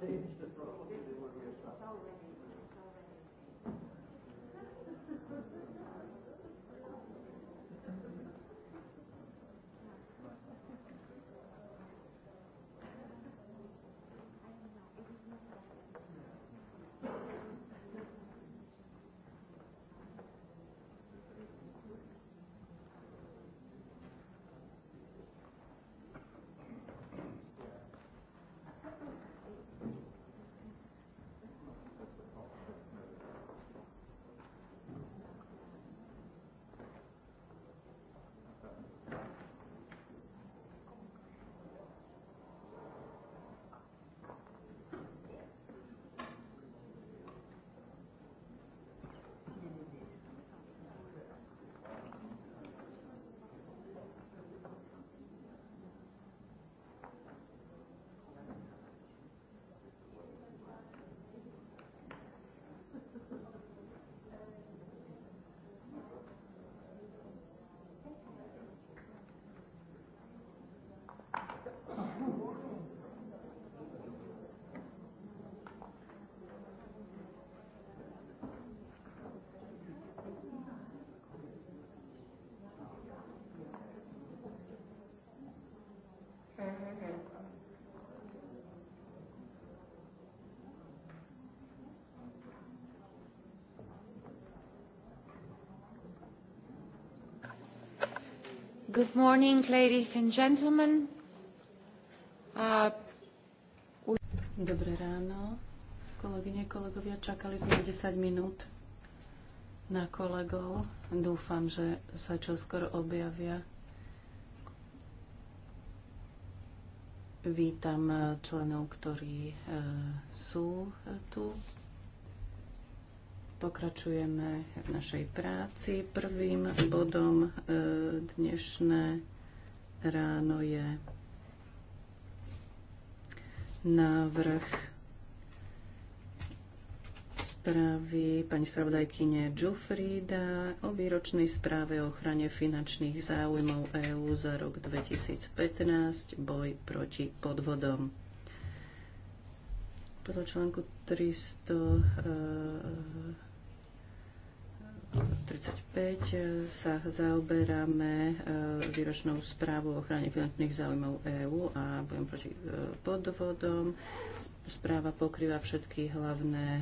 Change the problem. Good morning, ladies and gentlemen. Uh, Dobré ráno, kolegyne, kolegovia. Čakali sme 10 minút na kolegov. Dúfam, že sa čoskoro objavia. Vítam eh, členov, ktorí eh, sú tu Pokračujeme v našej práci. Prvým bodom e, dnešné ráno je návrh správy pani spravodajkyne Jufrida o výročnej správe o ochrane finančných záujmov EÚ za rok 2015 boj proti podvodom. Podľa článku 300 35 e, sa zaoberáme e, výročnou správou o ochrane finančných záujmov EÚ a budem proti e, podvodom. Správa pokrýva všetky hlavné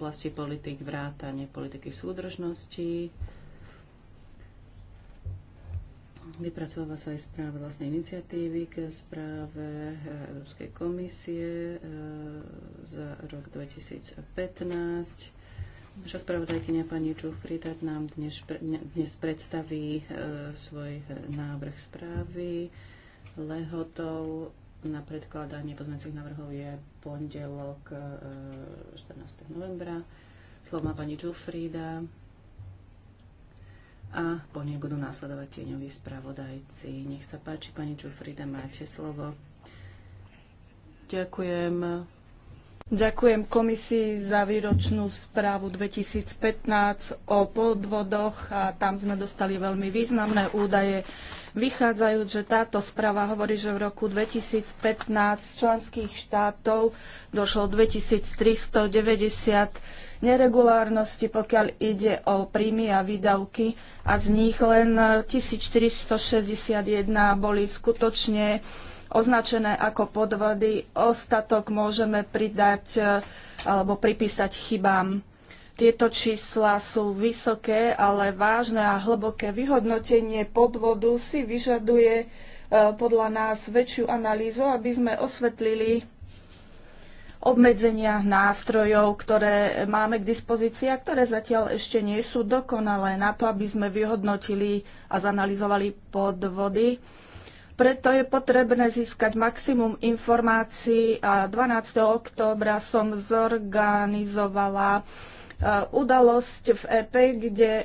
vlasti politik, vrátanie politiky súdržnosti. Vypracováva sa aj správa vlastnej iniciatívy k správe Európskej komisie za rok 2015 Naša spravodajkynia pani Čufrida nám dnes, dnes predstaví e, svoj e, návrh správy. Lehotou na predkladanie pozmeňujúcich návrhov je pondelok e, 14. novembra. Slovo má pani Čufrida. A po nej budú následovať tieňoví spravodajci. Nech sa páči, pani Čufrida, máte slovo. Ďakujem. Ďakujem komisii za výročnú správu 2015 o podvodoch a tam sme dostali veľmi významné údaje. Vychádzajúc, že táto správa hovorí, že v roku 2015 z členských štátov došlo 2390 neregulárnosti, pokiaľ ide o príjmy a výdavky a z nich len 1461 boli skutočne označené ako podvody. Ostatok môžeme pridať e, alebo pripísať chybám. Tieto čísla sú vysoké, ale vážne a hlboké vyhodnotenie podvodu si vyžaduje e, podľa nás väčšiu analýzu, aby sme osvetlili obmedzenia nástrojov, ktoré máme k dispozícii a ktoré zatiaľ ešte nie sú dokonalé na to, aby sme vyhodnotili a zanalizovali podvody preto je potrebné získať maximum informácií a 12. októbra som zorganizovala e, udalosť v EP, kde e,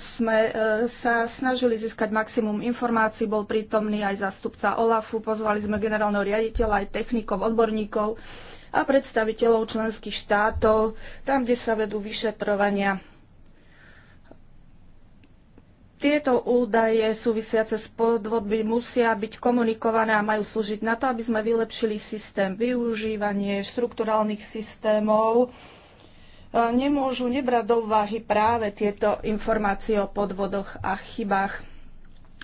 sme e, sa snažili získať maximum informácií. Bol prítomný aj zástupca OLAFu, pozvali sme generálneho riaditeľa, aj technikov, odborníkov a predstaviteľov členských štátov, tam, kde sa vedú vyšetrovania. Tieto údaje súvisiace s podvodmi musia byť komunikované a majú slúžiť na to, aby sme vylepšili systém využívanie štrukturálnych systémov. E, nemôžu nebrať do úvahy práve tieto informácie o podvodoch a chybách.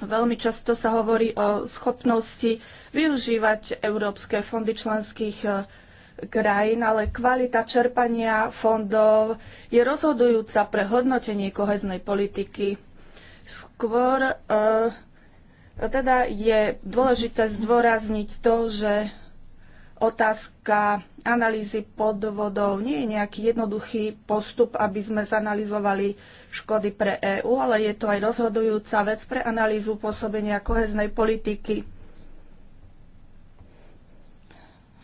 Veľmi často sa hovorí o schopnosti využívať európske fondy členských e, krajín, ale kvalita čerpania fondov je rozhodujúca pre hodnotenie koheznej politiky. Skôr eh, teda je dôležité zdôrazniť to, že otázka analýzy podvodov nie je nejaký jednoduchý postup, aby sme zanalizovali škody pre EÚ, ale je to aj rozhodujúca vec pre analýzu pôsobenia koheznej politiky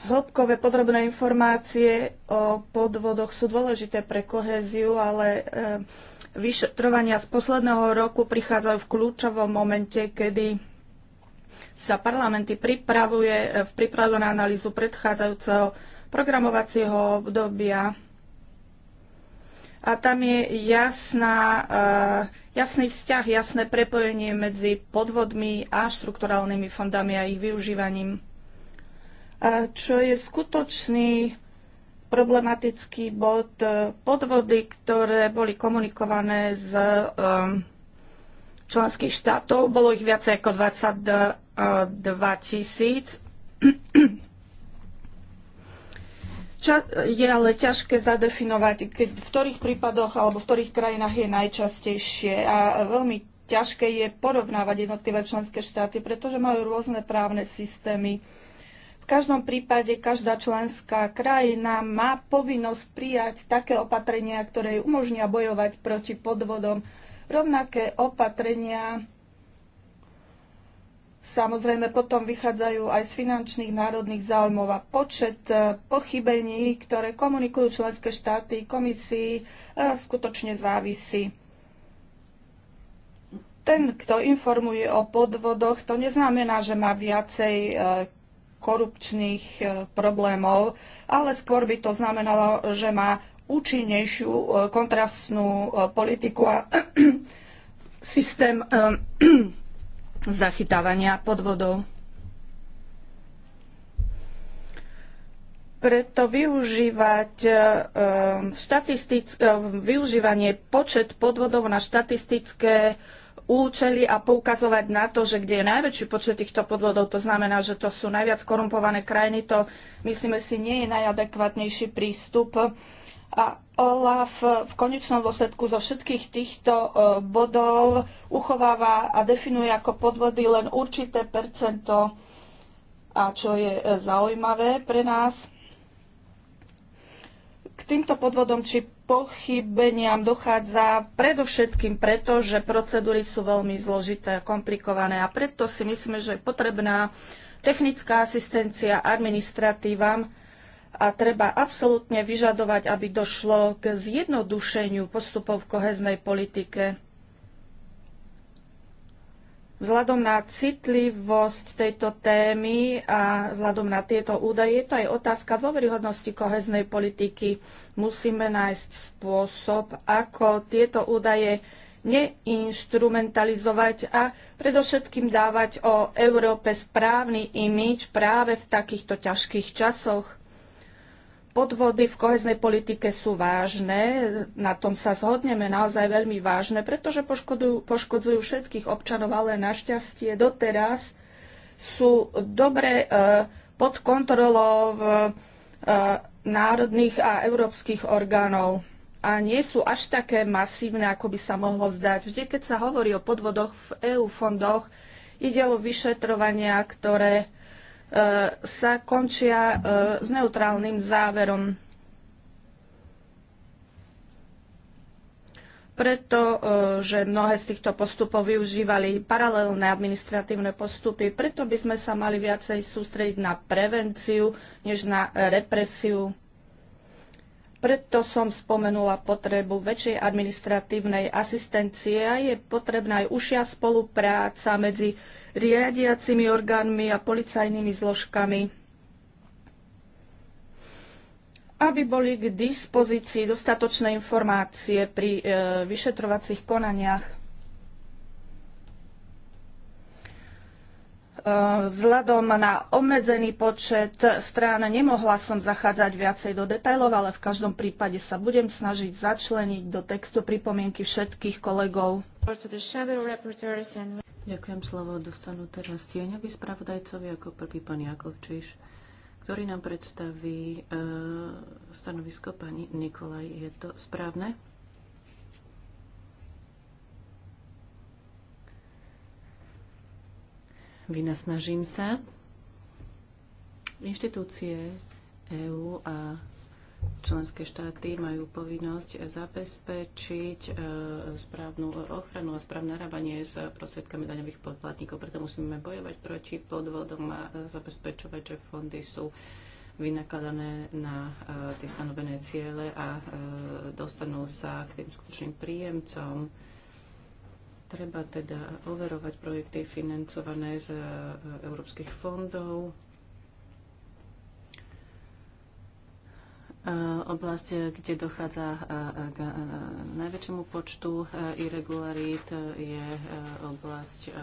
Hĺbkové podrobné informácie o podvodoch sú dôležité pre kohéziu, ale e, vyšetrovania z posledného roku prichádzajú v kľúčovom momente, kedy sa parlamenty pripravuje, e, pripravu na analýzu predchádzajúceho programovacieho obdobia. A tam je jasná, e, jasný vzťah, jasné prepojenie medzi podvodmi a štrukturálnymi fondami a ich využívaním čo je skutočný problematický bod e, podvody, ktoré boli komunikované z e, členských štátov. Bolo ich viac ako 22 tisíc. Je ale ťažké zadefinovať, keď, v ktorých prípadoch alebo v ktorých krajinách je najčastejšie. A veľmi ťažké je porovnávať jednotlivé členské štáty, pretože majú rôzne právne systémy v každom prípade každá členská krajina má povinnosť prijať také opatrenia, ktoré jej umožnia bojovať proti podvodom. Rovnaké opatrenia samozrejme potom vychádzajú aj z finančných národných záujmov a počet e, pochybení, ktoré komunikujú členské štáty komisii, e, skutočne závisí ten, kto informuje o podvodoch, to neznamená, že má viacej e, korupčných e, problémov, ale skôr by to znamenalo, že má účinnejšiu e, kontrastnú e, politiku a systém zachytávania podvodov. Preto využívať využívanie počet podvodov na štatistické účely a poukazovať na to, že kde je najväčší počet týchto podvodov, to znamená, že to sú najviac korumpované krajiny, to myslíme si nie je najadekvátnejší prístup. A OLAF v konečnom dôsledku zo všetkých týchto e, bodov uchováva a definuje ako podvody len určité percento. A čo je e, zaujímavé pre nás, k týmto podvodom či pochybeniam dochádza predovšetkým preto, že procedúry sú veľmi zložité a komplikované a preto si myslíme, že je potrebná technická asistencia administratívam a treba absolútne vyžadovať, aby došlo k zjednodušeniu postupov v koheznej politike. Vzhľadom na citlivosť tejto témy a vzhľadom na tieto údaje, je to aj otázka dôveryhodnosti koheznej politiky. Musíme nájsť spôsob, ako tieto údaje neinstrumentalizovať a predovšetkým dávať o Európe správny imič práve v takýchto ťažkých časoch podvody v koheznej politike sú vážne, na tom sa zhodneme naozaj veľmi vážne, pretože poškodujú, poškodzujú všetkých občanov, ale našťastie doteraz sú dobre e, pod kontrolou e, národných a európskych orgánov a nie sú až také masívne, ako by sa mohlo zdať. Vždy, keď sa hovorí o podvodoch v EU fondoch, ide o vyšetrovania, ktoré E, sa končia e, s neutrálnym záverom. pretože e, mnohé z týchto postupov využívali paralelné administratívne postupy, preto by sme sa mali viacej sústrediť na prevenciu, než na represiu. Preto som spomenula potrebu väčšej administratívnej asistencie a je potrebná aj užšia spolupráca medzi riadiacimi orgánmi a policajnými zložkami aby boli k dispozícii dostatočné informácie pri e, vyšetrovacích konaniach. E, vzhľadom na obmedzený počet strán nemohla som zachádzať viacej do detajlov, ale v každom prípade sa budem snažiť začleniť do textu pripomienky všetkých kolegov. Ďakujem slovo. Dostanú teraz tieňoví spravodajcovi ako prvý pán Jakovčiš, ktorý nám predstaví e, stanovisko pani Nikolaj. Je to správne? Vynasnažím sa. Inštitúcie EÚ a členské štáty majú povinnosť zabezpečiť e, správnu ochranu a správne narábanie s prostriedkami daňových poplatníkov. Preto musíme bojovať proti podvodom a zabezpečovať, že fondy sú vynakladané na e, tie stanovené ciele a e, dostanú sa k tým skutočným príjemcom Treba teda overovať projekty financované z e, európskych fondov. E, oblasť, kde dochádza e, k najväčšiemu počtu irregularít, je oblasť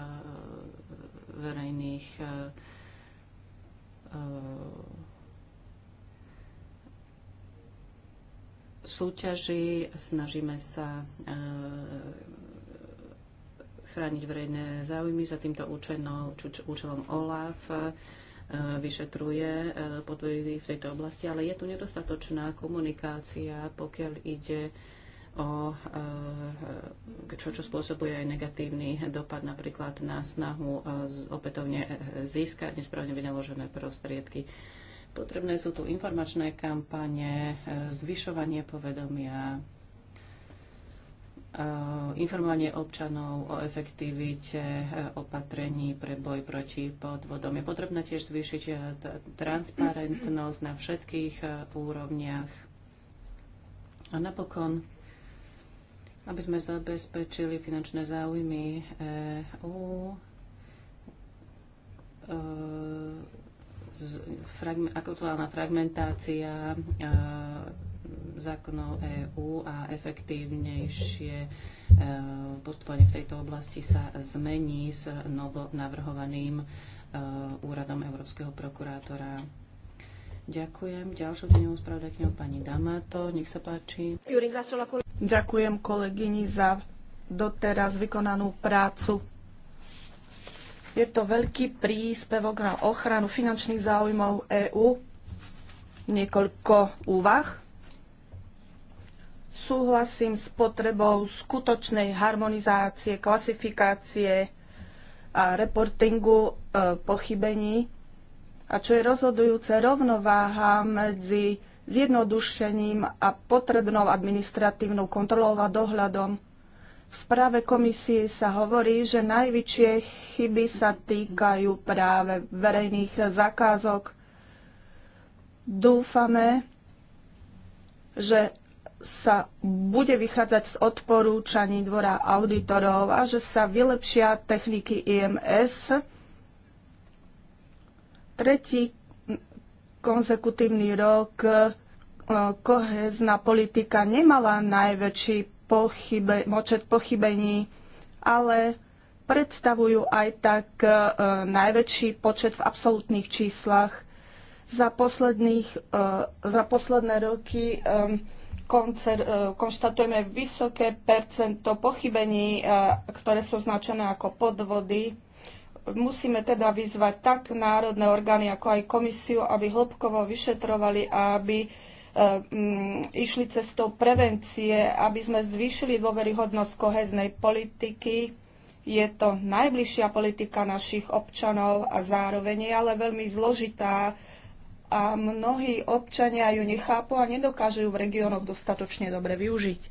verejných súťaží. Snažíme sa chrániť verejné záujmy. Za týmto účelom, účelom OLAF e, vyšetruje e, podvody v tejto oblasti, ale je tu nedostatočná komunikácia, pokiaľ ide o e, čo, čo spôsobuje aj negatívny dopad napríklad na snahu opätovne získať nesprávne vynaložené prostriedky. Potrebné sú tu informačné kampane, zvyšovanie povedomia, Eh, informovanie občanov o efektivite eh, opatrení pre boj proti podvodom. Je potrebné tiež zvýšiť eh, transparentnosť na všetkých úrovniach. A napokon, aby sme zabezpečili finančné záujmy EÚ, aktuálna fragmentácia zákonov EÚ a efektívnejšie e, postupovanie v tejto oblasti sa zmení s novo navrhovaným e, úradom Európskeho prokurátora. Ďakujem. Ďalšou dňou spravodajkňou pani Damato. Nech sa páči. Ďakujem kolegyni za doteraz vykonanú prácu je to veľký príspevok na ochranu finančných záujmov EÚ. Niekoľko úvah. Súhlasím s potrebou skutočnej harmonizácie, klasifikácie a reportingu e, pochybení. A čo je rozhodujúce, rovnováha medzi zjednodušením a potrebnou administratívnou kontrolou a dohľadom v správe komisie sa hovorí, že najväčšie chyby sa týkajú práve verejných zakázok. Dúfame, že sa bude vychádzať z odporúčaní dvora auditorov a že sa vylepšia techniky IMS. Tretí konzekutívny rok eh, kohezná politika nemala najväčší pochybe, počet pochybení, ale predstavujú aj tak e, najväčší počet v absolútnych číslach. Za, posledných, e, za posledné roky e, koncer, e, konštatujeme vysoké percento pochybení, e, ktoré sú značené ako podvody. Musíme teda vyzvať tak národné orgány, ako aj komisiu, aby hĺbkovo vyšetrovali a aby Eh, mm, išli cestou prevencie, aby sme zvýšili dôveryhodnosť koheznej politiky. Je to najbližšia politika našich občanov a zároveň je ale veľmi zložitá a mnohí občania ju nechápu a nedokážu ju v regiónoch dostatočne dobre využiť.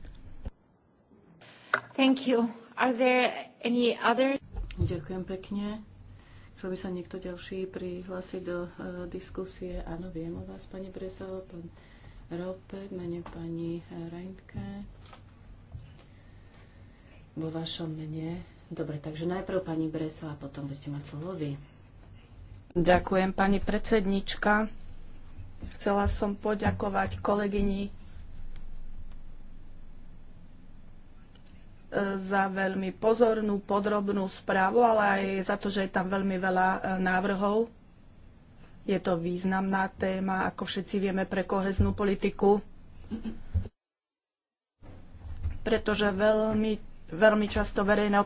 Thank you. Are there any other... Ďakujem pekne. Chcel by sa niekto ďalší prihlásiť do uh, diskusie. Áno, viem o vás, pani Bresalo, pán rope mene pani Reinke. Vo vašom mene. Dobre, takže najprv pani Breso a potom budete mať slovo vy. Ďakujem, pani predsednička. Chcela som poďakovať kolegyni e, za veľmi pozornú, podrobnú správu, ale aj za to, že je tam veľmi veľa e, návrhov je to významná téma, ako všetci vieme, pre koheznú politiku, pretože veľmi, veľmi často verejné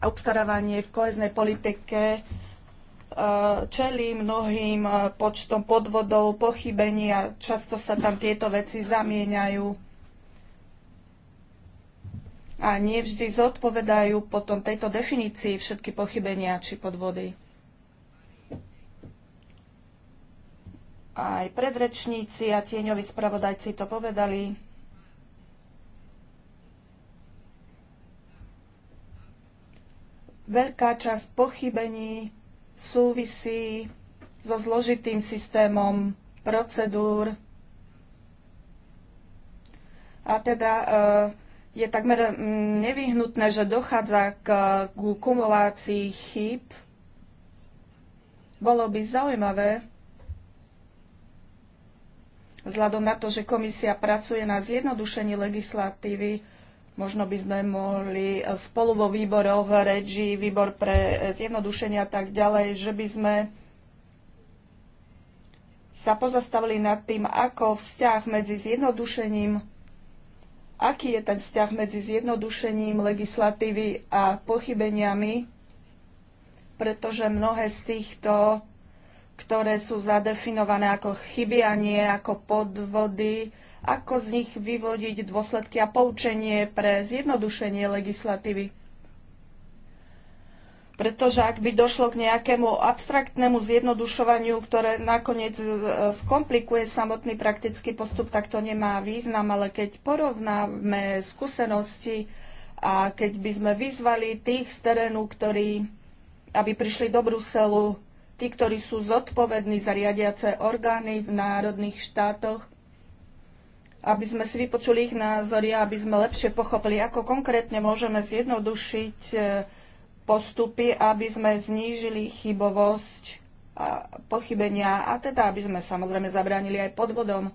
obstarávanie v koheznej politike e, čelí mnohým e, počtom podvodov, pochybení a často sa tam tieto veci zamieňajú a nevždy zodpovedajú potom tejto definícii všetky pochybenia či podvody. aj predrečníci a tieňoví spravodajci to povedali. Veľká časť pochybení súvisí so zložitým systémom procedúr. A teda e, je takmer mm, nevyhnutné, že dochádza k, k kumulácii chýb. Bolo by zaujímavé, Vzhľadom na to, že komisia pracuje na zjednodušení legislatívy, možno by sme mohli e, spolu vo výboroch reči, výbor pre e, zjednodušenia a tak ďalej, že by sme sa pozastavili nad tým, ako vzťah medzi zjednodušením, aký je ten vzťah medzi zjednodušením legislatívy a pochybeniami, pretože mnohé z týchto ktoré sú zadefinované ako chyby a nie ako podvody, ako z nich vyvodiť dôsledky a poučenie pre zjednodušenie legislatívy. Pretože ak by došlo k nejakému abstraktnému zjednodušovaniu, ktoré nakoniec e, skomplikuje samotný praktický postup, tak to nemá význam. Ale keď porovnáme skúsenosti a keď by sme vyzvali tých z terénu, ktorí aby prišli do Bruselu tí, ktorí sú zodpovední za riadiace orgány v národných štátoch, aby sme si vypočuli ich názory a aby sme lepšie pochopili, ako konkrétne môžeme zjednodušiť e, postupy, aby sme znížili chybovosť a pochybenia a teda aby sme samozrejme zabránili aj podvodom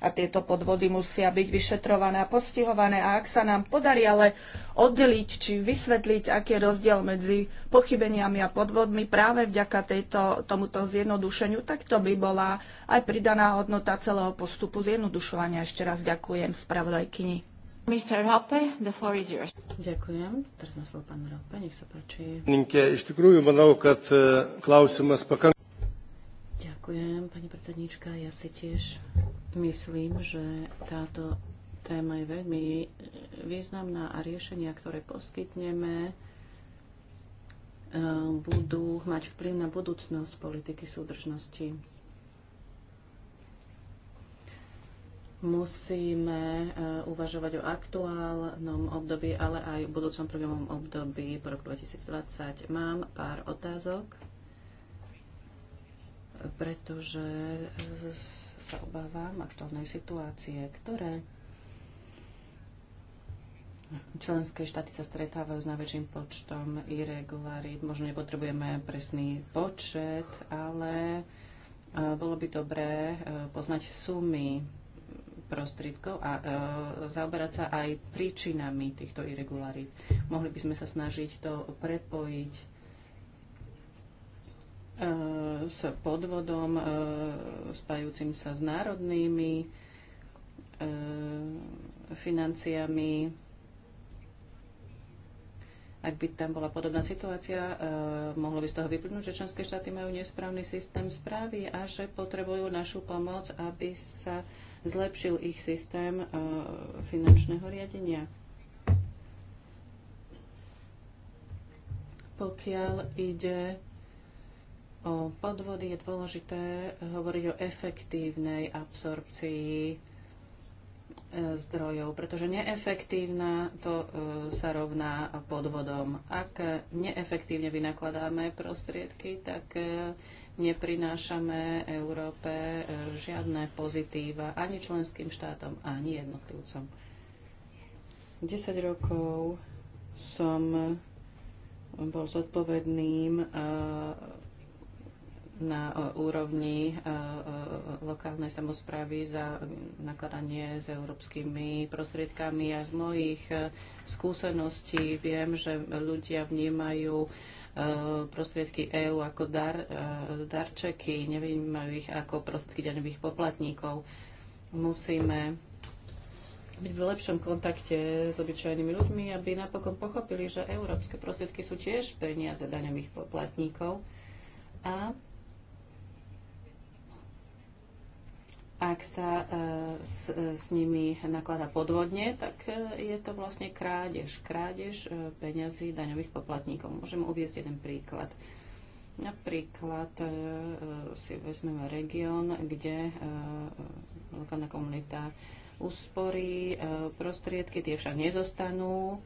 a tieto podvody musia byť vyšetrované a postihované. A ak sa nám podarí ale oddeliť či vysvetliť, aký je rozdiel medzi pochybeniami a podvodmi práve vďaka tejto, tomuto zjednodušeniu, tak to by bola aj pridaná hodnota celého postupu zjednodušovania. Ešte raz ďakujem spravodajkyni. Mr. Rope, the floor is yours. Ďakujem. Teraz slovo pán nech sa páči. E, ďakujem, pani predsednička. Ja si tiež Myslím, že táto téma je veľmi významná a riešenia, ktoré poskytneme, e, budú mať vplyv na budúcnosť politiky súdržnosti. Musíme e, uvažovať o aktuálnom období, ale aj v budúcom programovom období po roku 2020. Mám pár otázok, pretože sa obávam aktuálnej situácie, ktoré Členské štáty sa stretávajú s najväčším počtom irregularít. Možno nepotrebujeme presný počet, ale e, bolo by dobré e, poznať sumy prostriedkov a e, zaoberať sa aj príčinami týchto irregularít. Mohli by sme sa snažiť to prepojiť E, s podvodom e, spajúcim sa s národnými e, financiami. Ak by tam bola podobná situácia, mohlo by z toho vyplynúť, že členské štáty majú nesprávny systém správy a že potrebujú našu pomoc, aby sa zlepšil ich systém finančného riadenia. Pokiaľ ide o podvody je dôležité hovoriť o efektívnej absorpcii e, zdrojov, pretože neefektívna to e, sa rovná podvodom. Ak neefektívne vynakladáme prostriedky, tak e, neprinášame Európe žiadne pozitíva ani členským štátom, ani jednotlivcom. 10 rokov som bol zodpovedným na e, úrovni e, e, lokálnej samozprávy za nakladanie s európskymi prostriedkami. A z mojich skúseností viem, že ľudia vnímajú prostriedky EÚ ako dar, darčeky, nevnímajú ich ako prostriedky daňových poplatníkov. Musíme byť v lepšom kontakte s obyčajnými ľuďmi, aby napokon pochopili, že európske prostriedky sú tiež peniaze daňových poplatníkov a Ak sa e, s, e, s nimi naklada podvodne, tak e, je to vlastne krádež. Krádež peňazí daňových poplatníkov. Môžem uviezť jeden príklad. Napríklad si vezmeme región, kde lokálna komunita usporí prostriedky, tie však nezostanú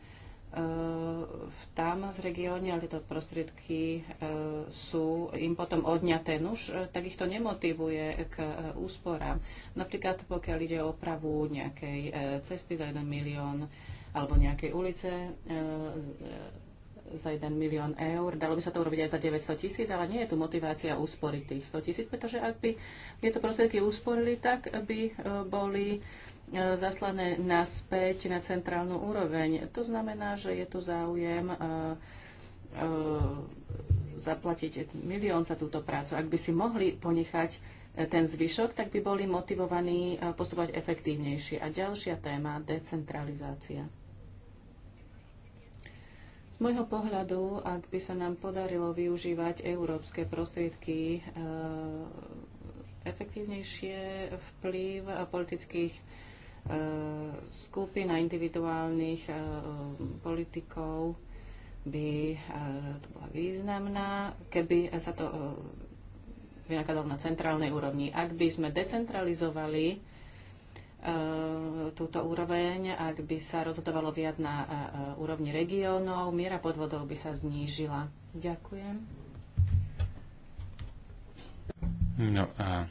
tam v regióne, ale tieto prostriedky e, sú im potom odňaté. Nuž, e, tak ich to nemotivuje k e, úsporám. Napríklad pokiaľ ide o opravu nejakej cesty za 1 milión alebo nejakej ulice za 1 milión eur. Dalo by sa to urobiť aj za 900 tisíc, ale nie je tu motivácia úsporiť tých 100 tisíc, pretože ak by tieto prostriedky usporili, tak by boli E, zaslané naspäť na centrálnu úroveň. To znamená, že je tu záujem e, e, zaplatiť milión za túto prácu. Ak by si mohli ponechať ten zvyšok, tak by boli motivovaní postupovať efektívnejšie. A ďalšia téma, decentralizácia. Z môjho pohľadu, ak by sa nám podarilo využívať európske prostriedky efektívnejšie, vplyv politických E, skupín a individuálnych e, politikov by e, bola významná, keby sa to vynakladalo na centrálnej úrovni. Ak by sme decentralizovali túto úroveň, ak by sa rozhodovalo viac na úrovni regiónov, miera podvodov by sa znížila. Ďakujem. No a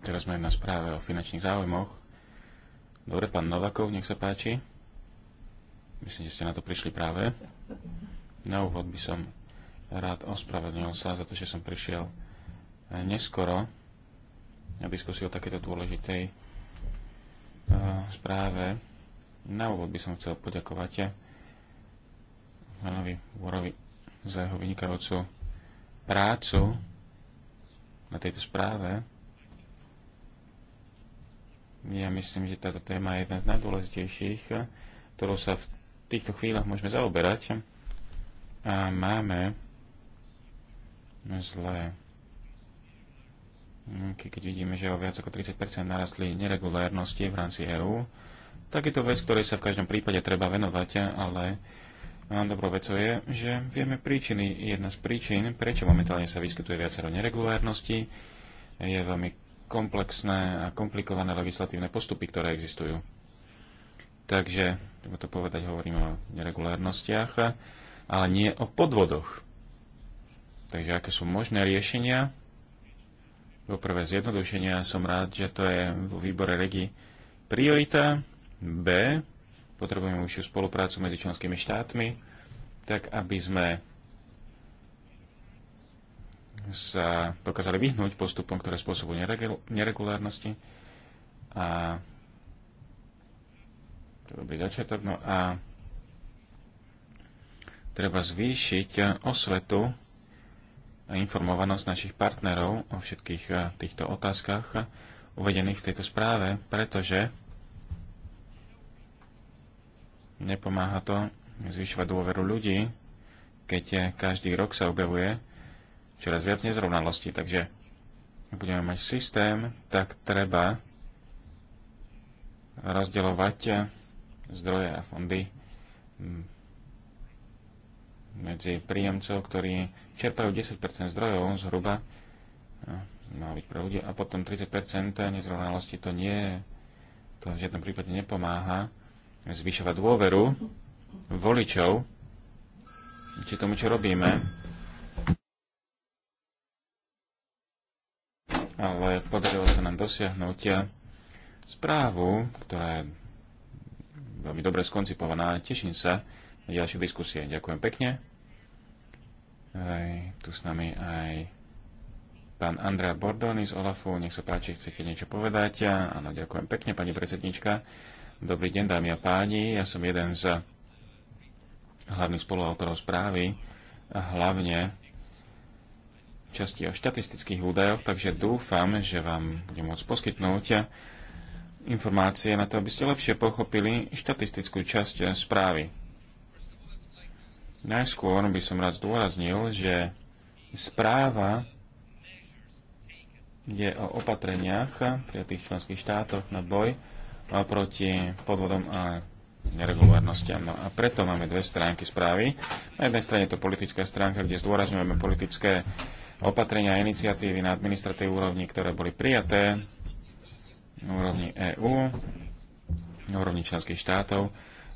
teraz sme na správe o finančných záujmoch. Dobre, pán Novakov, nech sa páči. Myslím, že ste na to prišli práve. Na úvod by som rád ospravedlnil sa za to, že som prišiel eh, neskoro na diskusiu o takéto dôležitej eh, správe. Na úvod by som chcel poďakovať eh, pánovi Vorovi za jeho vynikajúcu prácu na tejto správe. Ja myslím, že táto téma je jedna z najdôležitejších, ktorou sa v týchto chvíľach môžeme zaoberať. A máme zlé keď vidíme, že o viac ako 30% narastli neregulárnosti v rámci EÚ, tak je to vec, ktorej sa v každom prípade treba venovať, ale dobrou vecou je, že vieme príčiny. Jedna z príčin, prečo momentálne sa vyskytuje viacero neregulárnosti. je veľmi komplexné a komplikované legislatívne postupy, ktoré existujú. Takže, treba to povedať, hovorím o neregulárnostiach, ale nie o podvodoch. Takže aké sú možné riešenia? Poprvé zjednodušenia som rád, že to je vo výbore regi priorita. B. Potrebujeme užšiu spoluprácu medzi členskými štátmi, tak aby sme sa dokázali vyhnúť postupom, ktoré spôsobujú neregulárnosti. A to je dobrý začiatok. No a treba zvýšiť osvetu a informovanosť našich partnerov o všetkých eh, týchto otázkach uvedených v tejto správe, pretože nepomáha to zvyšovať dôveru ľudí, keď eh, každý rok sa objavuje čoraz viac nezrovnalostí. Takže budeme mať systém, tak treba rozdeľovať zdroje a fondy hm, medzi príjemcov, ktorí čerpajú 10% zdrojov zhruba, no, má byť pre ľudia, a potom 30% nezrovnalosti to nie, to v žiadnom prípade nepomáha zvyšovať dôveru voličov, či tomu, čo robíme, ale podarilo sa nám dosiahnuť správu, ktorá je veľmi dobre skoncipovaná. Teším sa na ďalšie diskusie. Ďakujem pekne. Aj, tu s nami aj pán Andrea Bordoni z OLAFu. Nech sa páči, chcete niečo povedať. Áno, ďakujem pekne, pani predsednička. Dobrý deň, dámy a páni. Ja som jeden z hlavných spoluautorov správy, hlavne časti o štatistických údajoch, takže dúfam, že vám budem môcť poskytnúť informácie na to, aby ste lepšie pochopili štatistickú časť správy. Najskôr by som rád zdôraznil, že správa je o opatreniach tých členských štátoch na boj proti podvodom a neregulárnostiam. No a preto máme dve stránky správy. Na jednej strane je to politická stránka, kde zdôrazňujeme politické opatrenia a iniciatívy na administratív úrovni, ktoré boli prijaté na úrovni EÚ, na úrovni členských štátov,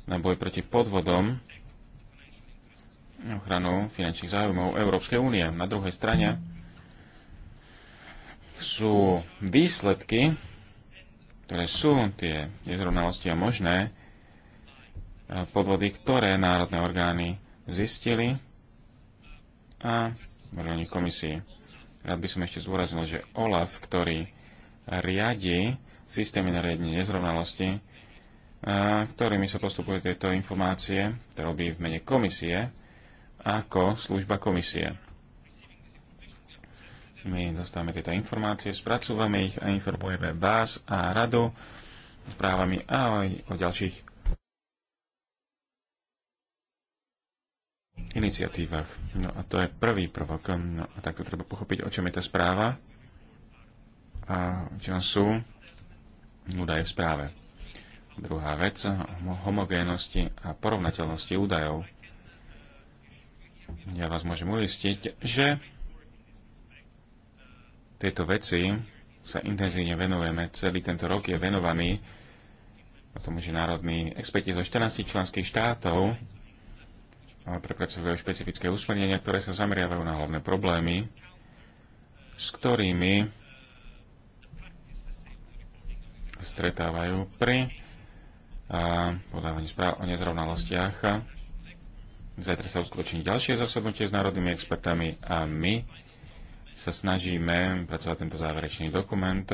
na boj proti podvodom, ochranu finančných záujmov Európskej únie. Na druhej strane sú výsledky, ktoré sú tie nezrovnalosti a možné podvody, ktoré národné orgány zistili a úrovni komisie. Rád by som ešte zúraznil, že OLAF, ktorý riadi systémy na riadenie nezrovnalosti, ktorými sa postupuje tieto informácie, to robí v mene komisie, ako služba komisie. My dostávame tieto informácie, spracúvame ich a informujeme vás a radu správami a aj o ďalších iniciatívach. No a to je prvý prvok. No a takto treba pochopiť, o čom je tá správa a o čom sú údaje v správe. Druhá vec, homogénnosti a porovnateľnosti údajov. Ja vás môžem uistiť, že tejto veci sa intenzívne venujeme. Celý tento rok je venovaný tomu, že národní experti zo 14 členských štátov prepracovajú špecifické usmernenia, ktoré sa zameriavajú na hlavné problémy, s ktorými stretávajú pri podávaní správ o nezrovnalostiach. Zajtra sa uskutoční ďalšie zasadnutie s národnými expertami a my sa snažíme pracovať tento záverečný dokument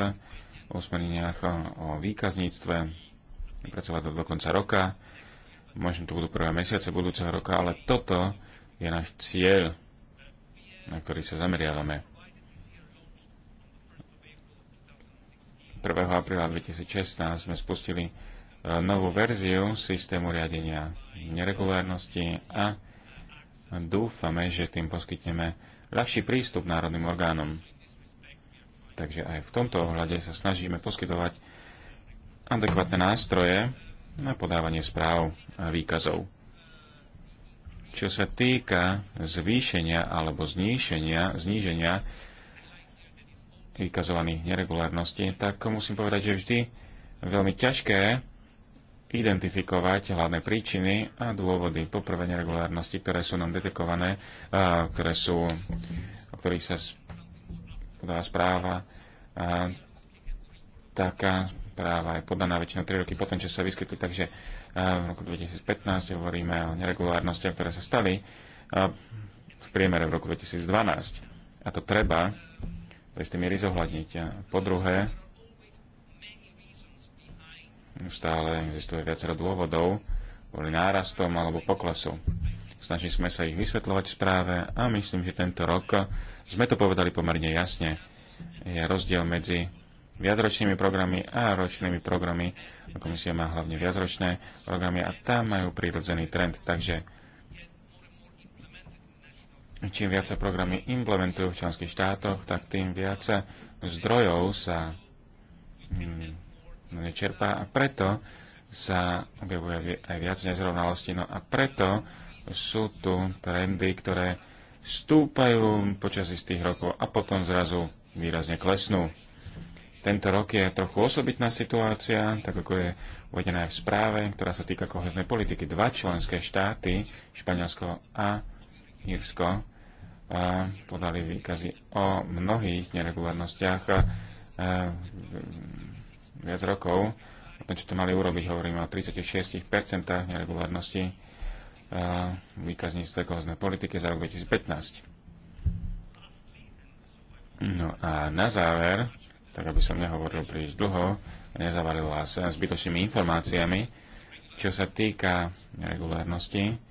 o usmerneniach o výkazníctve, pracovať do, do konca roka Možno to budú prvé mesiace budúceho roka, ale toto je náš cieľ, na ktorý sa zameriavame. 1. apríla 2016 sme spustili e, novú verziu systému riadenia neregulárnosti a dúfame, že tým poskytneme ľahší prístup národným orgánom. Takže aj v tomto ohľade sa snažíme poskytovať adekvátne nástroje na podávanie správ a výkazov. Čo sa týka zvýšenia alebo zníšenia, zníženia vykazovaných neregulárností, tak musím povedať, že vždy veľmi ťažké identifikovať hlavné príčiny a dôvody. Poprvé neregulárnosti, ktoré sú nám detekované, a ktoré sú, o ktorých sa podáva správa, a, taká práva je podaná väčšinou 3 roky potom, čo sa vyskytli, takže eh, v roku 2015 hovoríme o neregulárnostiach, ktoré sa stali eh, v priemere v roku 2012. A to treba do istej miery zohľadniť. A po druhé, stále existuje viacero dôvodov kvôli nárastom alebo poklesu. Snažili sme sa ich vysvetľovať v správe a myslím, že tento rok sme to povedali pomerne jasne. Je rozdiel medzi viacročnými programy a ročnými programy. Komisia má hlavne viacročné programy a tam majú prírodzený trend, takže čím viac sa programy implementujú v členských štátoch, tak tým viac zdrojov sa mm, nečerpá a preto sa objavuje aj viac nezrovnalostí. No a preto sú tu trendy, ktoré stúpajú počas istých rokov a potom zrazu výrazne klesnú. Tento rok je trochu osobitná situácia, tak ako je uvedená aj v správe, ktorá sa týka koheznej politiky. Dva členské štáty, Španielsko a Írsko, podali výkazy o mnohých neregulárnostiach viac rokov. O tom, čo to mali urobiť, hovoríme o 36% neregulárnosti výkazníctve koheznej politiky za rok 2015. No a na záver, tak aby som nehovoril príliš dlho, nezavaril vás zbytočnými informáciami, čo sa týka regulárnosti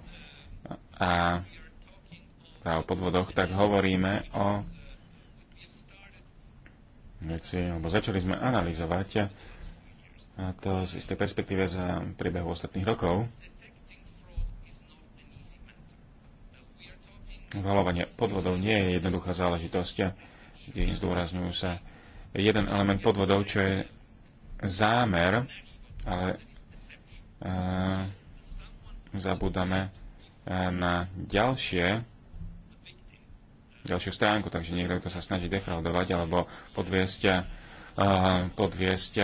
a o podvodoch, tak hovoríme o veci, alebo začali sme analyzovať a to z istej perspektíve za priebehu ostatných rokov. Valovanie podvodov nie je jednoduchá záležitosť, kde zdôrazňujú sa jeden element podvodov, čo je zámer, ale uh, eh, zabúdame eh, na ďalšie ďalšiu stránku, takže niekto, kto sa snaží defraudovať alebo podviesť, uh, podviesť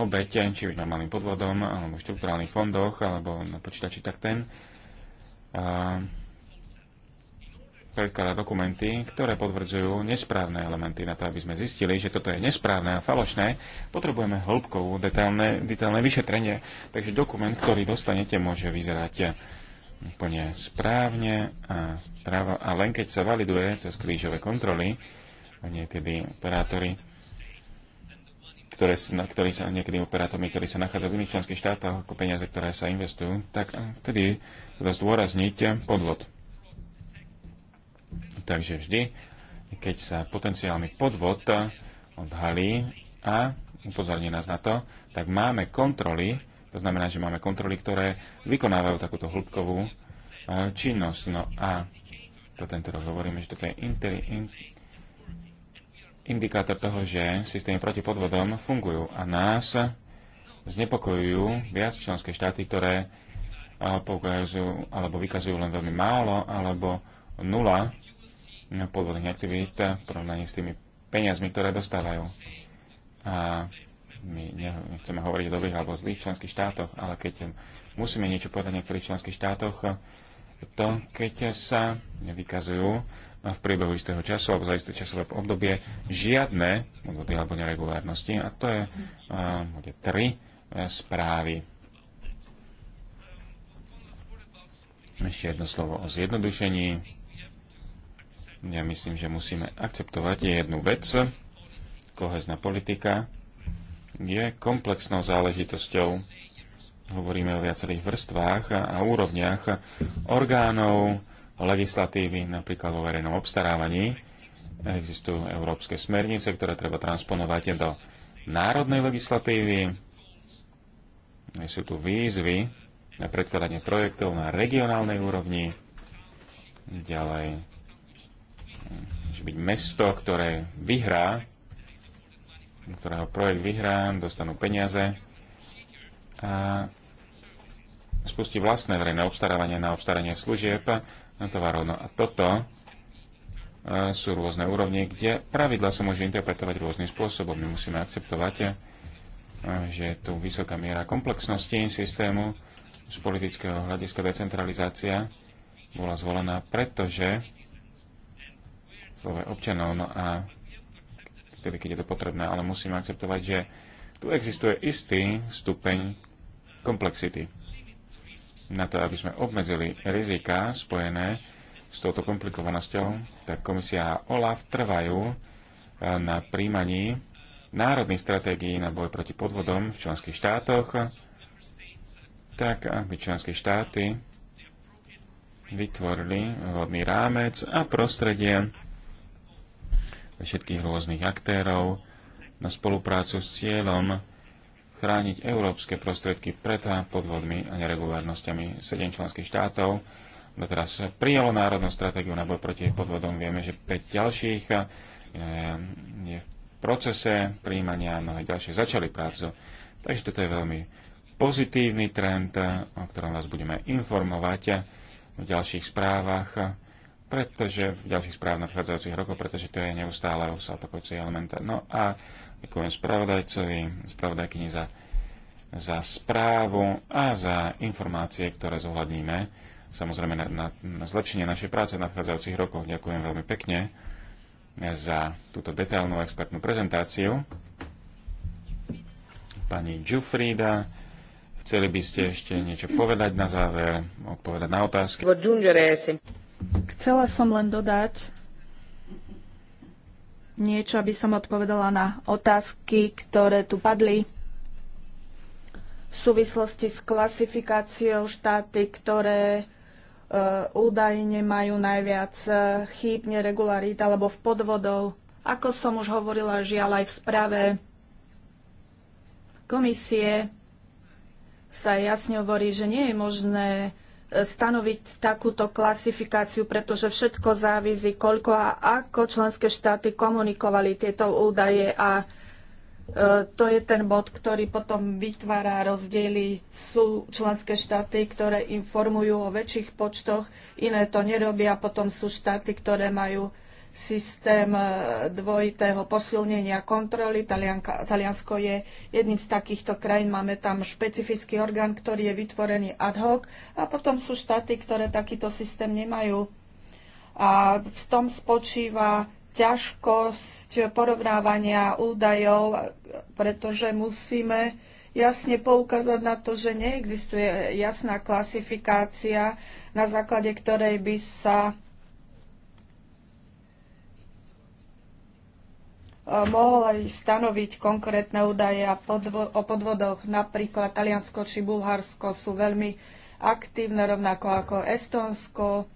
obete, či už normálnym podvodom, alebo v štruktúrálnych fondoch, alebo na počítači, tak ten uh, predkladá dokumenty, ktoré potvrdzujú nesprávne elementy. Na to, aby sme zistili, že toto je nesprávne a falošné, potrebujeme hĺbkovú, detailné, detailné vyšetrenie. Takže dokument, ktorý dostanete, môže vyzerať úplne správne a, práva, a len keď sa validuje cez krížové kontroly, a niekedy operátori, ktoré, na, ktorí sa niekedy operátormi, ktorí sa nachádzajú v iných členských štátoch ako peniaze, ktoré sa investujú, tak vtedy eh, teda zdôrazniť eh, podvod Takže vždy, keď sa potenciálny podvod odhalí a upozorní nás na to, tak máme kontroly, to znamená, že máme kontroly, ktoré vykonávajú takúto hĺbkovú e, činnosť. No a to tento rok hovoríme, že toto je interi, in, indikátor toho, že systémy proti podvodom fungujú a nás znepokojujú viac členské štáty, ktoré e, poukazujú alebo vykazujú len veľmi málo alebo nula podvodných aktivít v porovnaní s tými peniazmi, ktoré dostávajú. A my nechceme hovoriť o dobrých alebo zlých členských štátoch, ale keď musíme niečo povedať o niektorých členských štátoch, to, keď sa nevykazujú v priebehu istého času alebo za isté časové obdobie žiadne odvody alebo neregulárnosti, a to je, bude tri e, správy. Ešte jedno slovo o zjednodušení ja myslím, že musíme akceptovať jednu vec. Kohezná politika je komplexnou záležitosťou. Hovoríme o viacerých vrstvách a úrovniach orgánov, legislatívy, napríklad vo verejnom obstarávaní. Existujú európske smernice, ktoré treba transponovať do národnej legislatívy. Sú tu výzvy na predkladanie projektov na regionálnej úrovni. Ďalej že byť mesto, ktoré vyhrá, ktorého projekt vyhrá, dostanú peniaze a spustí vlastné verejné obstarávanie na obstaranie služieb na tovaru. No a toto e, sú rôzne úrovne, kde pravidla sa môže interpretovať rôznym spôsobom. My musíme akceptovať, e, že je tu vysoká miera komplexnosti systému z politického hľadiska decentralizácia bola zvolená, pretože slove občanov. No a vtedy, keď je to potrebné, ale musíme akceptovať, že tu existuje istý stupeň komplexity. Na to, aby sme obmedzili rizika spojené s touto komplikovanosťou, tak komisia a OLAF trvajú eh, na príjmaní národných stratégií na boj proti podvodom v členských štátoch, tak aby členské štáty vytvorili vhodný rámec a prostredie všetkých rôznych aktérov na spoluprácu s cieľom chrániť európske prostriedky pred podvodmi a neregulárnosťami. Sedem členských štátov teraz prijalo národnú stratégiu na boj proti podvodom. Vieme, že 5 ďalších eh, je v procese príjmania, mnohé ďalšie začali prácu. Takže toto je veľmi pozitívny trend, o ktorom vás budeme informovať v ďalších správach pretože v ďalších správ nadchádzajúcich rokov, pretože to je neustále sa opakujúci element. No a ďakujem spravodajcovi, spravodajkyni za, za správu a za informácie, ktoré zohľadníme. Samozrejme na, na, na zlepšenie našej práce v nadchádzajúcich rokoch. Ďakujem veľmi pekne za túto detailnú expertnú prezentáciu. Pani Giuffrida, chceli by ste ešte niečo povedať na záver, odpovedať na otázky? Chcela som len dodať niečo, aby som odpovedala na otázky, ktoré tu padli v súvislosti s klasifikáciou štáty, ktoré e, údajne majú najviac e, chýb, neregularít alebo v podvodov. Ako som už hovorila, žiaľ aj v správe komisie sa jasne hovorí, že nie je možné stanoviť takúto klasifikáciu, pretože všetko závisí, koľko a ako členské štáty komunikovali tieto údaje a e, to je ten bod, ktorý potom vytvára rozdiely. Sú členské štáty, ktoré informujú o väčších počtoch, iné to nerobia, potom sú štáty, ktoré majú systém e, dvojitého posilnenia kontroly. Taliansko je jedným z takýchto krajín. Máme tam špecifický orgán, ktorý je vytvorený ad hoc a potom sú štáty, ktoré takýto systém nemajú. A v tom spočíva ťažkosť porovnávania údajov, pretože musíme jasne poukázať na to, že neexistuje jasná klasifikácia, na základe ktorej by sa Eh, aj stanoviť konkrétne údaje o podvodoch. Napríklad Taliansko či Bulharsko sú veľmi aktívne, rovnako ako Estonsko,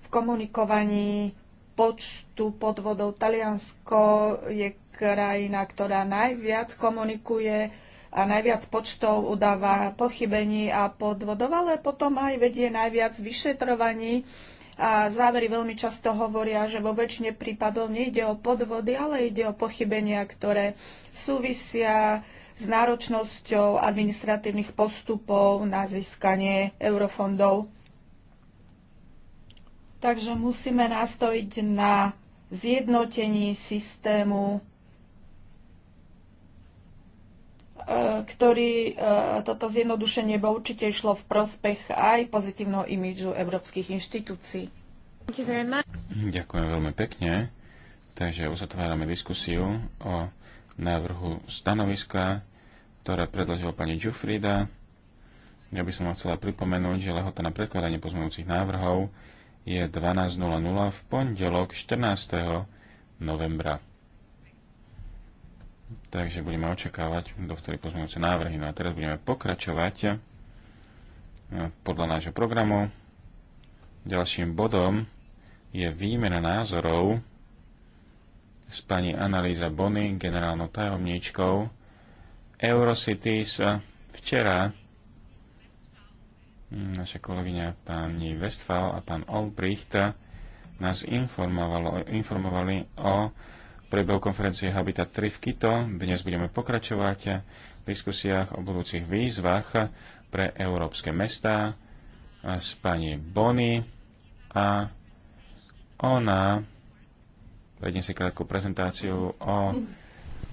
v komunikovaní počtu podvodov. Taliansko je krajina, ktorá najviac komunikuje a najviac počtov udáva pochybení a podvodov, ale potom aj vedie najviac vyšetrovaní a závery veľmi často hovoria, že vo väčšine prípadov nejde o podvody, ale ide o pochybenia, ktoré súvisia s náročnosťou administratívnych postupov na získanie eurofondov. Takže musíme nastojiť na zjednotení systému E, ktorý e, toto zjednodušenie bo určite išlo v prospech aj pozitívneho imidžu európskych inštitúcií. Ďakujem veľmi pekne. Takže uzatvárame diskusiu o návrhu stanoviska, ktoré predložila pani Giuffrida. Ja by som chcela pripomenúť, že lehota na prekladanie pozmeňujúcich návrhov je 12.00 v pondelok 14. novembra. Takže budeme očakávať do dovtedy pozmeňujúce návrhy. No a teraz budeme pokračovať e, podľa nášho programu. Ďalším bodom je výmena názorov s pani Analýza Bony, generálnou tajomníčkou Eurocities. E, včera naša kolegyňa pani Westphal a pán Olbricht nás informovali o priebehu konferencie Habitat 3 v Kito. Dnes budeme pokračovať v diskusiách o budúcich výzvach pre európske mestá s pani Bony a ona predniesie krátku prezentáciu o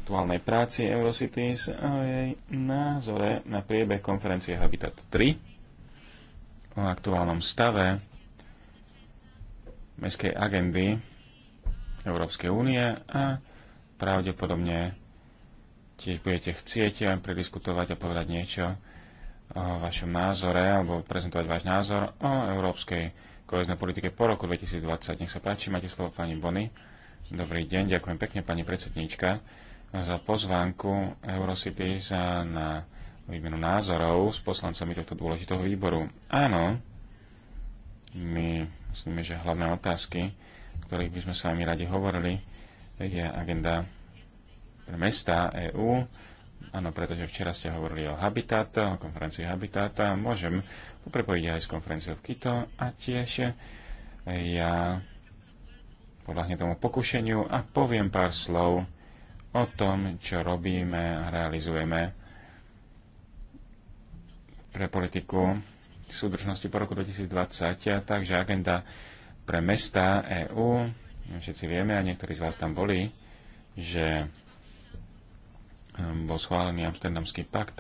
aktuálnej práci Eurocities a jej názore na priebeh konferencie Habitat 3 o aktuálnom stave mestskej agendy Európskej únie a pravdepodobne tiež budete chcieť eh, prediskutovať a povedať niečo o vašom názore alebo prezentovať váš názor o európskej koheznej politike po roku 2020. Nech sa páči, máte slovo pani Bony. Dobrý deň, ďakujem pekne pani predsedníčka za pozvánku Eurocities na výmenu názorov s poslancami tohto dôležitého výboru. Áno, my myslíme, že hlavné otázky ktorých by sme s vami radi hovorili, je agenda pre mesta EÚ. Áno, pretože včera ste hovorili o Habitat, o konferencii Habitat. Môžem to aj s konferenciou v Kito a tiež ja podľahne tomu pokušeniu a poviem pár slov o tom, čo robíme a realizujeme pre politiku súdržnosti po roku 2020. Takže agenda pre mesta EÚ. Všetci vieme, a niektorí z vás tam boli, že ehm, bol schválený Amsterdamský pakt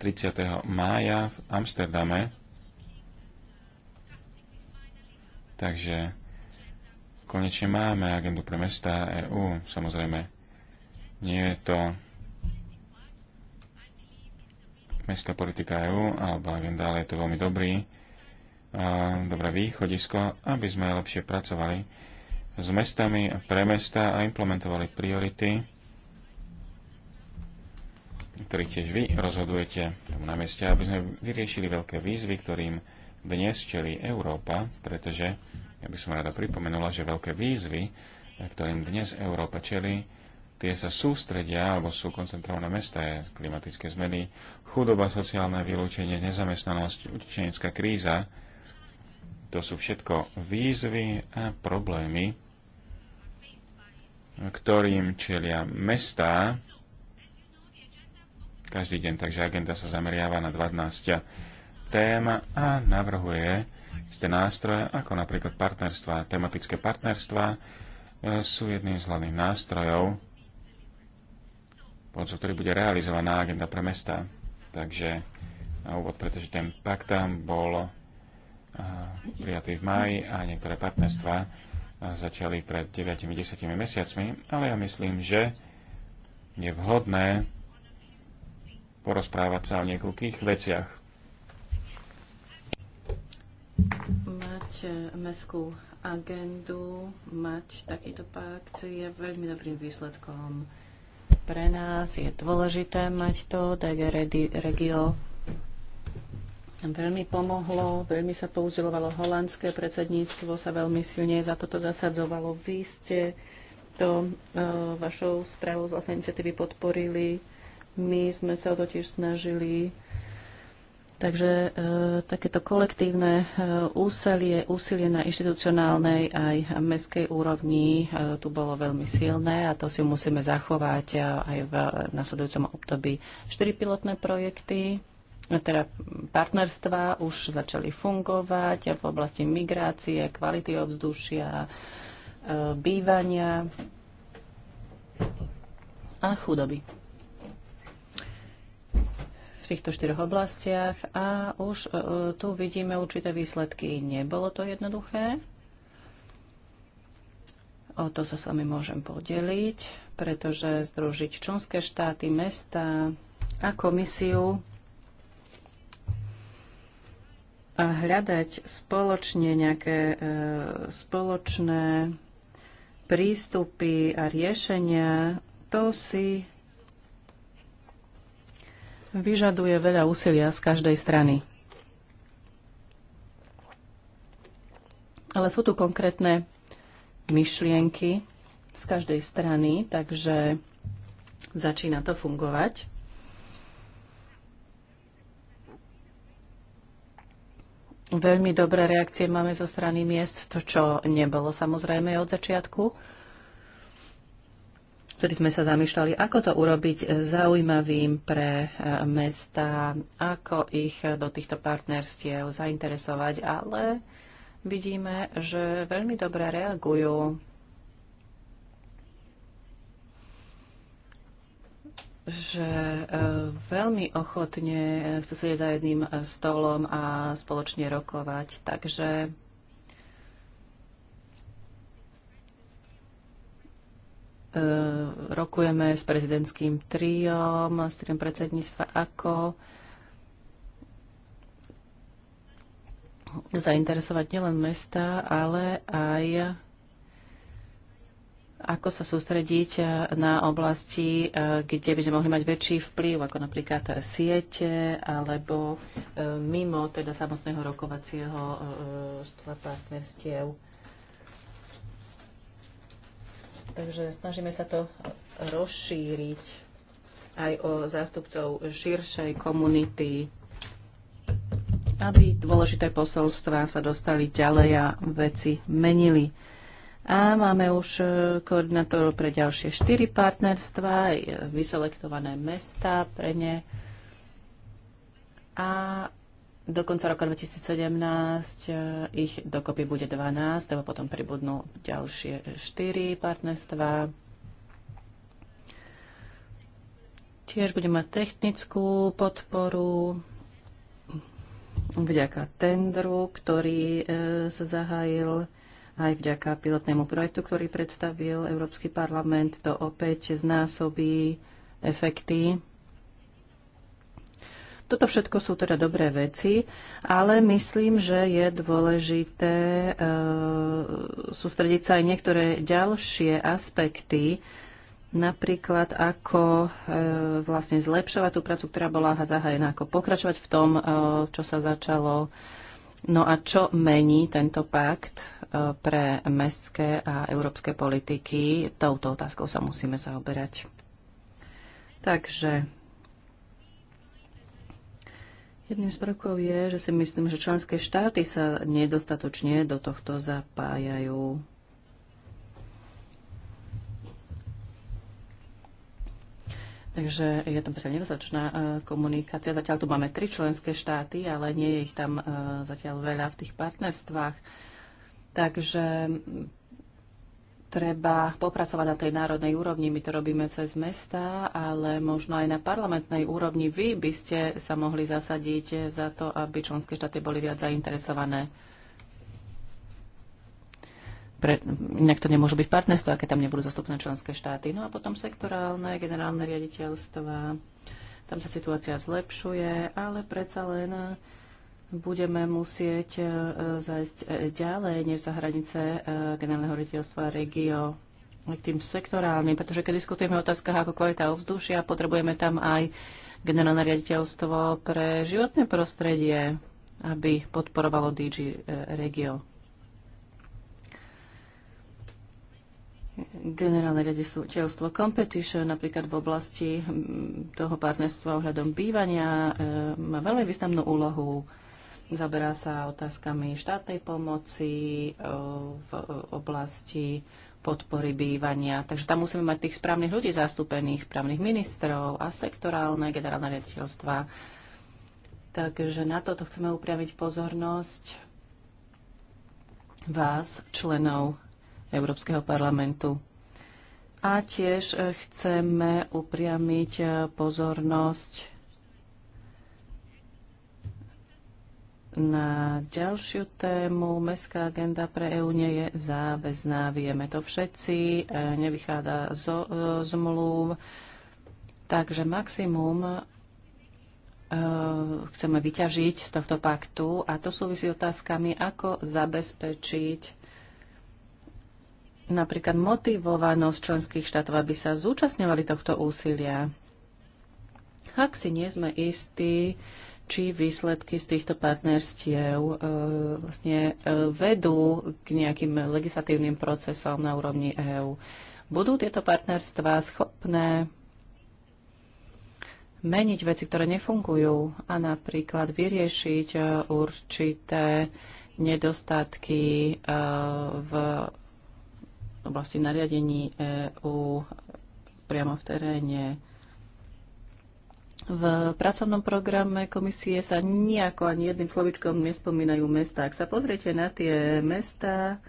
30. mája v Amsterdame. Takže konečne máme agendu pre mesta EÚ. Samozrejme, nie je to mestská politika EÚ alebo agenda, ale je to veľmi dobrý dobré východisko, aby sme lepšie pracovali s mestami a pre mesta a implementovali priority, ktorých tiež vy rozhodujete na meste, aby sme vyriešili veľké výzvy, ktorým dnes čelí Európa, pretože ja by som rada pripomenula, že veľké výzvy, ktorým dnes Európa čelí, tie sa sústredia alebo sú koncentrované mesta, klimatické zmeny, chudoba, sociálne vylúčenie, nezamestnanosť, utečenická kríza, to sú všetko výzvy a problémy, ktorým čelia mestá každý deň. Takže agenda sa zameriava na 12 tém a navrhuje ste nástroje, ako napríklad partnerstva. Tematické partnerstva e, sú jedným z hlavných nástrojov, podľa ktorý bude realizovaná agenda pre mesta. Takže na úvod, pretože ten pakt tam bol prijatý v máji a niektoré partnerstva začali pred 9-10 mesiacmi, ale ja myslím, že je vhodné porozprávať sa o niekoľkých veciach. Mať eh, meskú agendu, mať takýto pakt je veľmi dobrým výsledkom pre nás je dôležité mať to, DG Regio veľmi pomohlo, veľmi sa pouzilovalo holandské predsedníctvo, sa veľmi silne za toto zasadzovalo. Vy ste to e, vašou správou z vlastnej iniciatívy podporili. My sme sa o to tiež snažili. Takže e, takéto kolektívne e, úsilie, úsilie na inštitucionálnej aj mestskej úrovni e, tu bolo veľmi silné a to si musíme zachovať e, aj v nasledujúcom období. Štyri pilotné projekty teda partnerstva už začali fungovať v oblasti migrácie, kvality ovzdušia, e, bývania a chudoby v týchto štyroch oblastiach a už e, tu vidíme určité výsledky. Nebolo to jednoduché. O to sa s vami môžem podeliť, pretože združiť členské štáty, mesta a komisiu a hľadať spoločne nejaké e, spoločné prístupy a riešenia, to si vyžaduje veľa úsilia z každej strany. Ale sú tu konkrétne myšlienky z každej strany, takže začína to fungovať. Veľmi dobré reakcie máme zo strany miest, to čo nebolo samozrejme od začiatku. Vtedy sme sa zamýšľali, ako to urobiť zaujímavým pre e, mesta, ako ich do týchto partnerstiev zainteresovať, ale vidíme, že veľmi dobre reagujú že e, veľmi ochotne chcú sedieť za jedným stolom a spoločne rokovať. Takže e, rokujeme s prezidentským triom, s triom predsedníctva ako zainteresovať nielen mesta, ale aj ako sa sústrediť e, na oblasti, e, kde by sme mohli mať väčší vplyv, ako napríklad siete alebo e, mimo teda samotného rokovacieho stola partnerstiev. Takže snažíme sa to rozšíriť aj o zástupcov širšej komunity, aby dôležité posolstvá sa dostali ďalej a veci menili. A máme už e, koordinátorov pre ďalšie štyri partnerstva, vyselektované mesta pre ne. A do konca roka 2017 e, ich dokopy bude 12, lebo potom pribudnú ďalšie 4 partnerstva. Tiež budeme mať technickú podporu vďaka tendru, ktorý e, sa zahájil aj vďaka pilotnému projektu, ktorý predstavil Európsky parlament, to opäť znásobí efekty. Toto všetko sú teda dobré veci, ale myslím, že je dôležité e, sústrediť sa aj niektoré ďalšie aspekty, napríklad ako e, vlastne zlepšovať tú prácu, ktorá bola zahájená, ako pokračovať v tom, e, čo sa začalo, e, No a čo mení tento pakt e, pre mestské a európske politiky? Touto otázkou sa musíme zaoberať. Takže jedným z prvkov je, že si myslím, že členské štáty sa nedostatočne do tohto zapájajú. Takže je tam zatiaľ nedostatočná e, komunikácia. Zatiaľ tu máme tri členské štáty, ale nie je ich tam e, zatiaľ veľa v tých partnerstvách. Takže treba popracovať na tej národnej úrovni. My to robíme cez mesta, ale možno aj na parlamentnej úrovni vy by ste sa mohli zasadiť za to, aby členské štáty boli viac zainteresované pre, inak to nemôžu byť partnerstva, aké tam nebudú zastupné členské štáty. No a potom sektorálne, generálne riaditeľstva, tam sa situácia zlepšuje, ale predsa len budeme musieť e, zajsť e, ďalej než za hranice e, generálneho riaditeľstva regio k tým sektorálnym, pretože keď diskutujeme o otázkach ako kvalita ovzdušia, potrebujeme tam aj generálne riaditeľstvo pre životné prostredie, aby podporovalo DG Regio. generálne riaditeľstvo Competition napríklad v oblasti hm, toho partnerstva ohľadom bývania e, má veľmi významnú úlohu. Zaberá sa otázkami štátnej pomoci e, v e, oblasti podpory bývania. Takže tam musíme mať tých správnych ľudí zastúpených, právnych ministrov a sektorálne generálne riaditeľstva. Takže na toto chceme upriamiť pozornosť vás, členov Európskeho parlamentu. A tiež e, chceme upriamiť e, pozornosť na ďalšiu tému. Mestská agenda pre EÚ nie je záväzná, vieme to všetci, e, nevychádza zo zmluv. Takže maximum chceme vyťažiť z tohto paktu a to súvisí otázkami, ako zabezpečiť napríklad motivovanosť členských štátov, aby sa zúčastňovali tohto úsilia. Ak si nie sme istí, či výsledky z týchto partnerstiev e, vlastne e, vedú k nejakým legislatívnym procesom na úrovni EÚ. Budú tieto partnerstvá schopné meniť veci, ktoré nefungujú a napríklad vyriešiť e, určité nedostatky e, v oblasti nariadení EÚ priamo v teréne. V pracovnom programe komisie sa nejako ani jedným slovičkom nespomínajú mesta. Ak sa pozriete na tie mesta,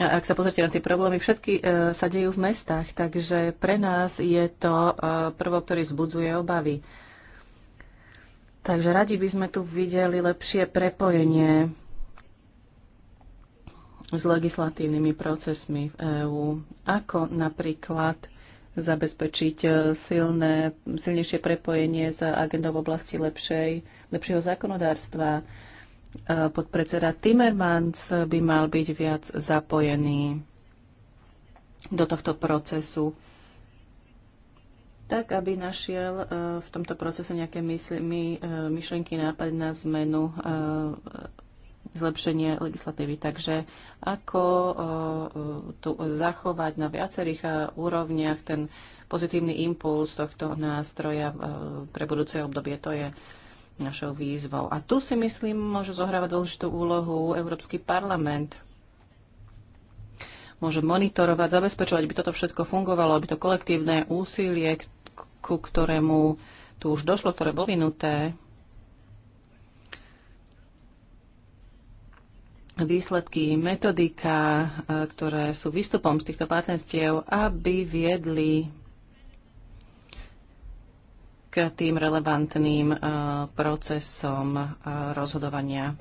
ak sa pozrite na tie problémy, všetky e, sa dejú v mestách, takže pre nás je to e, prvo, ktorý vzbudzuje obavy. Takže radi by sme tu videli lepšie prepojenie s legislatívnymi procesmi v EÚ, ako napríklad zabezpečiť e, silné, silnejšie prepojenie s agendou v oblasti lepšej, lepšieho zákonodárstva. E, podpredseda Timmermans by mal byť viac zapojený do tohto procesu tak, aby našiel e, v tomto procese nejaké mysli, myšlenky, nápad na zmenu zlepšenie legislatívy. Takže ako eh, tu zachovať na viacerých eh, úrovniach ten pozitívny impuls tohto nástroja eh, pre budúce obdobie, to je našou výzvou. A tu si myslím, môže zohrávať dôležitú úlohu Európsky parlament. Môže monitorovať, zabezpečovať, aby toto všetko fungovalo, aby to kolektívne úsilie, ku ktorému tu už došlo, ktoré bolo vynuté, výsledky metodika, e, ktoré sú výstupom z týchto partnerstiev, aby viedli k tým relevantným e, procesom e, rozhodovania.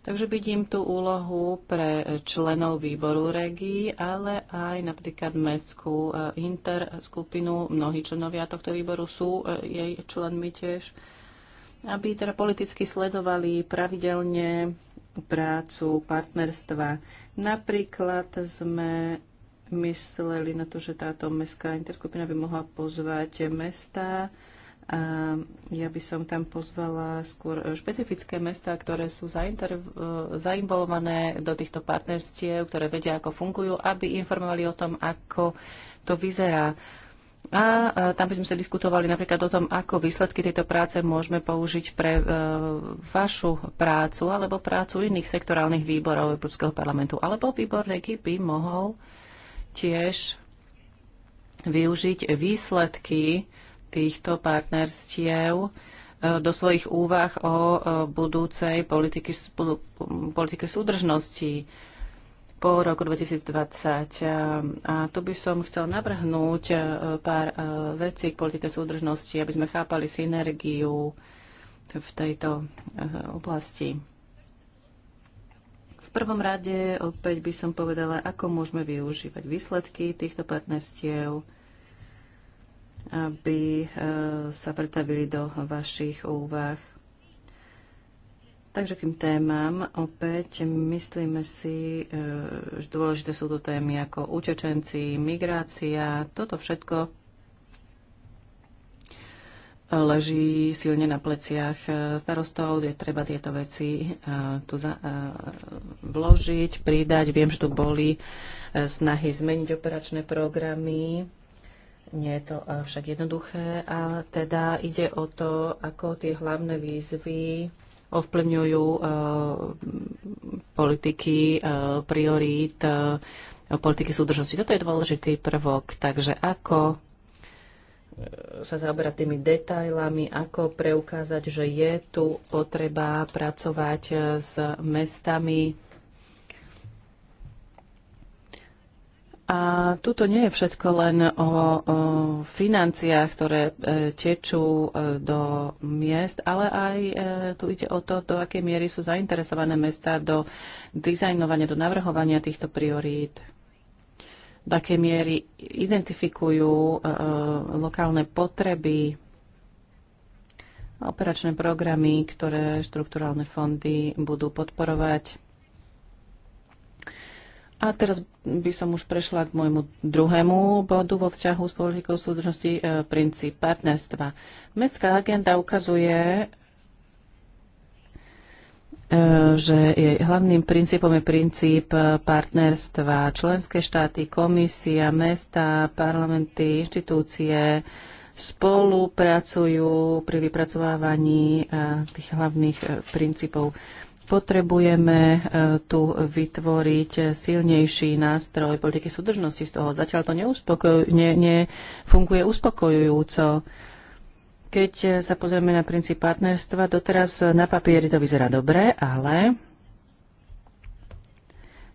Takže vidím tú úlohu pre členov výboru regí, ale aj napríklad mestskú interskupinu. Mnohí členovia tohto výboru sú jej členmi tiež, aby teda politicky sledovali pravidelne prácu, partnerstva. Napríklad sme mysleli na to, že táto mestská interskupina by mohla pozvať mesta. A ja by som tam pozvala skôr eh, špecifické mesta, ktoré sú eh, zainvolované do týchto partnerstiev, ktoré vedia, ako fungujú, aby informovali o tom, ako to vyzerá. A e, tam by sme sa diskutovali napríklad o tom, ako výsledky tejto práce môžeme použiť pre e, vašu prácu alebo prácu iných sektorálnych výborov Európskeho parlamentu. Alebo výbor Regi by mohol tiež využiť výsledky týchto partnerstiev e, do svojich úvah o budúcej politike súdržnosti po roku 2020. A tu by som chcel navrhnúť e, pár e, vecí k politike súdržnosti, aby sme chápali synergiu v tejto e, oblasti. V prvom rade opäť by som povedala, ako môžeme využívať výsledky týchto partnerstiev, aby sa pretavili do vašich úvah. Takže k tým témam opäť myslíme si, e, že dôležité sú tu témy ako utečenci, migrácia, toto všetko leží silne na pleciach starostov, je treba tieto veci e, tu za, e, vložiť, pridať. Viem, že tu boli snahy zmeniť operačné programy. Nie je to však jednoduché. ale teda ide o to, ako tie hlavné výzvy ovplyvňujú e, politiky e, priorít e, politiky súdržnosti. Toto je dôležitý prvok. Takže ako sa zaoberať tými detailami, ako preukázať, že je tu potreba pracovať s mestami, A tuto nie je všetko len o, o financiách, ktoré e, tečú e, do miest, ale aj e, tu ide o to, do akej miery sú zainteresované mesta do dizajnovania, do navrhovania týchto priorít, do akej miery identifikujú e, e lokálne potreby, operačné programy, ktoré štrukturálne fondy budú podporovať a teraz by som už prešla k môjmu druhému bodu vo vzťahu s politikou súdržnosti e, princíp partnerstva. Mestská agenda ukazuje, e, že jej hlavným princípom je princíp partnerstva. Členské štáty, komisia, mesta, parlamenty, inštitúcie spolupracujú pri vypracovávaní e, tých hlavných e, princípov Potrebujeme e, tu vytvoriť silnejší nástroj politiky súdržnosti z toho. Zatiaľ to ne, nefunguje uspokojujúco. Keď sa pozrieme na princíp partnerstva, doteraz na papieri to vyzerá dobre, ale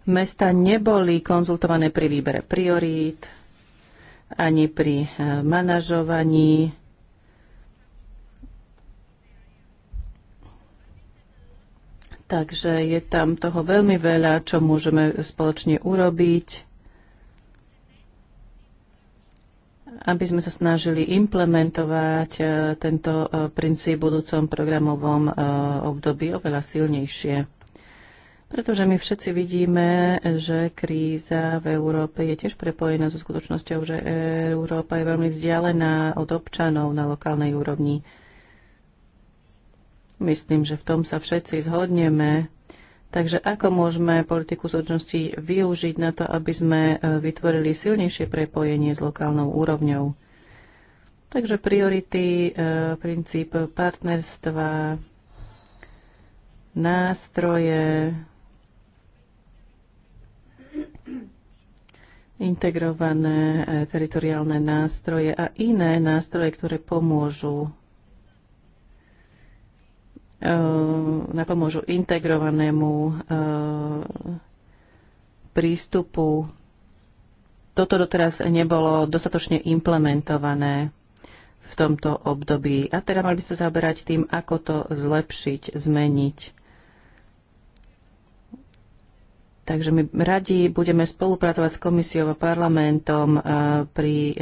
mesta neboli konzultované pri výbere priorít, ani pri e, manažovaní Takže je tam toho veľmi veľa, čo môžeme spoločne urobiť, aby sme sa snažili implementovať e, tento e, princíp v budúcom programovom e, období oveľa silnejšie. Pretože my všetci vidíme, že kríza v Európe je tiež prepojená so skutočnosťou, že Európa je veľmi vzdialená od občanov na lokálnej úrovni. Myslím, že v tom sa všetci zhodneme. Takže ako môžeme politiku súdržnosti využiť na to, aby sme e, vytvorili silnejšie prepojenie s lokálnou úrovňou? Takže priority, e, princíp partnerstva, nástroje, integrované e, teritoriálne nástroje a iné nástroje, ktoré pomôžu napomôžu integrovanému e, prístupu. Toto doteraz nebolo dostatočne implementované v tomto období. A teda mali by sa zaoberať tým, ako to zlepšiť, zmeniť. Takže my radi budeme spolupracovať s komisiou a parlamentom eh, pri eh,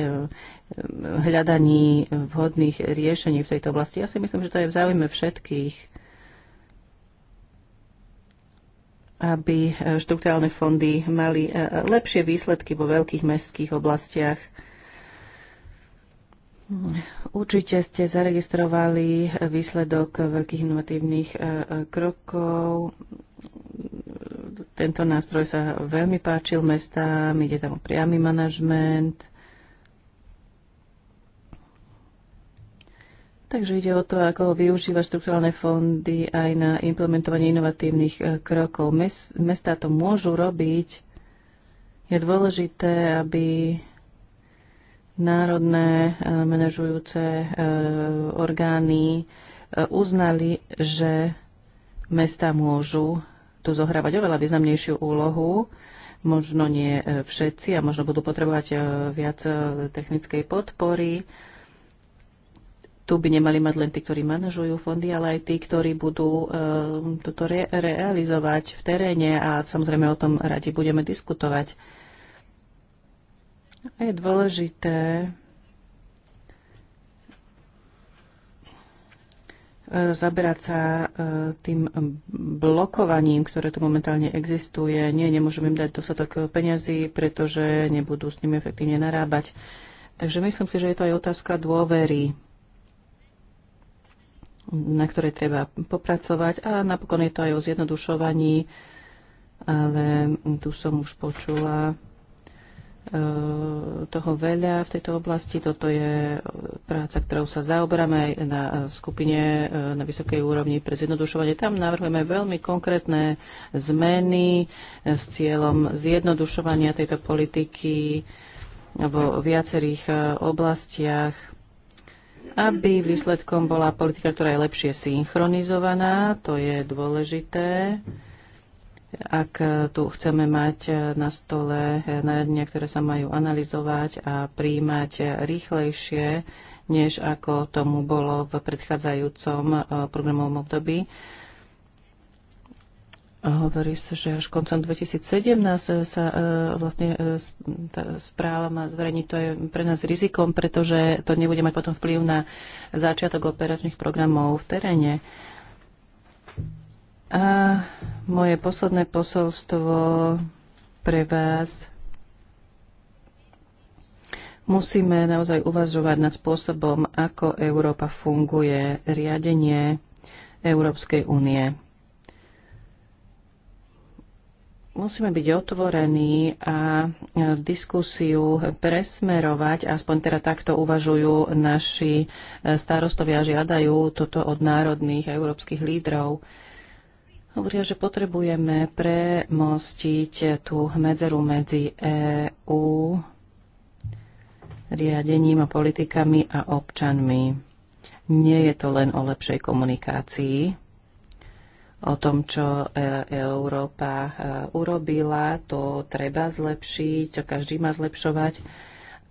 hľadaní vhodných riešení v tejto oblasti. Ja si myslím, že to je v záujme všetkých, aby eh, štruktúrálne fondy mali lepšie výsledky vo veľkých mestských oblastiach. Určite ste zaregistrovali výsledok veľkých inovatívnych e, krokov. Tento nástroj sa veľmi páčil mestám, ide tam o priamy manažment. Takže ide o to, ako využívať štruktúrálne fondy aj na implementovanie inovatívnych e, krokov. Mestá to môžu robiť. Je dôležité, aby národné e, manažujúce e, orgány e, uznali, že mesta môžu tu zohrávať oveľa významnejšiu úlohu. Možno nie všetci a možno budú potrebovať viac technickej podpory. Tu by nemali mať len tí, ktorí manažujú fondy, ale aj tí, ktorí budú toto re- realizovať v teréne a samozrejme o tom radi budeme diskutovať. A je dôležité e, zaberať sa e, tým blokovaním, ktoré tu momentálne existuje. Nie, nemôžeme im dať dostatok peňazí, pretože nebudú s nimi efektívne narábať. Takže myslím si, že je to aj otázka dôvery, na ktorej treba popracovať. A napokon je to aj o zjednodušovaní, ale tu som už počula Eh, toho veľa v tejto oblasti. Toto je eh, práca, ktorou sa zaoberáme aj na eh, skupine na vysokej úrovni pre zjednodušovanie. Tam navrhujeme veľmi konkrétne zmeny s cieľom zjednodušovania tejto politiky vo viacerých oblastiach aby výsledkom bola politika, ktorá je lepšie synchronizovaná, to je dôležité ak e, tu chceme mať e, na stole e, naradenia, ktoré sa majú analyzovať a príjmať rýchlejšie, než ako tomu bolo v predchádzajúcom programovom období. Hovorí sa, že až koncom 2017 sa vlastne tá správa má zverejniť. To je pre nás rizikom, pretože to nebude mať potom vplyv na začiatok operačných programov v teréne. A moje posledné posolstvo pre vás. Musíme naozaj uvažovať nad spôsobom, ako Európa funguje, riadenie Európskej únie. Musíme byť otvorení a diskusiu presmerovať, aspoň teda takto uvažujú naši starostovia, žiadajú toto od národných a európskych lídrov Hovoria, že potrebujeme premostiť tú medzeru medzi EÚ, riadením a politikami a občanmi. Nie je to len o lepšej komunikácii, o tom, čo e Európa e, urobila, to treba zlepšiť, každý má zlepšovať,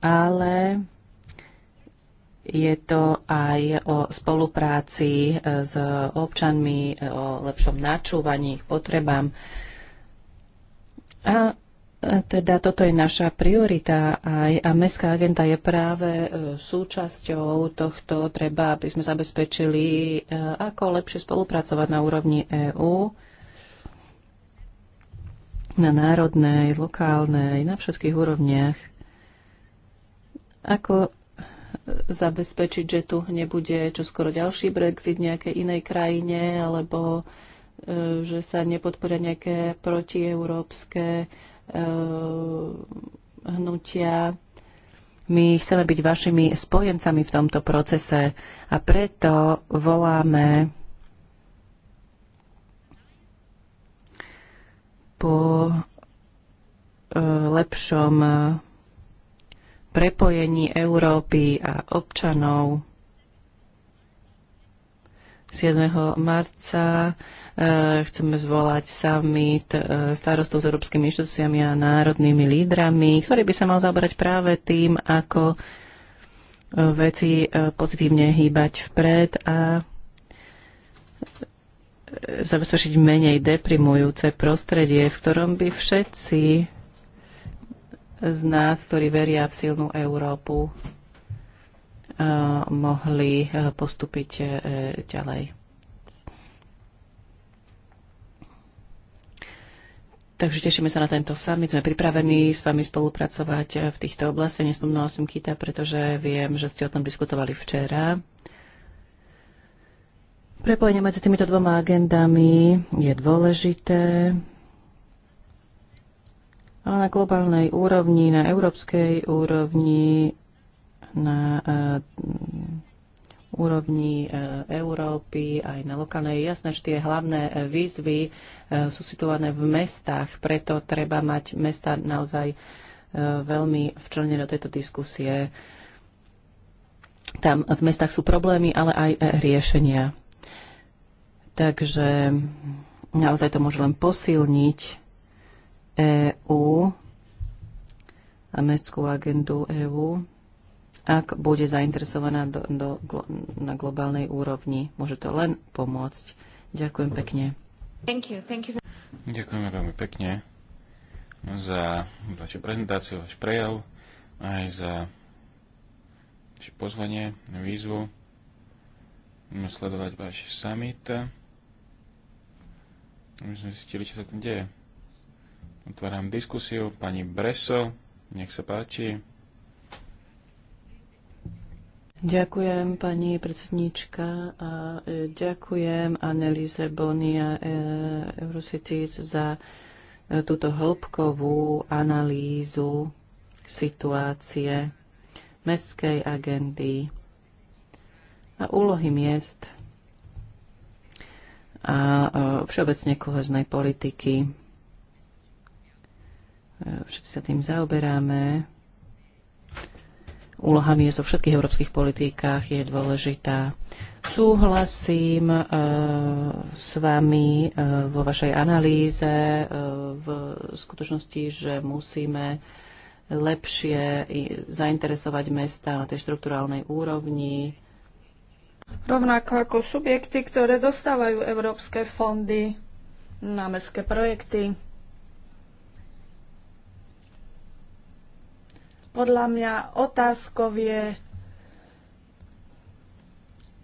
ale je to aj o spolupráci e, s občanmi, e, o lepšom načúvaní ich potrebám. A e, teda toto je naša priorita aj a Mestská agenda je práve súčasťou tohto. Treba, aby sme zabezpečili, ako lepšie spolupracovať na úrovni EÚ, na národnej, lokálnej, na všetkých úrovniach. Ako zabezpečiť, že tu nebude čoskoro ďalší Brexit v nejakej inej krajine, alebo e, že sa nepodporia nejaké protieurópske e, hnutia. My chceme byť vašimi spojencami v tomto procese a preto voláme po e, lepšom prepojení Európy a občanov. 7. marca e, chceme zvolať summit e, starostov s európskymi inštitúciami a národnými lídrami, ktorý by sa mal zabrať práve tým, ako e, veci pozitívne hýbať vpred a zabezpečiť menej deprimujúce prostredie, v ktorom by všetci z nás, ktorí veria v silnú Európu, e, mohli e, postúpiť e, ďalej. Takže tešíme sa na tento summit. Sme pripravení s vami spolupracovať v týchto oblastiach. Nespomínala som Kita, pretože viem, že ste o tom diskutovali včera. Prepojenie medzi týmito dvoma agendami je dôležité. Ale na globálnej úrovni, na európskej úrovni, na e, úrovni e, Európy, aj na lokálnej. Je jasné, že tie hlavné e, výzvy sú situované v mestách, preto treba mať mesta naozaj veľmi včlenené do tejto diskusie. Tam v mestách sú problémy, ale aj riešenia. Takže naozaj to môže len posilniť EÚ a mestskú agendu EÚ, ak bude zainteresovaná do, do, na globálnej úrovni. Môže to len pomôcť. Ďakujem pekne. Thank you, thank you. Ďakujeme veľmi pekne za vašu prezentáciu, váš prejav, aj za pozvanie, výzvu sledovať váš summit. My sme zistili, čo sa tam deje. Otváram diskusiu. Pani Breso, nech sa páči. Ďakujem, pani predsednička. A e, ďakujem Annelize Bonia e, Eurocities za e, túto hĺbkovú analýzu situácie mestskej agendy a úlohy miest a všeobecne koheznej politiky. Všetci sa tým zaoberáme. Úloha miest vo všetkých európskych politikách je dôležitá. Súhlasím e, s vami e, vo vašej analýze e, v skutočnosti, že musíme lepšie zainteresovať mesta na tej štruktúrálnej úrovni. Rovnako ako subjekty, ktoré dostávajú európske fondy na mestské projekty. Podľa mňa otázkov je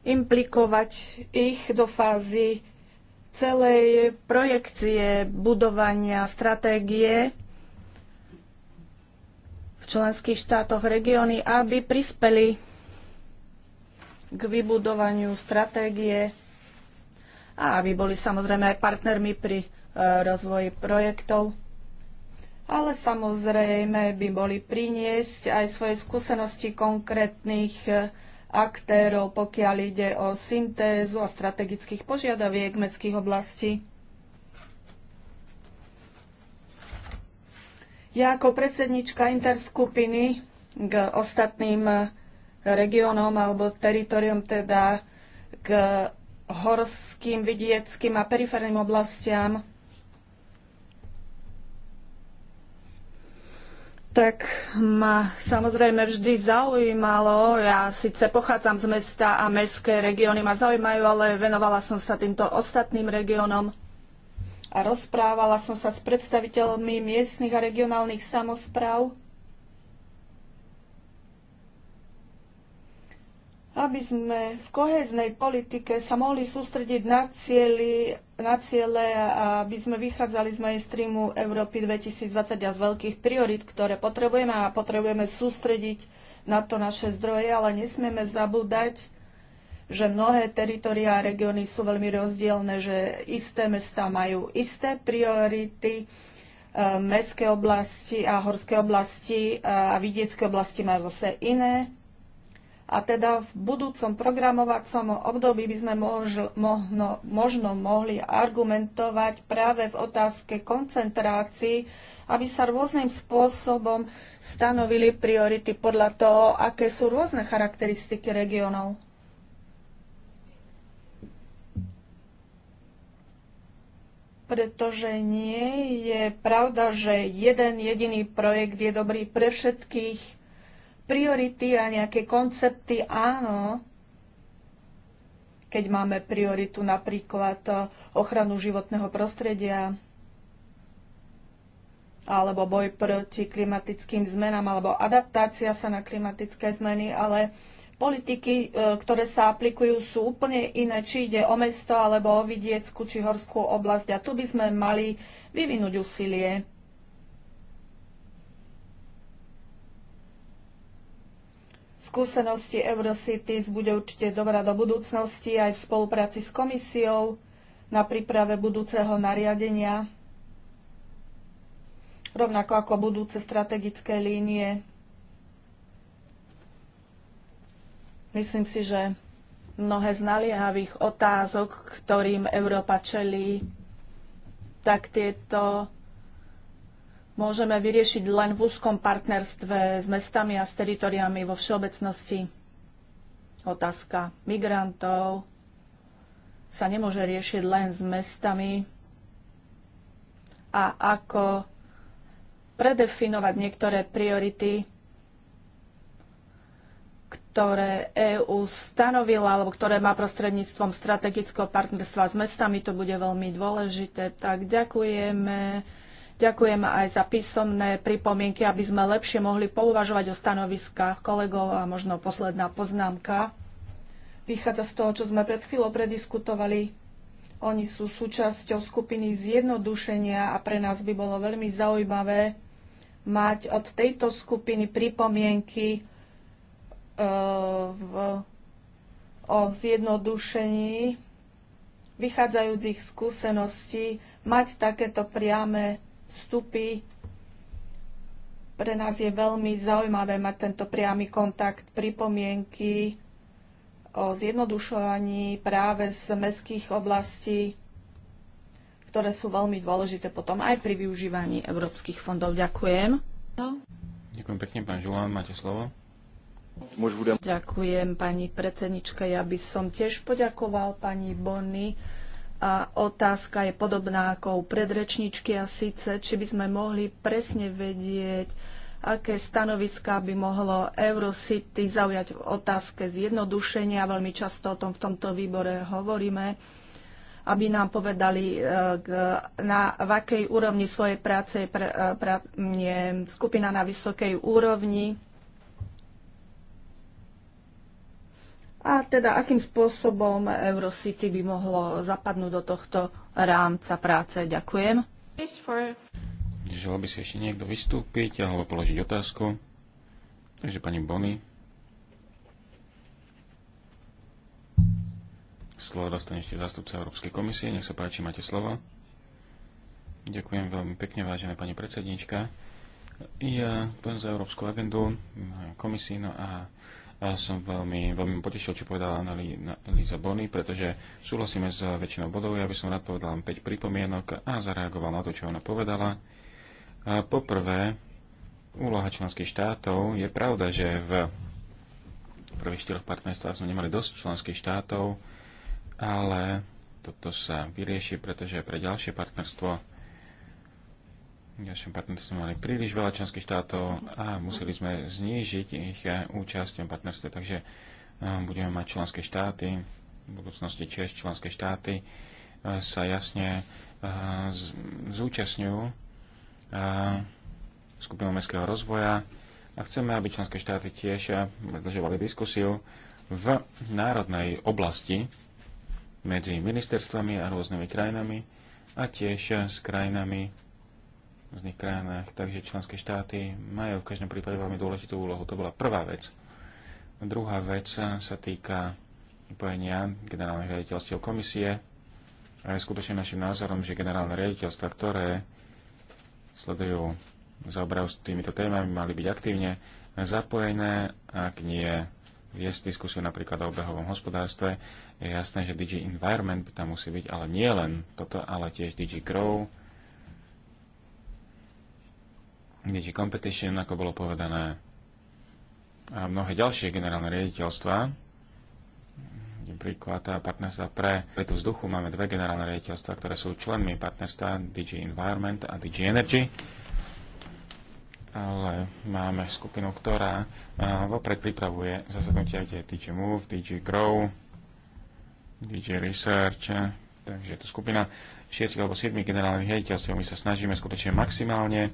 implikovať ich do fázy celej projekcie budovania stratégie v členských štátoch regióny, aby prispeli k vybudovaniu stratégie a aby boli samozrejme aj partnermi pri e, rozvoji projektov ale samozrejme by boli priniesť aj svoje skúsenosti konkrétnych eh, aktérov, pokiaľ ide o syntézu a strategických požiadaviek mestských oblastí. Ja ako predsednička interskupiny k ostatným eh, regiónom alebo teritoriom, teda k horským, vidieckým a periférnym oblastiam tak ma samozrejme vždy zaujímalo. Ja síce pochádzam z mesta a mestské regióny ma zaujímajú, ale venovala som sa týmto ostatným regiónom a rozprávala som sa s predstaviteľmi miestnych a regionálnych samozpráv. aby sme v koheznej politike sa mohli sústrediť na, cieli, na ciele a aby sme vychádzali z mainstreamu Európy 2020 a z veľkých priorit, ktoré potrebujeme a potrebujeme sústrediť na to naše zdroje, ale nesmieme zabúdať, že mnohé teritoria a regióny sú veľmi rozdielne, že isté mesta majú isté priority, e, mestské oblasti a horské oblasti e, a vidiecké oblasti majú zase iné a teda v budúcom programovacom období by sme možl, mohno, možno mohli argumentovať práve v otázke koncentrácií, aby sa rôznym spôsobom stanovili priority podľa toho, aké sú rôzne charakteristiky regiónov. pretože nie je pravda, že jeden jediný projekt je dobrý pre všetkých Priority a nejaké koncepty, áno. Keď máme prioritu napríklad eh, ochranu životného prostredia, alebo boj proti klimatickým zmenám, alebo adaptácia sa na klimatické zmeny, ale politiky, eh, ktoré sa aplikujú, sú úplne iné, či ide o mesto, alebo o vidiecku či horskú oblasť. A tu by sme mali vyvinúť úsilie skúsenosti Eurocities bude určite dobrá do budúcnosti aj v spolupráci s komisiou na príprave budúceho nariadenia, rovnako ako budúce strategické línie. Myslím si, že mnohé z naliehavých otázok, ktorým Európa čelí, tak tieto môžeme vyriešiť len v úzkom partnerstve s mestami a s teritoriami vo všeobecnosti. Otázka migrantov sa nemôže riešiť len s mestami a ako predefinovať niektoré priority, ktoré EÚ stanovila alebo ktoré má prostredníctvom strategického partnerstva s mestami. To bude veľmi dôležité. Tak ďakujeme Ďakujem aj za písomné pripomienky, aby sme lepšie mohli pouvažovať o stanoviskách kolegov a možno posledná poznámka. Vychádza z toho, čo sme pred chvíľou prediskutovali. Oni sú súčasťou skupiny zjednodušenia a pre nás by bolo veľmi zaujímavé mať od tejto skupiny pripomienky e, v, o zjednodušení vychádzajúcich skúseností mať takéto priame vstupy. Pre nás je veľmi zaujímavé mať tento priamy kontakt, pripomienky o zjednodušovaní práve z mestských oblastí, ktoré sú veľmi dôležité potom aj pri využívaní európskych fondov. Ďakujem. Ďakujem pekne, pán Žulán, máte slovo. Ďakujem, pani predsednička. Ja by som tiež poďakoval pani Bonny a otázka je podobná ako u predrečničky a síce, či by sme mohli presne vedieť, aké stanoviská by mohlo Eurocity zaujať v otázke zjednodušenia. Veľmi často o tom v tomto výbore hovoríme aby nám povedali, e, na, v akej úrovni svojej práce je pr, e, pr, nie, skupina na vysokej úrovni. a teda akým spôsobom Eurocity by mohlo zapadnúť do tohto rámca práce. Ďakujem. Želal by si ešte niekto vystúpiť alebo položiť otázku. Takže pani Bony. Slovo dostane ešte zastupca Európskej komisie. Nech sa páči, máte slovo. Ďakujem veľmi pekne, vážená pani predsednička. Ja poviem za Európsku agendu komisínu no a som veľmi, veľmi potešil, čo povedala Analýza Bony, pretože súhlasíme s väčšinou bodov. Ja by som rád povedal len 5 pripomienok a zareagoval na to, čo ona povedala. Poprvé, úloha členských štátov. Je pravda, že v prvých štyroch partnerstvách sme nemali dosť členských štátov, ale toto sa vyrieši, pretože pre ďalšie partnerstvo v našom partnerstve mali príliš veľa členských štátov a museli sme znížiť ich eh, účasť v partnerstve, takže eh, budeme mať členské štáty, v budúcnosti tiež členské štáty eh, sa jasne zúčastňujú skupinu mestského rozvoja a chceme, aby členské štáty tiež predlžovali diskusiu v národnej oblasti medzi ministerstvami a rôznymi krajinami a tiež s krajinami rôznych krajinách. Takže členské štáty majú v každom prípade veľmi dôležitú úlohu. To bola prvá vec. Druhá vec sa týka upojenia generálnych riaditeľstiev komisie. A je skutočne našim názorom, že generálne riaditeľstva, ktoré sledujú zaoberajú s týmito témami, mali byť aktívne zapojené, ak nie viesť diskusiu napríklad o obehovom hospodárstve. Je jasné, že DG Environment by tam musí byť, ale nie len toto, ale tiež DG Grow, DG Competition, ako bolo povedané, a mnohé ďalšie generálne riaditeľstva, príklad partnerstva pre vetu vzduchu, máme dve generálne riaditeľstva, ktoré sú členmi partnerstva DG Environment a DG Energy, ale máme skupinu, ktorá vopred pripravuje zasadnutia, kde je DG Move, DG Grow, DJ Research, takže je to skupina 6 alebo 7 generálnych riaditeľstiev. My sa snažíme skutočne maximálne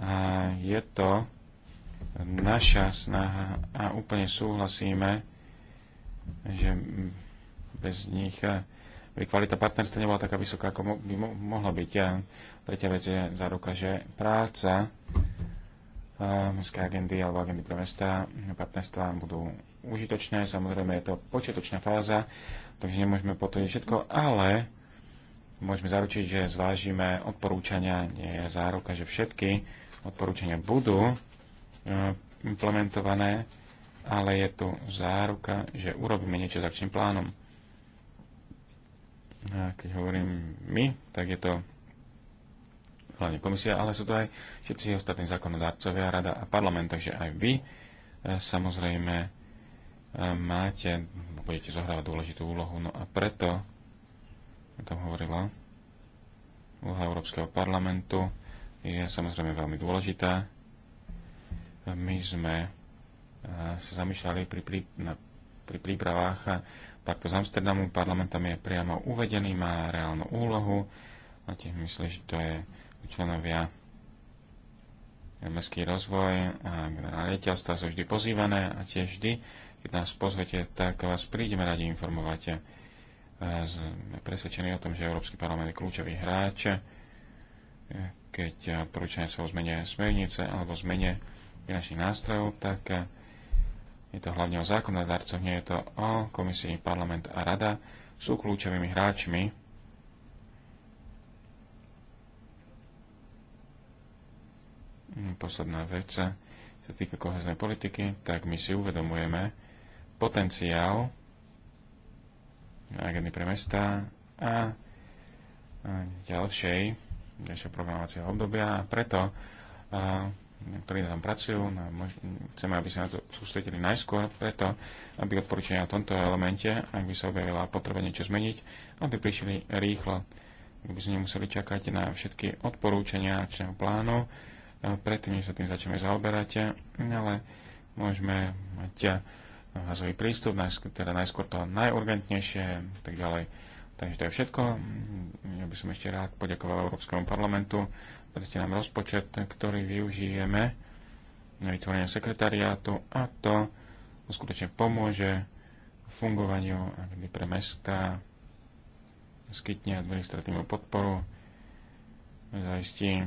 a je to naša snaha a úplne súhlasíme, že bez nich eh, by kvalita partnerstva nebola taká vysoká, ako by mohla byť. A tretia vec je záruka, že práca eh, mestské agendy alebo agendy pre mesta partnerstva budú užitočné. Samozrejme je to počiatočná fáza, takže nemôžeme potvrdiť všetko, ale môžeme zaručiť, že zvážime odporúčania. Nie je záruka, že všetky odporúčania budú e, implementované, ale je tu záruka, že urobíme niečo s akčným plánom. A keď hovorím my, tak je to hlavne komisia, ale sú to aj všetci ostatní zákonodárcovia, rada a parlament, takže aj vy e, samozrejme e, máte, budete zohrávať dôležitú úlohu. No a preto, to tom hovorila, úloha Európskeho parlamentu je samozrejme veľmi dôležitá. My sme e, sa zamýšľali pri, pri, na, pri prípravách takto z Amsterdamu. Parlament tam je priamo uvedený, má reálnu úlohu. A tiež myslím, že to je členovia mestský rozvoj a generálne sú vždy pozývané a tiež vždy, keď nás pozvete, tak vás prídeme radi informovať. E, sme presvedčení o tom, že Európsky parlament je kľúčový hráč, e, keď eh, poručenia sa o zmene smernice alebo zmene finančných nástrojov, tak eh, je to hlavne o zákonodárcoch, nie je to o komisii, parlament a rada, sú kľúčovými hráčmi. Posledná vec eh, sa týka koheznej politiky, tak my si uvedomujeme potenciál agendy pre mesta a ďalšej ďalšie programovacie obdobia a preto ktorí tom pracujú, no, chceme, aby sa na to sústredili najskôr, preto, aby odporúčania o tomto elemente, ak by sa objavila potreba niečo zmeniť, aby prišli rýchlo, aby sme nemuseli čakať na všetky odporúčania akčného plánu, predtým, než sa tým začneme zaoberať, ale môžeme mať hazový prístup, teda najskôr to najurgentnejšie, tak ďalej Takže to je všetko. Ja by som ešte rád poďakoval Európskemu parlamentu. Dali ste nám rozpočet, ktorý využijeme na vytvorenie sekretariátu a to skutočne pomôže fungovaniu akby pre mesta, skytne administratívnu podporu, zaistí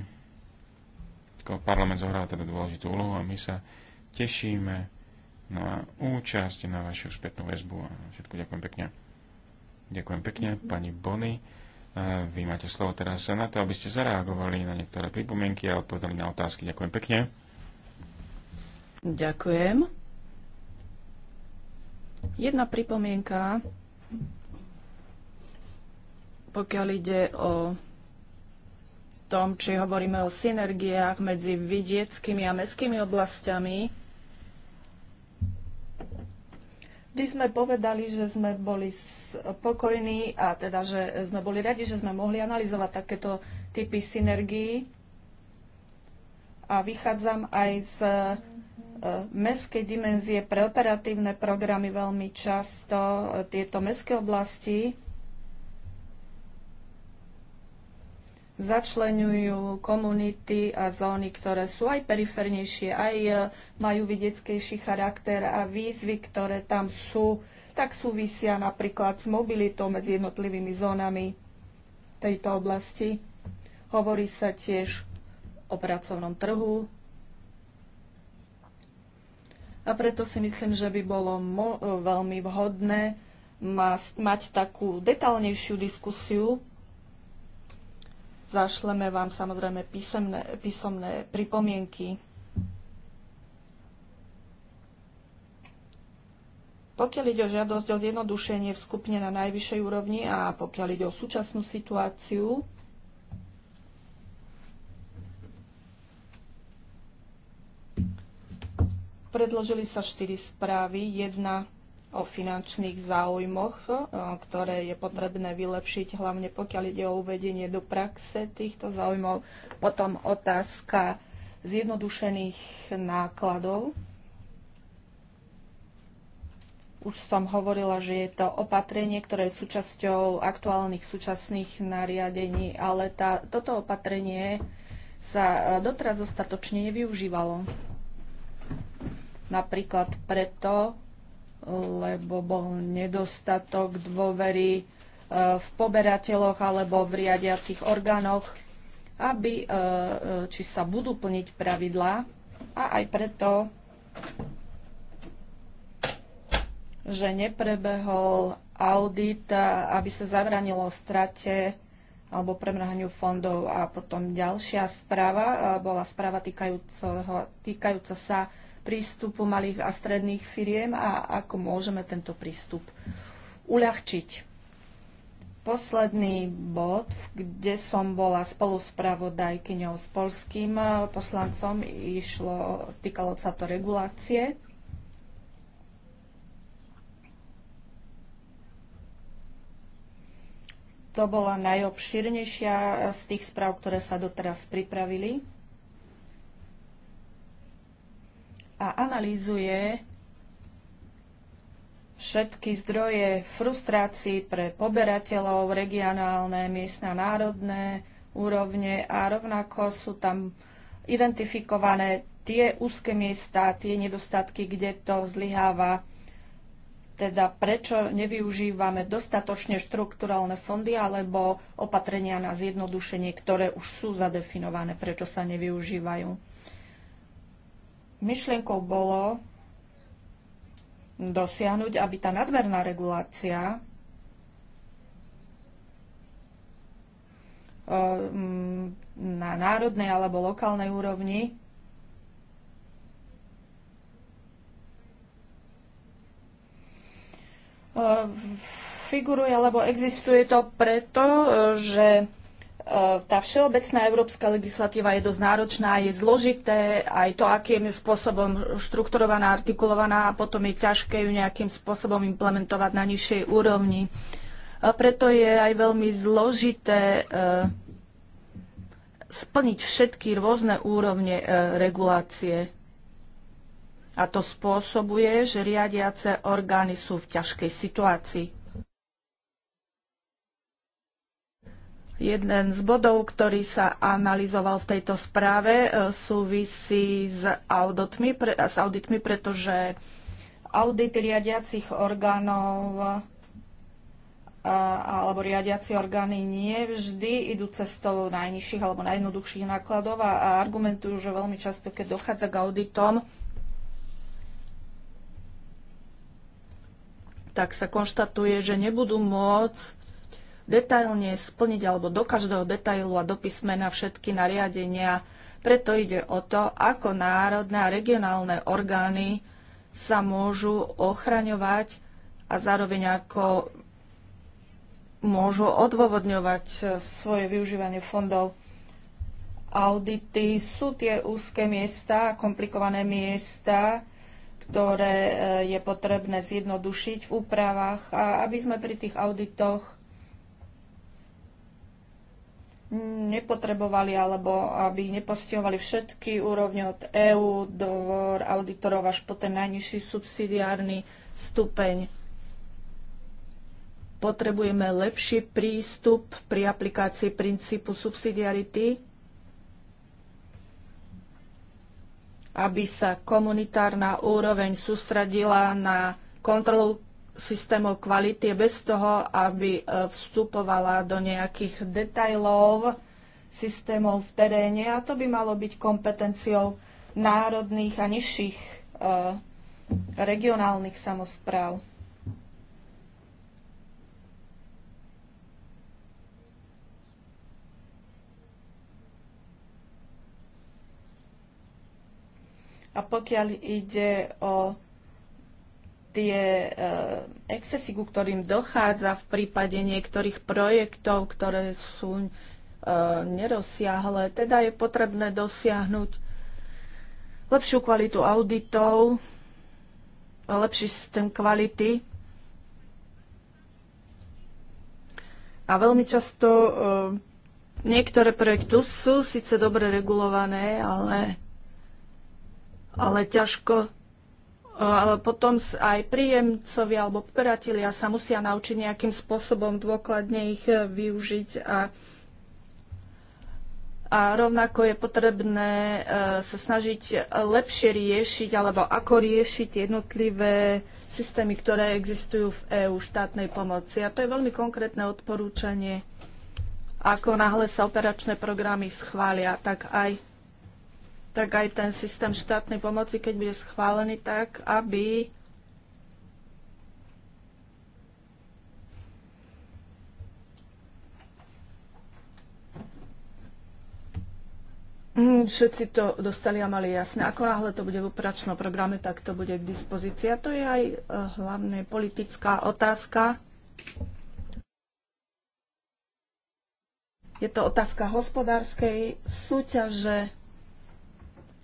parlament zohráva teda dôležitú úlohu a my sa tešíme na účasť, na vašu spätnú väzbu a všetko ďakujem pekne. Ďakujem pekne, pani Bony. E, vy máte slovo teraz na to, aby ste zareagovali na niektoré pripomienky a odpovedali na otázky. Ďakujem pekne. Ďakujem. Jedna pripomienka, pokiaľ ide o tom, či hovoríme o synergiách medzi vidieckými a mestskými oblastiami by sme povedali, že sme boli spokojní a teda, že sme boli radi, že sme mohli analyzovať takéto typy synergií. A vychádzam aj z e, mestskej dimenzie pre operatívne programy veľmi často. E, tieto mestské oblasti začlenujú komunity a zóny, ktoré sú aj perifernejšie, aj e, majú vidieckejší charakter a výzvy, ktoré tam sú, tak súvisia napríklad s mobilitou medzi jednotlivými zónami tejto oblasti. Hovorí sa tiež o pracovnom trhu. A preto si myslím, že by bolo e, veľmi vhodné mať takú detálnejšiu diskusiu Zašleme vám samozrejme písemné, písomné pripomienky. Pokiaľ ide o žiadosť o zjednodušenie v skupine na najvyššej úrovni a pokiaľ ide o súčasnú situáciu, predložili sa štyri správy. Jedna o finančných záujmoch, e, ktoré je potrebné vylepšiť, hlavne pokiaľ ide o uvedenie do praxe týchto záujmov. Potom otázka zjednodušených nákladov. Už som hovorila, že je to opatrenie, ktoré je súčasťou aktuálnych súčasných nariadení, ale tá, toto opatrenie sa e, doteraz dostatočne nevyužívalo. Napríklad preto, lebo bol nedostatok dôvery e, v poberateľoch alebo v riadiacich orgánoch, aby, e, e, či sa budú plniť pravidlá a aj preto, že neprebehol audit, aby sa zabranilo strate alebo premrhaniu fondov. A potom ďalšia správa bola správa týkajúca, týkajúca sa prístupu malých a stredných firiem a ako môžeme tento prístup uľahčiť. Posledný bod, kde som bola spolu s polským eh, poslancom, išlo, týkalo sa to regulácie. To bola najobširnejšia z tých správ, ktoré sa doteraz pripravili. a analýzuje všetky zdroje frustrácií pre poberateľov, regionálne, miestne, národné úrovne a rovnako sú tam identifikované tie úzke miesta, tie nedostatky, kde to zlyháva, teda prečo nevyužívame dostatočne štrukturálne fondy alebo opatrenia na zjednodušenie, ktoré už sú zadefinované, prečo sa nevyužívajú. Myšlienkou bolo dosiahnuť, aby tá nadmerná regulácia eh, na národnej alebo lokálnej úrovni eh, figuruje, alebo existuje to preto, že E, tá všeobecná európska legislatíva je dosť náročná, je zložité, aj to, akým spôsobom štrukturovaná, artikulovaná a potom je ťažké ju nejakým spôsobom implementovať na nižšej úrovni. A preto je aj veľmi zložité e, splniť všetky rôzne úrovne e, regulácie. A to spôsobuje, že riadiace orgány sú v ťažkej situácii. Jeden z bodov, ktorý sa analyzoval v tejto správe, e, súvisí s auditmi, pre, s auditmi pretože audity riadiacich orgánov e, alebo riadiaci orgány nie vždy idú cestou najnižších alebo najjednoduchších nákladov a argumentujú, že veľmi často, keď dochádza k auditom, tak sa konštatuje, že nebudú môcť detailne splniť alebo do každého detailu a do písmena všetky nariadenia. Preto ide o to, ako národné a regionálne orgány sa môžu ochraňovať a zároveň ako môžu odôvodňovať svoje využívanie fondov. Audity sú tie úzke miesta, komplikované miesta, ktoré e, je potrebné zjednodušiť v úpravách a aby sme pri tých auditoch nepotrebovali alebo aby nepostihovali všetky úrovne od EÚ, do auditorov až po ten najnižší subsidiárny stupeň. Potrebujeme lepší prístup pri aplikácii princípu subsidiarity, aby sa komunitárna úroveň sústradila na kontrolu systémov kvality bez toho, aby e, vstupovala do nejakých detajlov systémov v teréne a to by malo byť kompetenciou národných a nižších e, regionálnych samozpráv. A pokiaľ ide o tie e, excesy, ku ktorým dochádza v prípade niektorých projektov, ktoré sú e, nerozsiahle, teda je potrebné dosiahnuť lepšiu kvalitu auditov, lepší systém kvality. A veľmi často e, niektoré projekty sú síce dobre regulované, ale ale ťažko ale potom aj príjemcovia alebo operatelia sa musia naučiť nejakým spôsobom dôkladne ich e, využiť a a rovnako je potrebné e, sa snažiť lepšie riešiť alebo ako riešiť jednotlivé systémy, ktoré existujú v EÚ štátnej pomoci. A to je veľmi konkrétne odporúčanie. Ako náhle sa operačné programy schvália, tak aj tak aj ten systém štátnej pomoci, keď bude schválený tak, aby mm, Všetci to dostali a mali jasné. Ako náhle to bude v operačnom programe, tak to bude k dispozícii. A to je aj eh, hlavne politická otázka. Je to otázka hospodárskej súťaže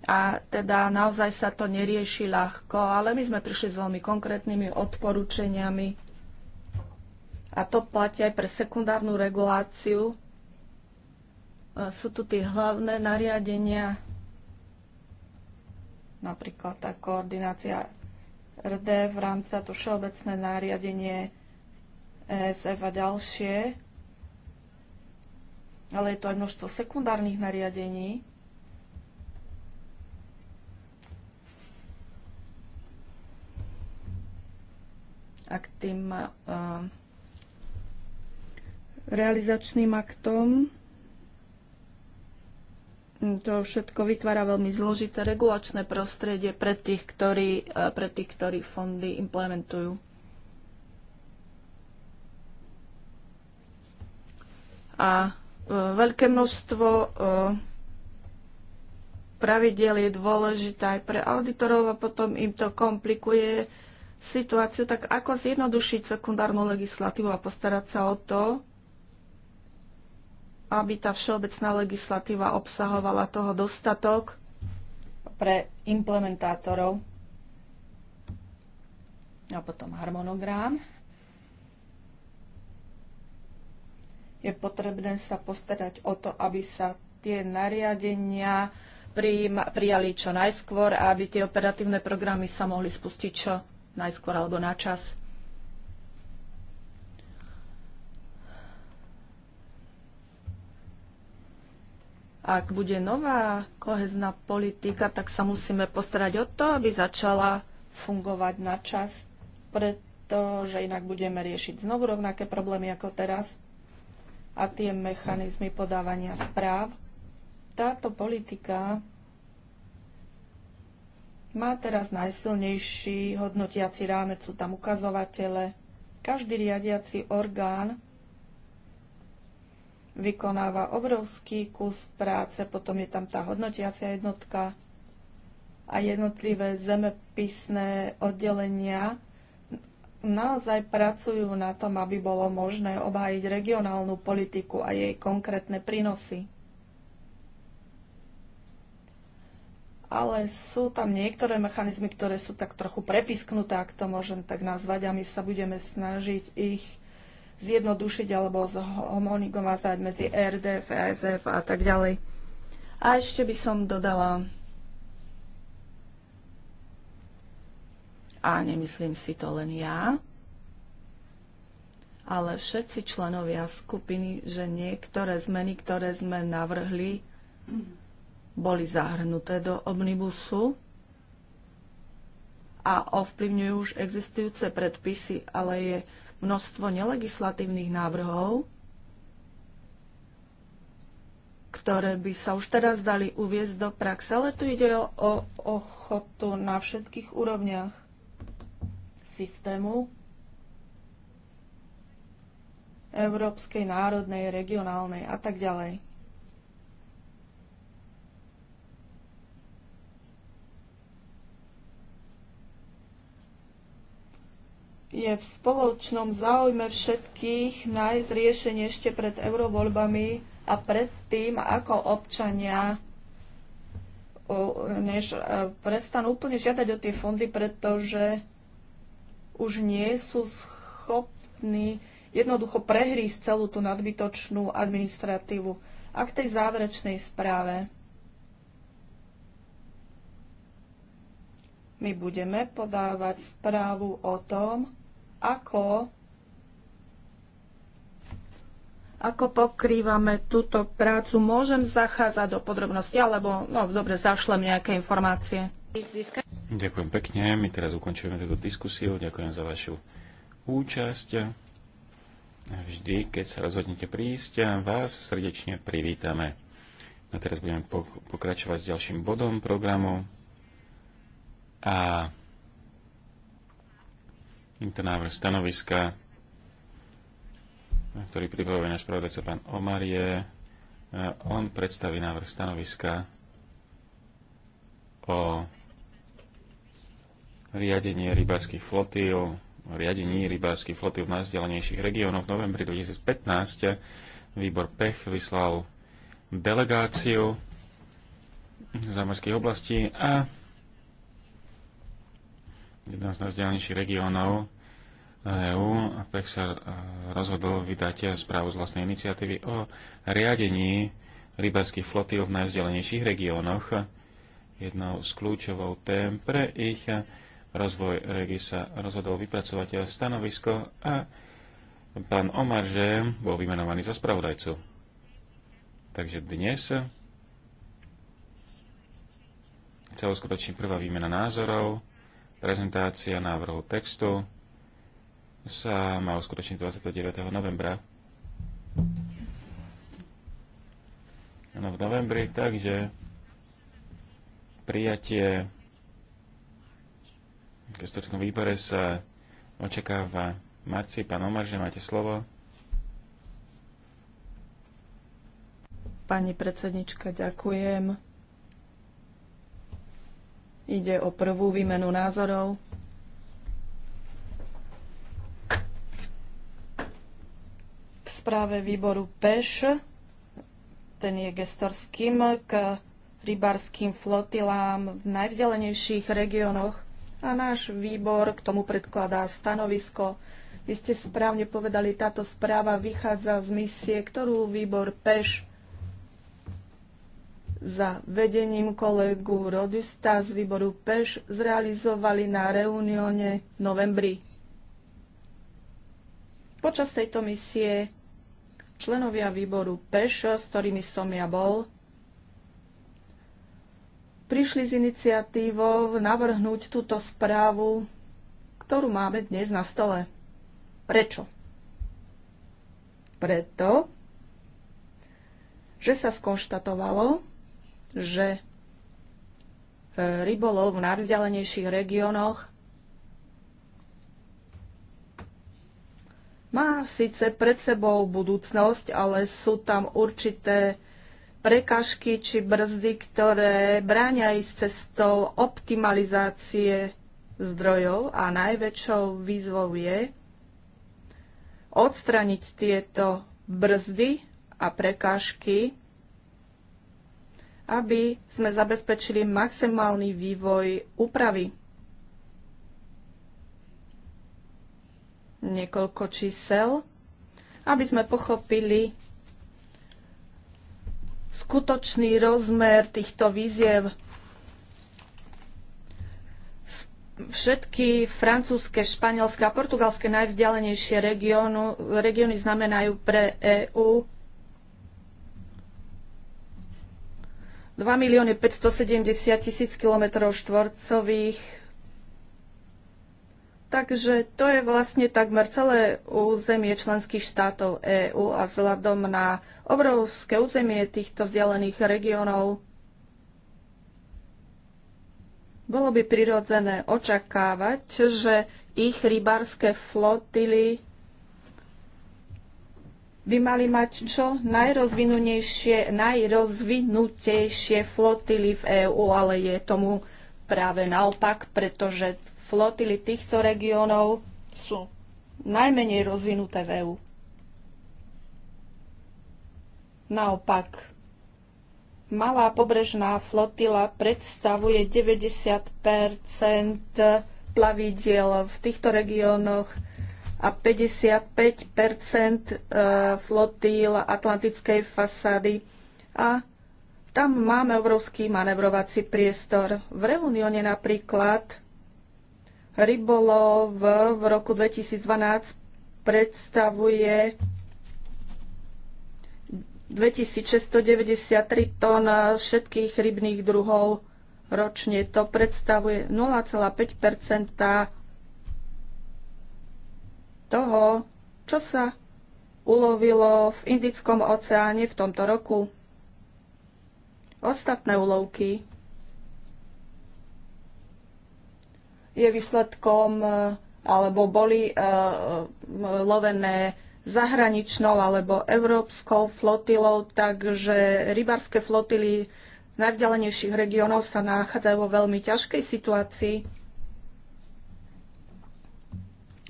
a teda naozaj sa to nerieši ľahko, ale my sme prišli s veľmi konkrétnymi odporúčeniami. A to platí aj pre sekundárnu reguláciu. E, sú tu tie hlavné nariadenia, napríklad tá koordinácia RD v rámci to všeobecné nariadenie ESF a ďalšie. Ale je to aj množstvo sekundárnych nariadení, a k tým e, realizačným aktom. To všetko vytvára veľmi zložité regulačné prostredie pre tých, ktorí, e, pre tých, ktorí fondy implementujú. A e, veľké množstvo pravidel je dôležité aj pre auditorov a potom im to komplikuje situáciu, tak ako zjednodušiť sekundárnu legislatívu a postarať sa o to, aby tá všeobecná legislatíva obsahovala toho dostatok pre implementátorov a potom harmonogram. Je potrebné sa postarať o to, aby sa tie nariadenia prijali čo najskôr a aby tie operatívne programy sa mohli spustiť čo najskôr alebo na čas. Ak bude nová kohezná politika, tak sa musíme postarať o to, aby začala fungovať na čas, pretože inak budeme riešiť znovu rovnaké problémy ako teraz a tie mechanizmy podávania správ. Táto politika má teraz najsilnejší hodnotiaci rámec, sú tam ukazovatele. Každý riadiaci orgán vykonáva obrovský kus práce, potom je tam tá hodnotiacia jednotka a jednotlivé zemepisné oddelenia naozaj pracujú na tom, aby bolo možné obhájiť regionálnu politiku a jej konkrétne prínosy. ale sú tam niektoré mechanizmy, ktoré sú tak trochu prepisknuté, ak to môžem tak nazvať, a my sa budeme snažiť ich zjednodušiť alebo zhomonigovať medzi RDF, ESF a tak ďalej. A ešte by som dodala, a nemyslím si to len ja, ale všetci členovia skupiny, že niektoré zmeny, ktoré sme navrhli, boli zahrnuté do omnibusu a ovplyvňujú už existujúce predpisy, ale je množstvo nelegislatívnych návrhov, ktoré by sa už teraz dali uviezť do praxe, ale tu ide o, ochotu na všetkých úrovniach systému európskej, národnej, regionálnej a tak ďalej. je v spoločnom záujme všetkých nájsť riešenie ešte pred eurovoľbami a pred tým, ako občania než e, prestanú úplne žiadať o tie fondy, pretože už nie sú schopní jednoducho prehrísť celú tú nadbytočnú administratívu. A k tej záverečnej správe. My budeme podávať správu o tom, ako ako pokrývame túto prácu. Môžem zachádzať do podrobnosti, alebo no, dobre, zašlem nejaké informácie. Ďakujem pekne. My teraz ukončujeme túto diskusiu. Ďakujem za vašu účasť. Vždy, keď sa rozhodnete prísť, vás srdečne privítame. A teraz budeme pokračovať s ďalším bodom programu. A tento návrh stanoviska, ktorý pripravuje náš pravodajca pán Omarie, eh, on predstaví návrh stanoviska o riadenie rybárskych o riadení rybárskych flotí v najzdelenejších regiónoch. V novembri 2015 výbor PECH vyslal delegáciu zamorských oblastí a jeden z najzdelenejších regiónov EÚ, PEC sa e, rozhodol vydať správu z vlastnej iniciatívy o riadení rybárskych flotíl v najvzdelenejších regiónoch. Jednou z kľúčovou tém pre ich rozvoj regi sa rozhodol vypracovať stanovisko a pán Omarže bol vymenovaný za spravodajcu. Takže dnes sa uskutoční prvá výmena názorov Prezentácia návrhu textu sa má uskutočniť 29. novembra. No v novembri, takže prijatie v gestorskom výbore sa očakáva marci. Pán Omar, že máte slovo. Pani predsednička, ďakujem. Ide o prvú výmenu názorov. K správe výboru PEŠ, ten je gestorským, k rybárským flotilám v najvzdelenejších regiónoch a náš výbor k tomu predkladá stanovisko. Vy ste správne povedali, táto správa vychádza z misie, ktorú výbor PEŠ za vedením kolegu Rodista z výboru PEŠ zrealizovali na reunióne v novembri. Počas tejto misie členovia výboru PEŠ, s ktorými som ja bol, prišli s iniciatívou navrhnúť túto správu, ktorú máme dnes na stole. Prečo? Preto, že sa skonštatovalo, že e, rybolov v najvzdialenejších regiónoch má síce pred sebou budúcnosť, ale sú tam určité prekažky či brzdy, ktoré bráňa ísť cestou optimalizácie zdrojov a najväčšou výzvou je odstraniť tieto brzdy a prekážky aby sme zabezpečili maximálny vývoj úpravy. Niekoľko čísel, aby sme pochopili skutočný rozmer týchto víziev. Všetky francúzske, španielske a portugalské najvzdialenejšie regióny znamenajú pre EÚ 2 milióny 570 tisíc kilometrov štvorcových. Takže to je vlastne takmer celé územie členských štátov EÚ a vzhľadom na obrovské územie týchto vzdialených regiónov bolo by prirodzené očakávať, že ich rybárske flotily by mali mať čo najrozvinutejšie, najrozvinutejšie flotily v EÚ, ale je tomu práve naopak, pretože flotily týchto regiónov sú najmenej rozvinuté v EÚ. Naopak, malá pobrežná flotila predstavuje 90 plavidiel v týchto regiónoch a 55 e, flotíl Atlantickej fasády a tam máme obrovský manevrovací priestor. V Reunione napríklad rybolov v roku 2012 predstavuje 2693 tón všetkých rybných druhov ročne. To predstavuje 0,5 toho, čo sa ulovilo v Indickom oceáne v tomto roku. Ostatné ulovky je výsledkom e, alebo boli uh, lovené zahraničnou alebo európskou flotilou, takže rybárske flotily najvzdialenejších regiónov sa nachádzajú vo veľmi ťažkej situácii.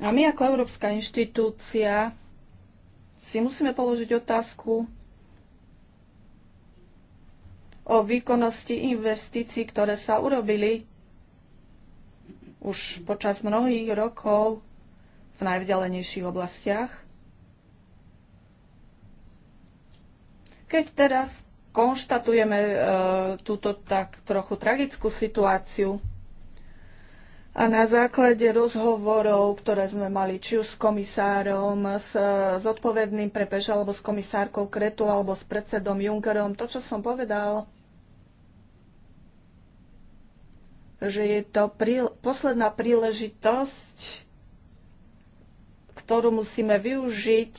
A my ako Európska inštitúcia si musíme položiť otázku o výkonnosti investícií, ktoré sa urobili už počas mnohých rokov v najvzdialenejších oblastiach. Keď teraz konštatujeme e, túto tak trochu tragickú situáciu, a na základe rozhovorov, ktoré sme mali či už s komisárom, s, s odpovedným pre Peš, alebo s komisárkou Kretu, alebo s predsedom Junckerom, to, čo som povedal, že je to prí, posledná príležitosť, ktorú musíme využiť,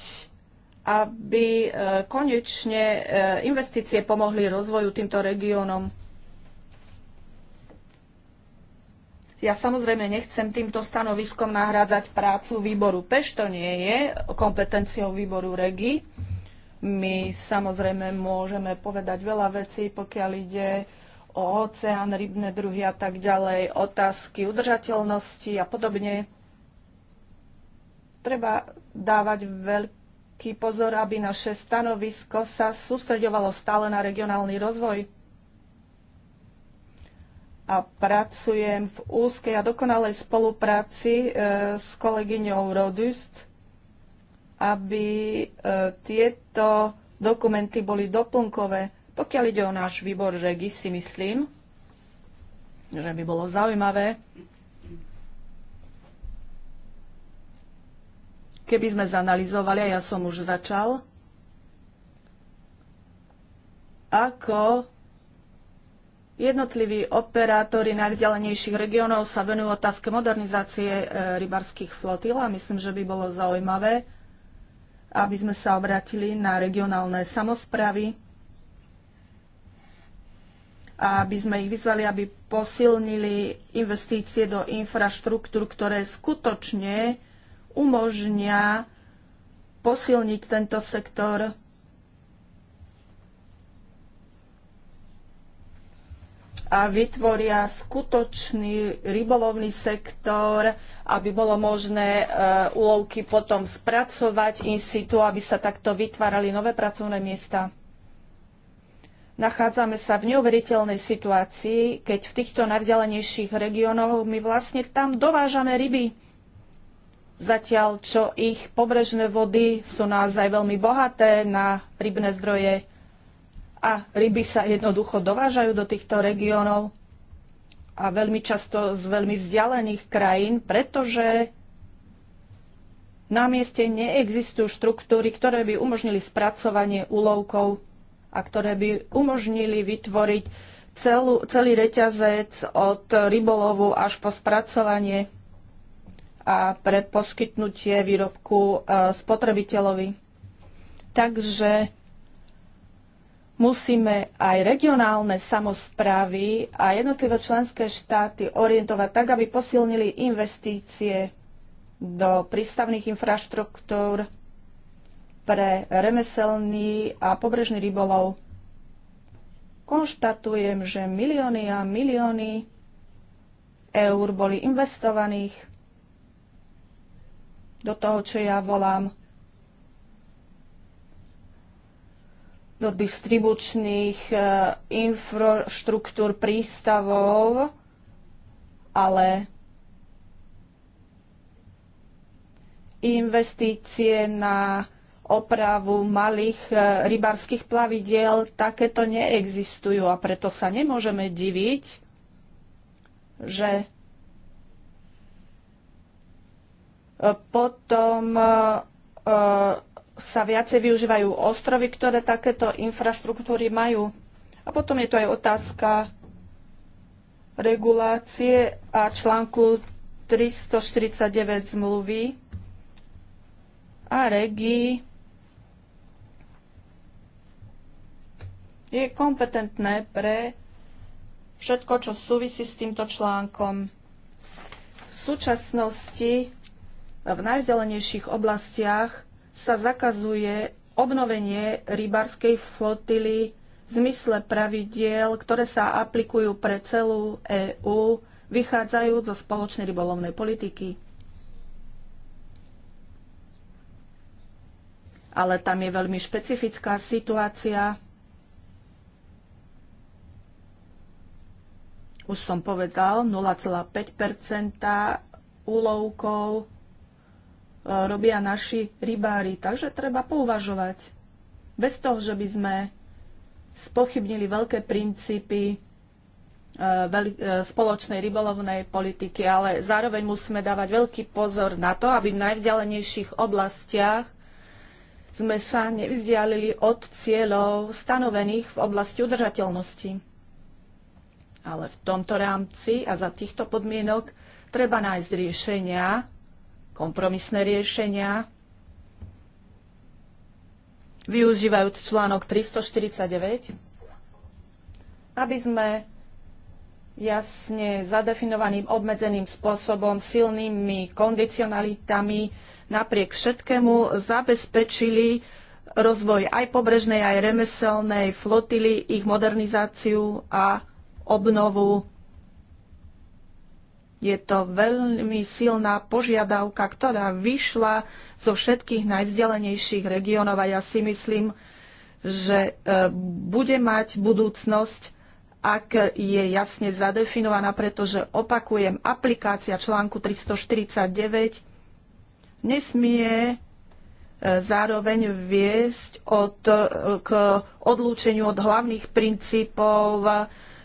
aby e, konečne e, investície pomohli rozvoju týmto regiónom. Ja samozrejme nechcem týmto stanoviskom nahrádzať prácu výboru PEŠ, to nie je kompetenciou výboru REGI. My samozrejme môžeme povedať veľa vecí, pokiaľ ide o oceán, rybné druhy a tak ďalej, otázky udržateľnosti a podobne. Treba dávať veľký pozor, aby naše stanovisko sa sústreďovalo stále na regionálny rozvoj a pracujem v úzkej a dokonalej spolupráci e, s kolegyňou Rodust, aby e, tieto dokumenty boli doplnkové. Pokiaľ ide o náš výbor regi, si myslím, že by bolo zaujímavé, keby sme zanalizovali, a ja som už začal, ako Jednotliví operátori najvzdialenejších regiónov sa venujú otázke modernizácie e, rybarských flotil a myslím, že by bolo zaujímavé, aby sme sa obratili na regionálne samozpravy a aby sme ich vyzvali, aby posilnili investície do infraštruktúr, ktoré skutočne umožnia posilniť tento sektor a vytvoria skutočný rybolovný sektor, aby bolo možné e, úlovky potom spracovať in situ, aby sa takto vytvárali nové pracovné miesta. Nachádzame sa v neuveriteľnej situácii, keď v týchto najvzdialenejších regiónoch my vlastne tam dovážame ryby. Zatiaľ, čo ich pobrežné vody sú naozaj veľmi bohaté na rybné zdroje, a ryby sa jednoducho dovážajú do týchto regiónov a veľmi často z veľmi vzdialených krajín, pretože na mieste neexistujú štruktúry, ktoré by umožnili spracovanie úlovkov a ktoré by umožnili vytvoriť celú, celý reťazec od rybolovu až po spracovanie a pre poskytnutie výrobku e, spotrebiteľovi. Takže musíme aj regionálne samozprávy a jednotlivé členské štáty orientovať tak, aby posilnili investície do prístavných infraštruktúr pre remeselný a pobrežný rybolov. Konštatujem, že milióny a milióny eur boli investovaných do toho, čo ja volám do distribučných e, infraštruktúr prístavov, ale investície na opravu malých e, rybárskych plavidiel takéto neexistujú a preto sa nemôžeme diviť, že potom e, sa viacej využívajú ostrovy, ktoré takéto infraštruktúry majú. A potom je to aj otázka regulácie a článku 349 zmluvy a regii je kompetentné pre všetko, čo súvisí s týmto článkom. V súčasnosti v najzelenejších oblastiach sa zakazuje obnovenie rybarskej flotily v zmysle pravidiel, ktoré sa aplikujú pre celú EÚ, vychádzajú zo spoločnej rybolovnej politiky. Ale tam je veľmi špecifická situácia. Už som povedal, 0,5 úlovkov E, robia naši rybári. Takže treba pouvažovať. Bez toho, že by sme spochybnili veľké princípy e, e, spoločnej rybolovnej politiky, ale zároveň musíme dávať veľký pozor na to, aby v najvzdialenejších oblastiach sme sa nevzdialili od cieľov stanovených v oblasti udržateľnosti. Ale v tomto rámci a za týchto podmienok treba nájsť riešenia, kompromisné riešenia, využívajúc článok 349, aby sme jasne zadefinovaným, obmedzeným spôsobom, silnými kondicionalitami napriek všetkému zabezpečili rozvoj aj pobrežnej, aj remeselnej flotily, ich modernizáciu a obnovu je to veľmi silná požiadavka, ktorá vyšla zo všetkých najvzdelenejších regiónov a ja si myslím, že e, bude mať budúcnosť, ak je jasne zadefinovaná, pretože opakujem, aplikácia článku 349 nesmie e, zároveň viesť od, e, k odlúčeniu od hlavných princípov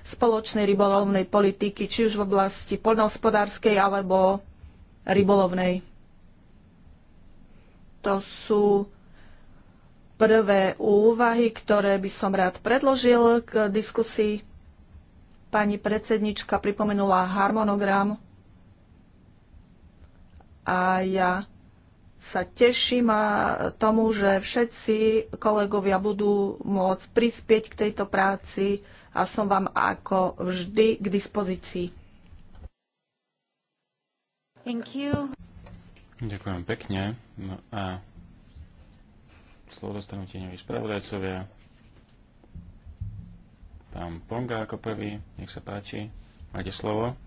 spoločnej rybolovnej politiky, či už v oblasti poľnohospodárskej alebo rybolovnej. To sú prvé úvahy, ktoré by som rád predložil k diskusii. Pani predsednička pripomenula harmonogram a ja sa teším a tomu, že všetci kolegovia budú môcť prispieť k tejto práci a som vám ako vždy k dispozícii. Thank you. Ďakujem pekne. No a slovo dostanú tieňoví spravodajcovia. Pán Ponga ako prvý, nech sa páči. Máte slovo.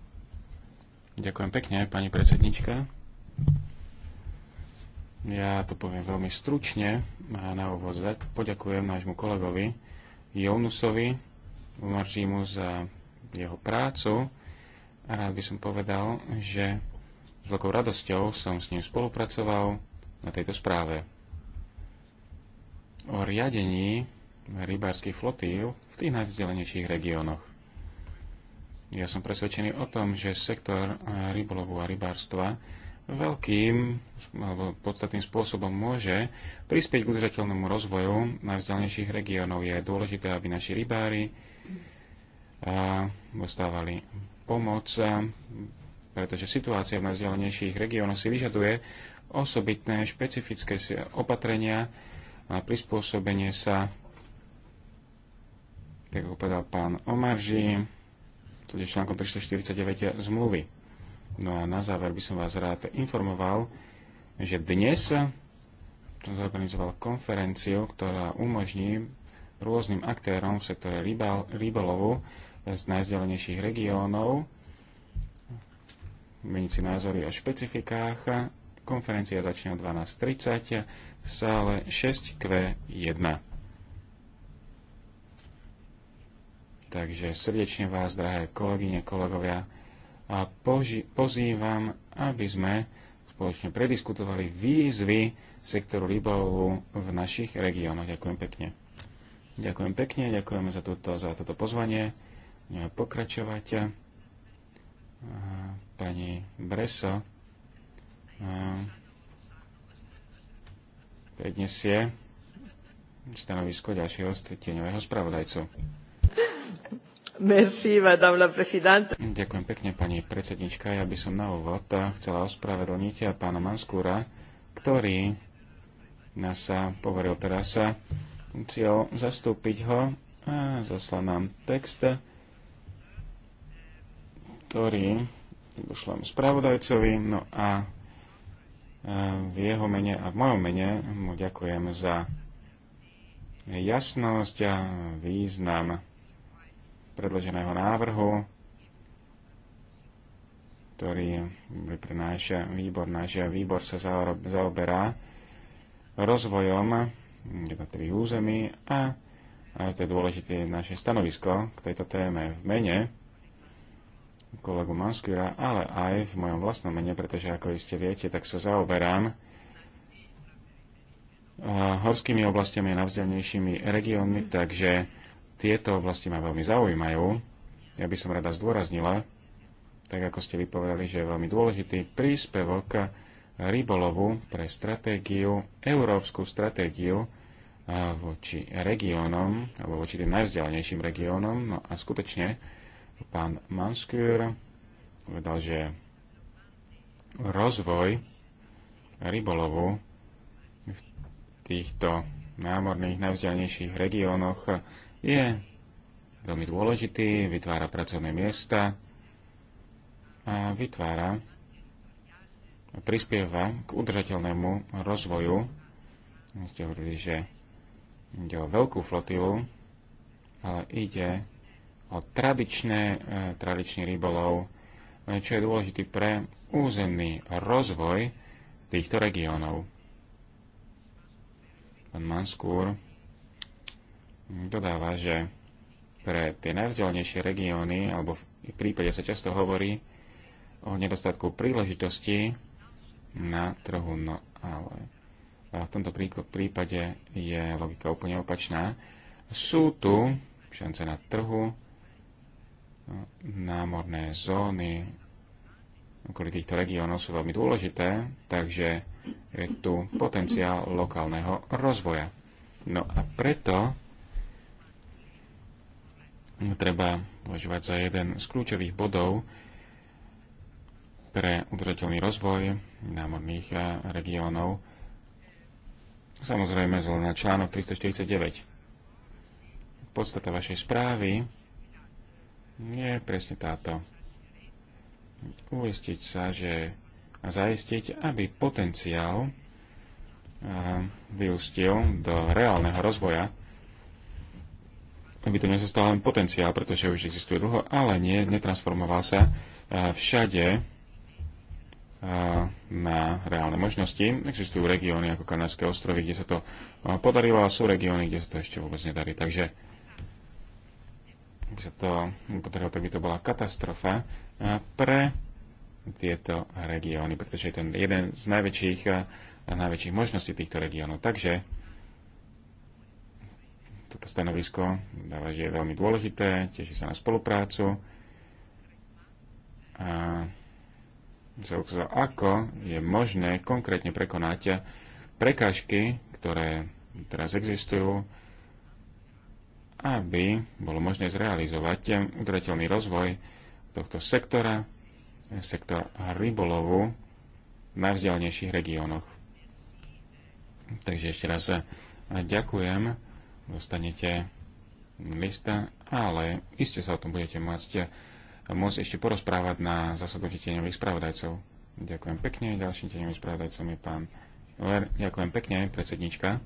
Ďakujem pekne, pani predsednička. Ja to poviem veľmi stručne a na úvod poďakujem nášmu kolegovi Jonusovi Tlmočí mu za jeho prácu a rád by som povedal, že s veľkou radosťou som s ním spolupracoval na tejto správe. O riadení rybárskych flotíl v tých najvzdelenejších regiónoch. Ja som presvedčený o tom, že sektor rybolovu a rybárstva veľkým alebo podstatným spôsobom môže prispieť k udržateľnému rozvoju najvzdelenejších regiónov. Je dôležité, aby naši rybári dostávali pomoc, pretože situácia v najvzdialenejších regiónoch si vyžaduje osobitné špecifické opatrenia a prispôsobenie sa, tak ako povedal pán Omarži, je článkom 349 zmluvy. No a na záver by som vás rád informoval, že dnes som zorganizoval konferenciu, ktorá umožní rôznym aktérom v sektore rybolovu z najzdelenejších regiónov, meniť si názory o špecifikách. Konferencia začne o 12.30 v sále 6Q1. Takže srdečne vás, drahé kolegyne, kolegovia, a pozývam, aby sme spoločne prediskutovali výzvy sektoru rybolovu v našich regiónoch. Ďakujem pekne. Ďakujem pekne, ďakujeme za, túto, za toto pozvanie. pokračovať. Pani Breso predniesie stanovisko ďalšieho stretieňového spravodajcu. Merci, madame la présidente. Ďakujem pekne, pani predsednička. Ja by som na úvod chcela ospravedlniť pána Manskúra, ktorý nás sa poveril teraz sa cieľ zastúpiť ho a zaslanám nám text, ktorý došlem spravodajcovi, no a v jeho mene a v mojom mene mu ďakujem za jasnosť a význam predloženého návrhu, ktorý prináša výbor. Náš výbor sa zaoberá rozvojom jednotlivých území a, a to je dôležité naše stanovisko k tejto téme v mene kolegu Manskura, ale aj v mojom vlastnom mene, pretože ako iste viete, tak sa zaoberám horskými oblastiami a navzdelnejšími regiónmi, takže tieto oblasti ma veľmi zaujímajú. Ja by som rada zdôraznila, tak ako ste vypovedali, že je veľmi dôležitý príspevok rybolovu pre stratégiu, európsku stratégiu voči regiónom, alebo voči tým najvzdialenejším regiónom. No a skutočne pán Manskur povedal, že rozvoj rybolovu v týchto námorných najvzdialenejších regiónoch je veľmi dôležitý, vytvára pracovné miesta a vytvára prispieva k udržateľnému rozvoju. Ste hovorili, že ide o veľkú flotilu, ale ide o tradičné, e, tradičný rybolov, e, čo je dôležitý pre územný rozvoj týchto regiónov. Pán Manskúr dodáva, že pre tie najvzdelnejšie regióny, alebo v prípade sa často hovorí o nedostatku príležitosti na trhu. No ale e, v tomto prípade je logika úplne opačná. Sú tu šance na trhu, e, námorné zóny okolí týchto regiónov sú veľmi dôležité, takže je tu potenciál lokálneho rozvoja. No a preto treba považovať za jeden z kľúčových bodov pre udržateľný rozvoj námorných eh, regiónov. Samozrejme, zvolím článok 349. Podstata vašej správy je presne táto. Uistiť sa, že a zaistiť, aby potenciál eh, vyústil do reálneho rozvoja, aby to nezostal len potenciál, pretože už existuje dlho, ale nie, netransformoval sa eh, všade na reálne možnosti. Existujú regióny ako Kanárske ostrovy, kde sa to podarilo a sú regióny, kde sa to ešte vôbec nedarí. Takže ak sa to podarilo, tak by to bola katastrofa pre tieto regióny, pretože je to jeden z najväčších, najväčších možností týchto regiónov. Takže toto stanovisko dáva, že je veľmi dôležité, teší sa na spoluprácu a ako je možné konkrétne prekonať prekážky, ktoré teraz existujú, aby bolo možné zrealizovať udržateľný rozvoj tohto sektora, sektor rybolovu v najvzdialenejších regiónoch. Takže ešte raz eh, ďakujem, dostanete lista, ale iste sa o tom budete môcť eh, môcť ešte porozprávať na zasadnutí tieňových spravodajcov. Ďakujem pekne. Ďalším tieňovým spravodajcom je pán Ver. Ďakujem pekne, predsednička.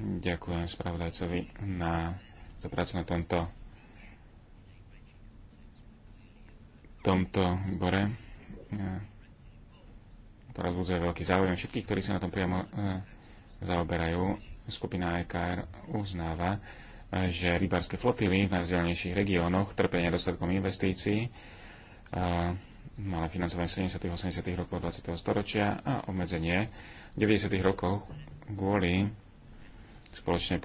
Ďakujem spravodajcovi na, za prácu na tomto tomto bore. To rozbudzuje veľký záujem všetkých, ktorí sa na tom priamo e, zaoberajú. Skupina EKR uznáva, že rybárske flotily v najvzdialenejších regiónoch trpia nedostatkom investícií, malé financovanie v 70. a 80. rokoch 20. storočia a obmedzenie v 90. rokoch kvôli spoločnej,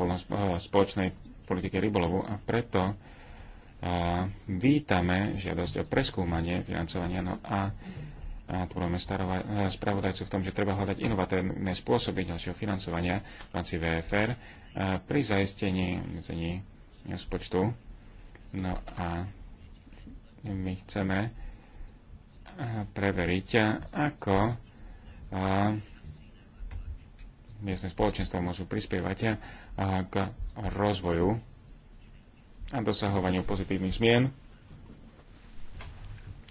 spoločnej politike rybolovu a preto vítame žiadosť o preskúmanie financovania no a podporujeme eh, spravodajcu v tom, že treba hľadať inovatívne spôsoby ďalšieho financovania v rámci VFR eh, pri zaistení rozpočtu. No a my chceme eh, preveriť, ako miestne spoločenstva môžu prispievať k rozvoju a dosahovaniu pozitívnych zmien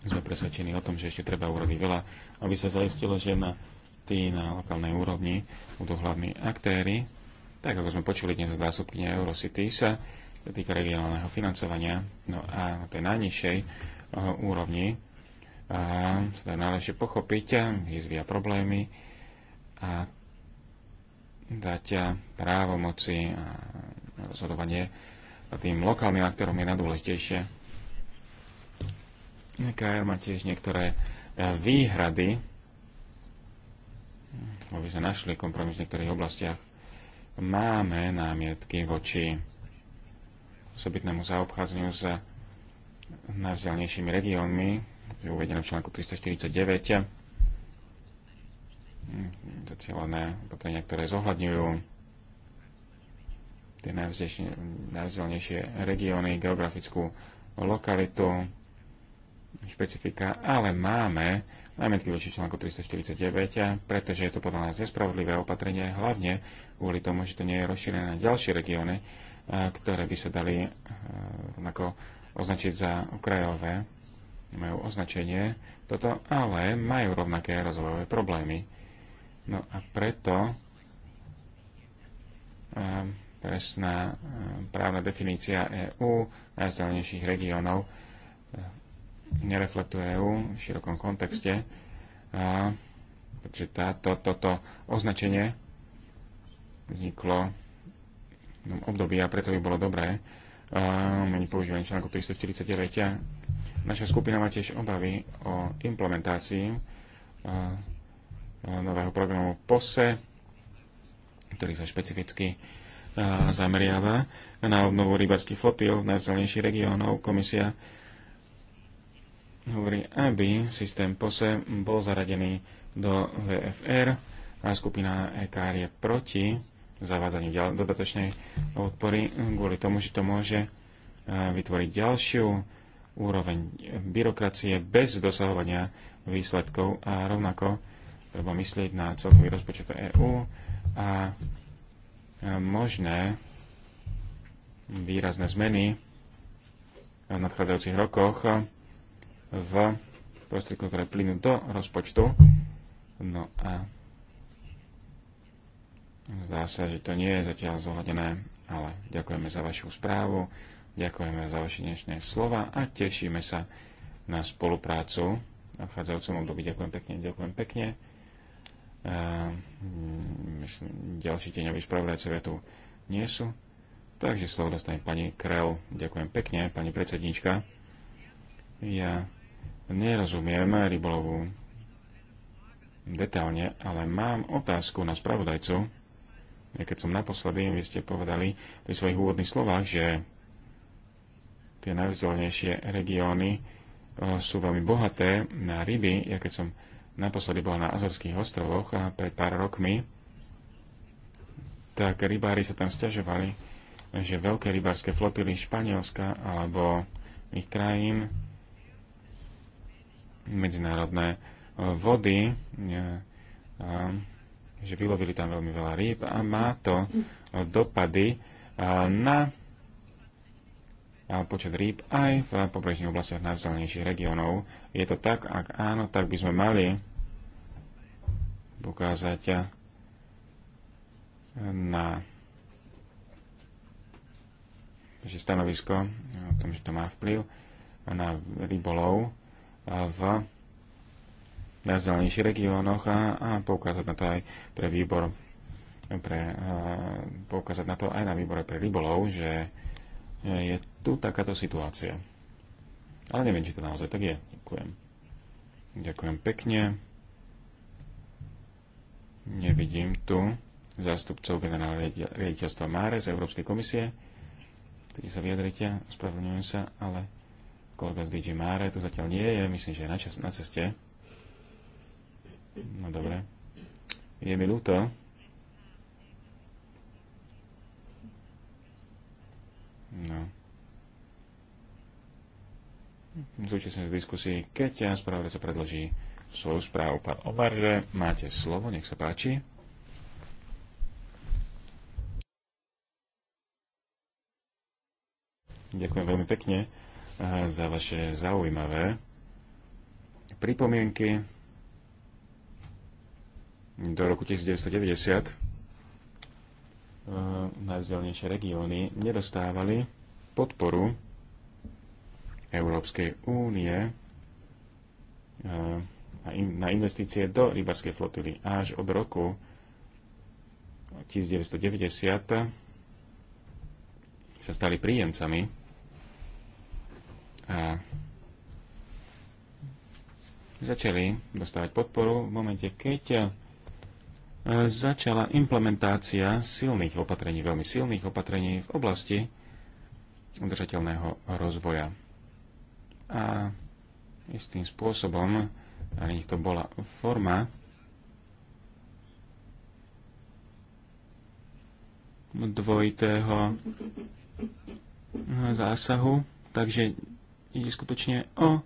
sme presvedčení o tom, že ešte treba urobiť veľa, aby sa zaistilo, že na tí na lokálnej úrovni budú hlavní aktéry. Tak ako sme počuli dnes od zásobkynia Eurocity sa týka regionálneho financovania, no a na tej najnižšej eh, úrovni a sa dá najlepšie pochopiť eh, výzvy a problémy a dať eh, právomoci a rozhodovanie a tým lokálnym aktorom je najdôležitejšie. KR má tiež niektoré e, výhrady, aby sme našli kompromis v niektorých oblastiach. Máme námietky voči osobitnému zaobchádzaniu s najvzdialnejšími regiónmi, je uvedené v článku 349, zacielené opatrenia, ktoré zohľadňujú tie najvzdialnejšie regióny, geografickú lokalitu, špecifika, ale máme námietky voči článku 349, pretože je to podľa nás nespravodlivé opatrenie, hlavne kvôli tomu, že to nie je rozšírené na ďalšie regióny, ktoré by sa dali rovnako označiť za okrajové. Nemajú označenie toto, ale majú rovnaké rozvojové problémy. No a preto presná právna definícia EÚ najzdelnejších regiónov nereflektuje EÚ v širokom kontexte, a, toto to, toto označenie vzniklo v tom období a preto by bolo dobré meniť používanie článku 349. Naša skupina má tiež obavy o implementácii a, a nového programu POSE, ktorý sa špecificky zameriava na obnovu rybarských flotil v najzelenejších regiónov. Komisia hovorí, aby systém POSE bol zaradený do VFR a skupina EKR je proti zavádzaniu dodatočnej odpory kvôli tomu, že to môže e, vytvoriť ďalšiu úroveň byrokracie bez dosahovania výsledkov a rovnako treba myslieť na celkový rozpočet EÚ a e, možné výrazné zmeny v nadchádzajúcich rokoch v prostriedku, ktoré plynú do rozpočtu. No a zdá sa, že to nie je zatiaľ zohľadené, ale ďakujeme za vašu správu, ďakujeme za vaše dnešné slova a tešíme sa na spoluprácu na vchádzajúcom období. Ďakujem pekne, ďakujem pekne. Uh, myslím, ďalší tieňoví spravodajcovia tu nie sú. Takže slovo dostane pani Krel. Ďakujem pekne, pani predsednička. Ja nerozumiem rybolovu detálne, ale mám otázku na spravodajcu. Keď som naposledy, vy ste povedali pri svojich úvodných slovách, že tie najvzdolnejšie regióny eh, sú veľmi bohaté na ryby. Ja keď som naposledy bol na Azorských ostrovoch a pred pár rokmi, tak rybári sa tam stiažovali, že veľké rybárske flotily Španielska alebo ich krajín medzinárodné e, vody, e, že vylovili tam veľmi veľa rýb a má to e, dopady na počet rýb aj v pobrežných oblastiach najvzdialenejších regiónov. Je to tak? Ak áno, tak by sme mali ukázať na že stanovisko o tom, že to má vplyv na rybolov v najzdelenejších regiónoch a, a poukázať na to aj pre výbor pre, poukázať na to aj na výbore pre rybolov, že je tu takáto situácia. Ale neviem, či to naozaj tak je. Ďakujem. Ďakujem pekne. Nevidím tu zástupcov generálneho riaditeľstva Máre z Európskej komisie. Tedy sa vyjadrite, ospravedlňujem sa, ale kolega z DJ Mare tu zatiaľ nie je, myslím, že je na, čas, na ceste. No dobre. Je mi ľúto. No. Zúčastňujem sa diskusii, keď ja spravodaj sa predloží svoju správu. Pán že máte slovo, nech sa páči. Ďakujem veľmi pekne za vaše zaujímavé pripomienky do roku 1990 e, najvzdelnejšie regióny nedostávali podporu Európskej únie e, na investície do rybarskej flotily. Až od roku 1990 sa stali príjemcami a začali dostávať podporu v momente, keď eh, začala implementácia silných opatrení, veľmi silných opatrení v oblasti udržateľného rozvoja. A istým spôsobom, ale nich to bola forma, dvojitého zásahu, takže ide skutočne o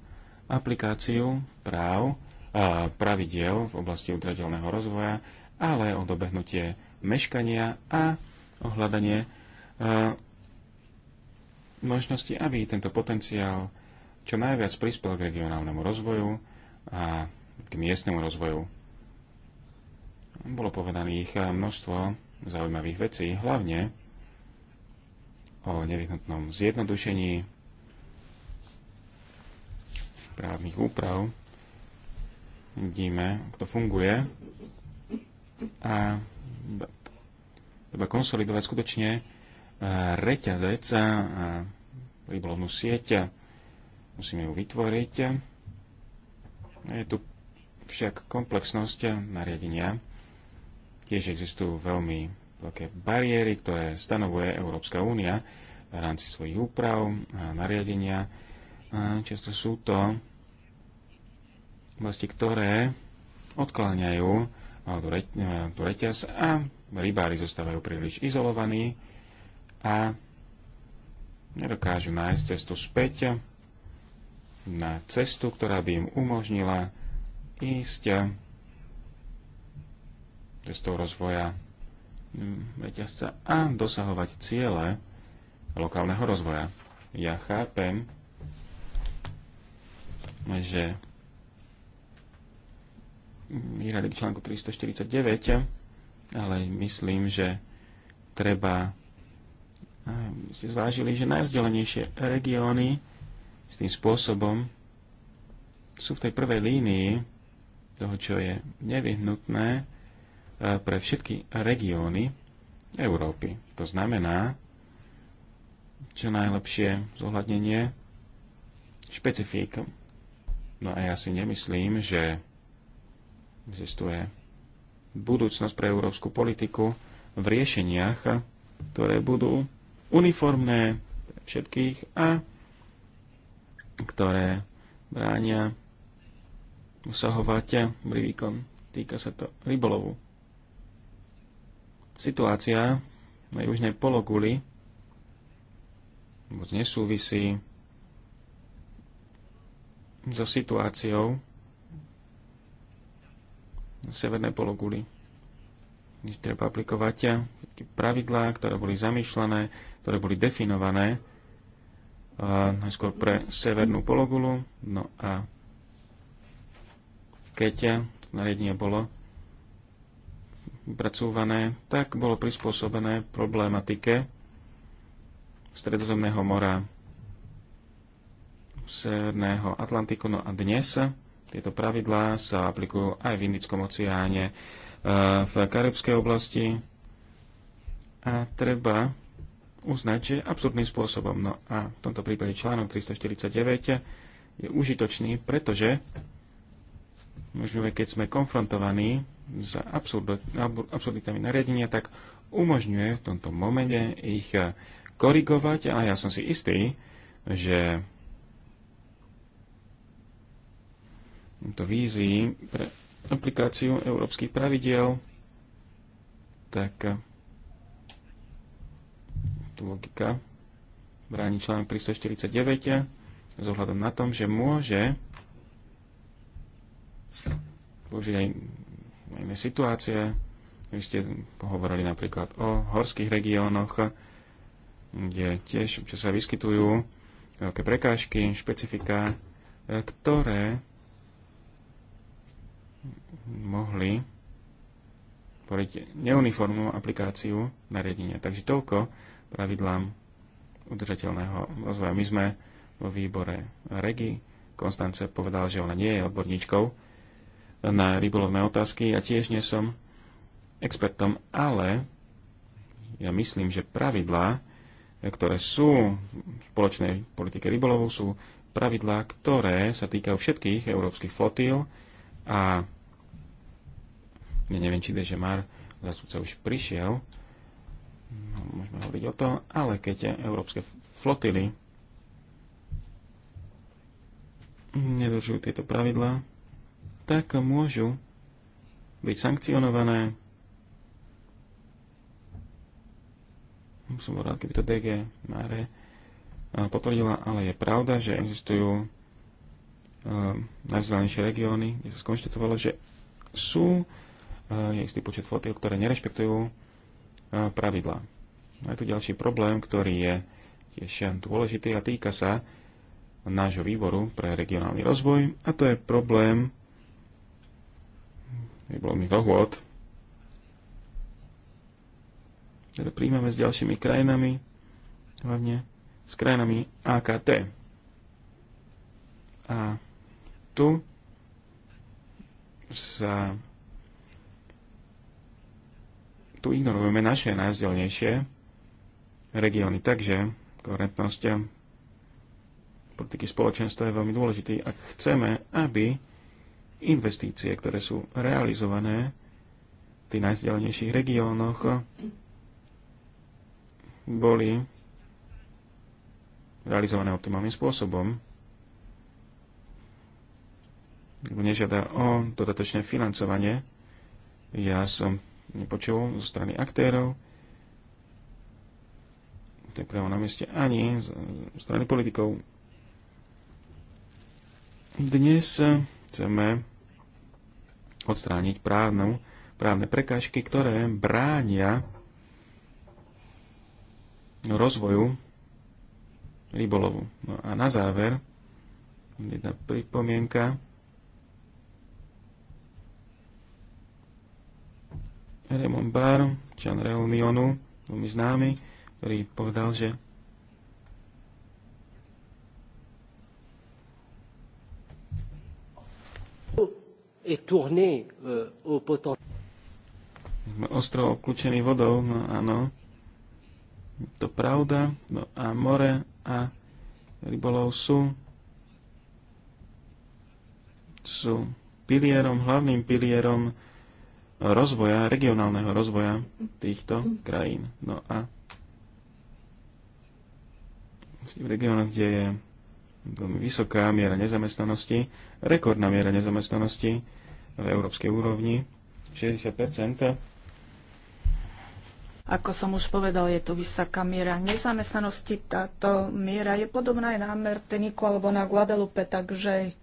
aplikáciu práv, a pravidiel v oblasti udržateľného rozvoja, ale o dobehnutie meškania a o hľadanie možnosti, aby tento potenciál čo najviac prispel k regionálnemu rozvoju a k miestnemu rozvoju. Bolo povedaných množstvo zaujímavých vecí, hlavne o nevyhnutnom zjednodušení právnych úprav, vidíme, ako to funguje a treba konsolidovať skutočne e, reťazec a rybolovnú sieť. Musíme ju vytvoriť. Je tu však komplexnosť nariadenia. Tiež existujú veľmi veľké bariéry, ktoré stanovuje Európska únia v rámci svojich úprav a nariadenia Často sú to oblasti, ktoré odkláňajú e, tú reťaz a rybári zostávajú príliš izolovaní a nedokážu nájsť cestu späť na cestu, ktorá by im umožnila ísť cestou rozvoja mm, reťazca a dosahovať ciele lokálneho rozvoja. Ja chápem že výhrady k článku 349, ale myslím, že treba ste zvážili, že najvzdelenejšie regióny s tým spôsobom sú v tej prvej línii toho, čo je nevyhnutné e, pre všetky regióny Európy. To znamená, čo najlepšie zohľadnenie špecifík No a ja si nemyslím, že existuje budúcnosť pre európsku politiku v riešeniach, ktoré budú uniformné pre všetkých a ktoré bránia usahovať brivíkom. Týka sa to rybolovu. Situácia na južnej pologuli moc nesúvisí so situáciou na severnej pologuli. Treba aplikovať všetky pravidlá, ktoré boli zamýšľané, ktoré boli definované najskôr pre severnú pologulu. No a keď to nariadenie bolo vypracúvané, tak bolo prispôsobené problematike Stredozemného mora Severného Atlantiku. No a dnes tieto pravidlá sa aplikujú aj v Indickom oceáne, e, v Karibskej oblasti. A treba uznať, že absurdným spôsobom. No a v tomto prípade článok 349 je užitočný, pretože možno keď sme konfrontovaní s absurd, absurditami nariadenia, tak umožňuje v tomto momente ich korigovať a ja som si istý, že to vízii pre aplikáciu európskych pravidiel, tak eh, logika bráni článok 349 eh, s ohľadom na tom, že môže použiť aj iné situácie. Vy ste pohovorili napríklad o horských regiónoch, eh, kde tiež čo sa vyskytujú veľké prekážky, špecifika, ktoré mohli tvoriť neuniformnú aplikáciu nariadenia. Takže toľko pravidlám udržateľného rozvoja. My sme vo výbore REGI. Konstance povedal, že ona nie je odborníčkou na rybolovné otázky. Ja tiež nie som expertom, ale ja myslím, že pravidlá, ktoré sú v spoločnej politike rybolovu, sú pravidlá, ktoré sa týkajú všetkých európskych flotíl, a ja neviem, či Dežemar zasúca už prišiel, no, môžeme hovoriť o tom, ale keď európske flotily nedržujú tieto pravidlá, tak môžu byť sankcionované. Som bol rád, keby to DG Mare potvrdila, ale je pravda, že existujú najvzdelanejšie regióny, kde sa skonštatovalo, že sú uh, istý počet flotil, ktoré nerešpektujú pravidlá. A je tu ďalší problém, ktorý je tiež dôležitý a týka sa nášho výboru pre regionálny rozvoj a to je problém rybolovných dohôd, ktoré príjmame s ďalšími krajinami, hlavne s krajinami AKT. A tu sa tu ignorujeme naše najzdelnejšie regióny. Takže koherentnosť politiky spoločenstva je veľmi dôležitý. Ak chceme, aby investície, ktoré sú realizované v tých najzdelenejších regiónoch, boli realizované optimálnym spôsobom nežiada o dodatočné financovanie. Ja som nepočul zo strany aktérov, to je priamo na mieste, ani zo strany politikov. Dnes chceme odstrániť právnu, právne prekážky, ktoré bránia rozvoju rybolovu. No a na záver jedna pripomienka Raymond Barr, člen Reunionu, veľmi známy, ktorý povedal, že euh, Sme ostro obklúčení vodou, no áno. To pravda. No a more a rybolov sú sú pilierom, hlavným pilierom rozvoja, regionálneho rozvoja týchto krajín. No a v regiónoch, kde je veľmi vysoká miera nezamestnanosti, rekordná miera nezamestnanosti v európskej úrovni, 60 Ako som už povedal, je to vysoká miera nezamestnanosti. Táto miera je podobná aj na merteniku alebo na Guadalupe, takže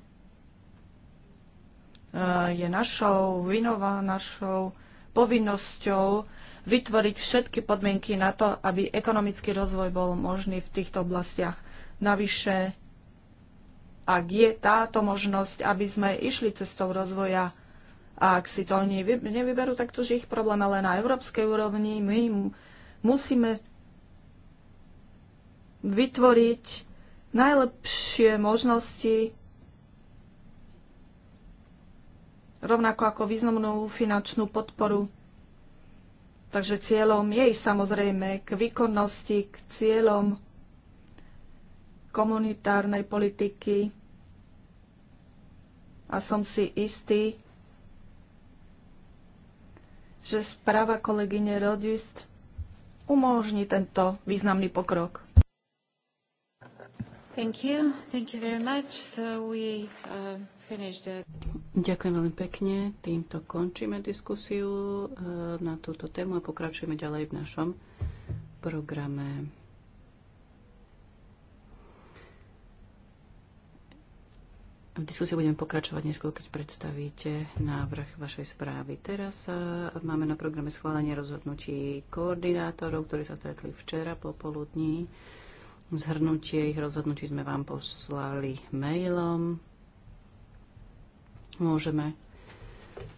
Eh, je našou a našou povinnosťou vytvoriť všetky podmienky na to, aby ekonomický rozvoj bol možný v týchto oblastiach. Navyše, ak je táto možnosť, aby sme išli cestou rozvoja a ak si to oni nevyberú, tak to je ich problém, ale na európskej úrovni my musíme vytvoriť najlepšie možnosti rovnako ako významnú finančnú podporu. Takže cieľom jej samozrejme k výkonnosti, k cieľom komunitárnej politiky. A som si istý, že správa kolegyne Rodist umožní tento významný pokrok. Thank you. Thank you very much. So we, uh... Ďakujem veľmi pekne. Týmto končíme diskusiu e, na túto tému a pokračujeme ďalej v našom programe. V diskusii budeme pokračovať neskôr, keď predstavíte návrh vašej správy. Teraz e, máme na programe schválenie rozhodnutí koordinátorov, ktorí sa stretli včera popoludní. Zhrnutie ich rozhodnutí sme vám poslali mailom. Môžeme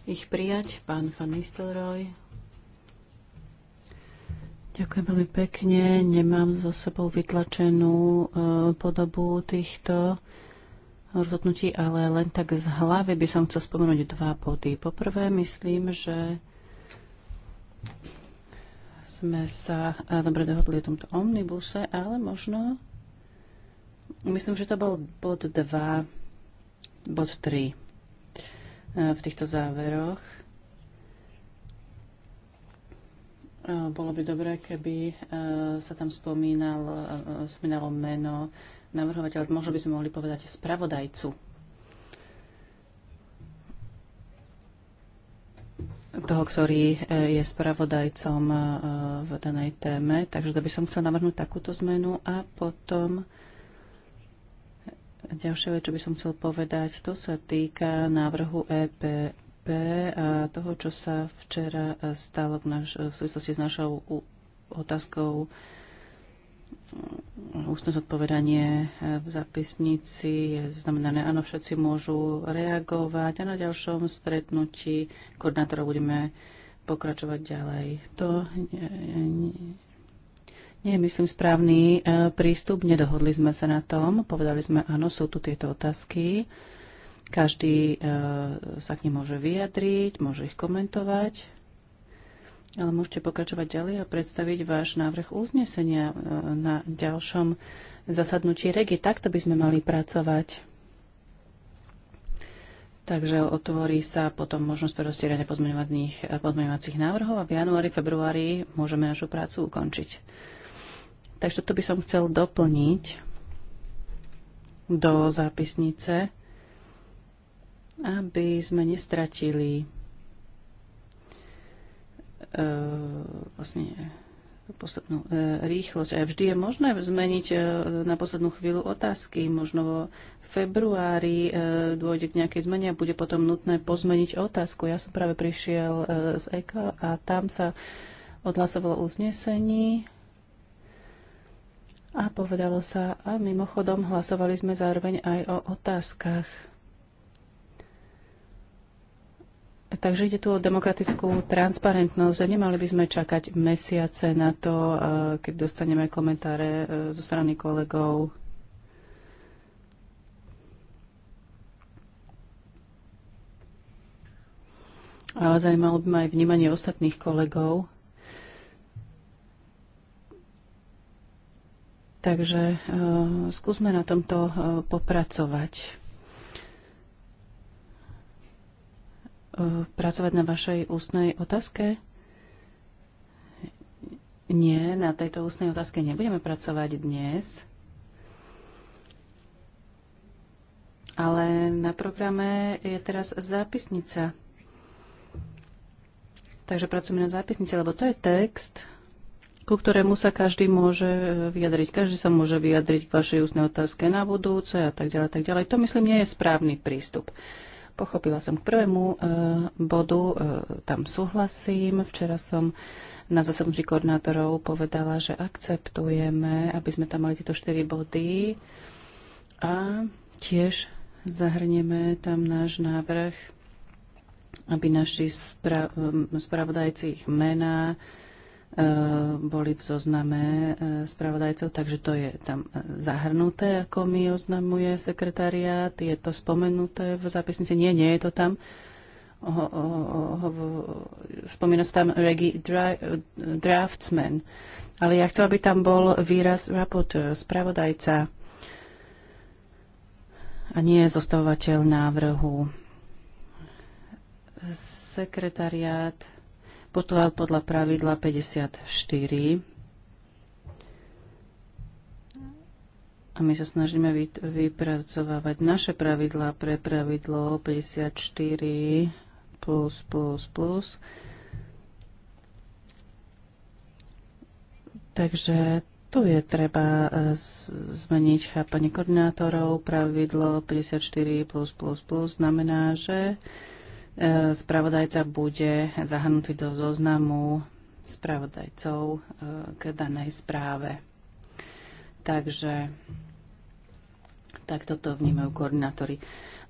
ich prijať. Pán Van Nistelrooy. Ďakujem veľmi pekne. Nemám za sebou vytlačenú e, podobu týchto rozhodnutí, ale len tak z hlavy by som chcel spomenúť dva body. Poprvé, myslím, že sme sa e, dobre dohodli o tomto omnibuse, ale možno myslím, že to bol bod 2, bod 3 E, v týchto záveroch. E, bolo by dobré, keby e, sa tam spomínal, spomínalo meno navrhovateľa. Možno by sme mohli povedať spravodajcu. toho, ktorý je spravodajcom v danej téme. Takže to by som chcel navrhnúť takúto zmenu a potom Ďalšia vec, čo by som chcel povedať, to sa týka návrhu EPP a toho, čo sa včera stalo v, naš- v súvislosti s našou otázkou mm, ústne zodpovedanie e, v zapisnici je znamenané, áno, všetci môžu reagovať a na ďalšom stretnutí koordinátorov budeme pokračovať ďalej. To e, e, nie je, myslím, správny e, prístup. Nedohodli sme sa na tom. Povedali sme, áno, sú tu tieto otázky. Každý e, sa k nim môže vyjadriť, môže ich komentovať. Ale môžete pokračovať ďalej a predstaviť váš návrh uznesenia e, na ďalšom zasadnutí regi. Takto by sme mali pracovať. Takže otvorí sa potom možnosť prerozstierania pozmeňovacích návrhov a v januári, februári môžeme našu prácu ukončiť. Takže to by som chcel doplniť do zápisnice, aby sme nestratili e, vlastne poslednú e, rýchlosť. A e, vždy je možné zmeniť e, na poslednú chvíľu otázky. Možno vo februári e, dôjde k nejakej zmene a bude potom nutné pozmeniť otázku. Ja som práve prišiel e, z Eko a tam sa odhlasovalo uznesení a povedalo sa, a mimochodom hlasovali sme zároveň aj o otázkach. Takže ide tu o demokratickú transparentnosť. Nemali by sme čakať mesiace na to, keď dostaneme komentáre e, zo strany kolegov. Ale zaujímalo by ma aj vnímanie ostatných kolegov. Takže e, skúsme na tomto e, popracovať. E, pracovať na vašej ústnej otázke? Nie, na tejto ústnej otázke nebudeme pracovať dnes. Ale na programe je teraz zápisnica. Takže pracujeme na zápisnici, lebo to je text, ku ktorému sa každý môže e, vyjadriť. Každý sa môže vyjadriť k vašej ústnej otázke na budúce a tak ďalej, tak ďalej. To myslím nie je správny prístup. Pochopila som k prvému e, bodu, e, tam súhlasím. Včera som na zasadnutí koordinátorov povedala, že akceptujeme, aby sme tam mali tieto 4 body a tiež zahrnieme tam náš návrh, aby naši spra- spravodajci ich mená, E, boli v zozname e, spravodajcov, takže to je tam e, zahrnuté, ako mi oznamuje sekretariát. Je to spomenuté v zápisnici? Nie, nie je to tam. spomína sa tam regi, dra, draftsman. Ale ja chcela, aby tam bol výraz rapporteur, spravodajca a nie zostavovateľ návrhu. Sekretariát postupoval podľa pravidla 54. A my sa snažíme vypracovávať naše pravidlá pre pravidlo 54 plus plus plus. Takže tu je treba e, zmeniť chápanie koordinátorov. Pravidlo 54 plus plus plus znamená, že Spravodajca bude zahrnutý do zoznamu spravodajcov e, k danej správe. Takže takto to vnímajú koordinátori.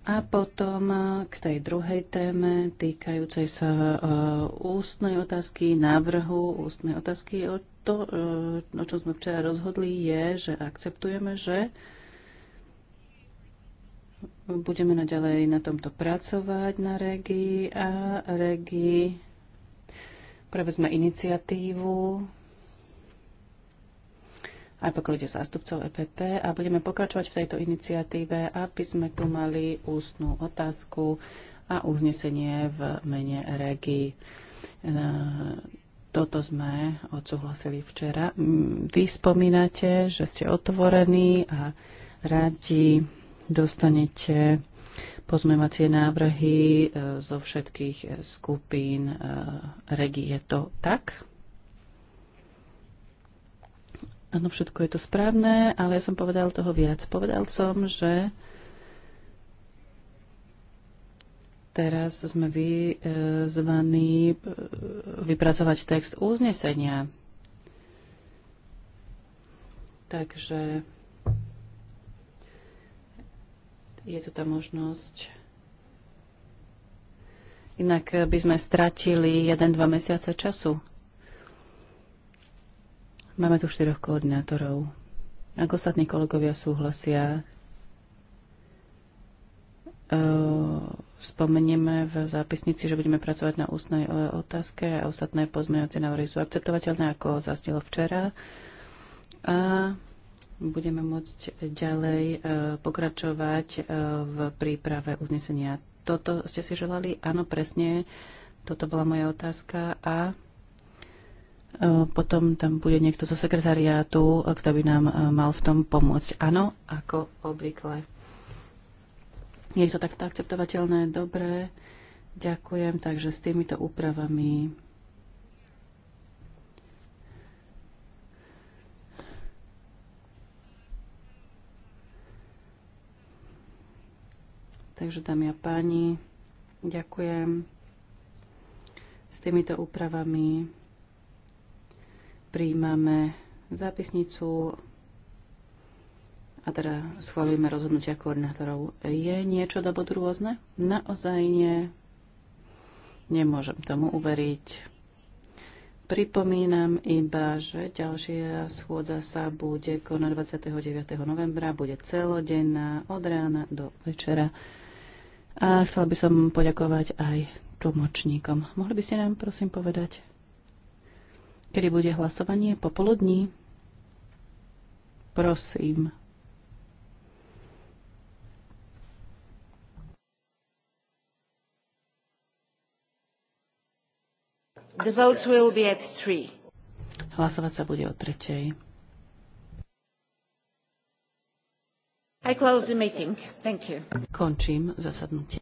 A potom e, k tej druhej téme týkajúcej sa e, ústnej otázky, návrhu ústnej otázky. O to, o čom sme včera rozhodli, je, že akceptujeme, že budeme naďalej na tomto pracovať na regii a regii prevezme iniciatívu aj pokiaľ ide zástupcov EPP a budeme pokračovať v tejto iniciatíve, aby sme tu mali ústnú otázku a uznesenie v mene regii. E, toto sme odsúhlasili včera. Vy spomínate, že ste otvorení a radi dostanete pozmevacie návrhy e, zo všetkých skupín e, regie. Je to tak? Áno, všetko je to správne, ale ja som povedal toho viac. Povedal som, že teraz sme vyzvaní e, vypracovať text uznesenia. Takže je tu tá možnosť. Inak eh, by sme stratili 1-2 mesiace času. Máme tu štyroch koordinátorov. Ak ostatní kolegovia súhlasia, eh, spomenieme v zápisnici, že budeme pracovať na ústnej eh, otázke a ostatné pozmeňovacie návrhy sú akceptovateľné, ako zaznelo včera. A budeme môcť ďalej e, pokračovať e, v príprave uznesenia. Toto ste si želali? Áno, presne. Toto bola moja otázka. A e, potom tam bude niekto zo sekretariátu, kto by nám mal v tom pomôcť. Áno, ako obvykle. Je to takto akceptovateľné? Dobre, ďakujem. Takže s týmito úpravami Takže, dámy a páni, ďakujem. S týmito úpravami príjmame zápisnicu a teda schválime rozhodnutia koordinátorov. Je niečo do bodu rôzne? Naozaj nie. Nemôžem tomu uveriť. Pripomínam iba, že ďalšia schôdza sa bude konať 29. novembra, bude celodenná od rána do večera. A chcela by som poďakovať aj tlmočníkom. Mohli by ste nám prosím povedať, kedy bude hlasovanie? Popoludní? Prosím. The votes will be at three. Hlasovať sa bude o tretej. Končím zasadnutie.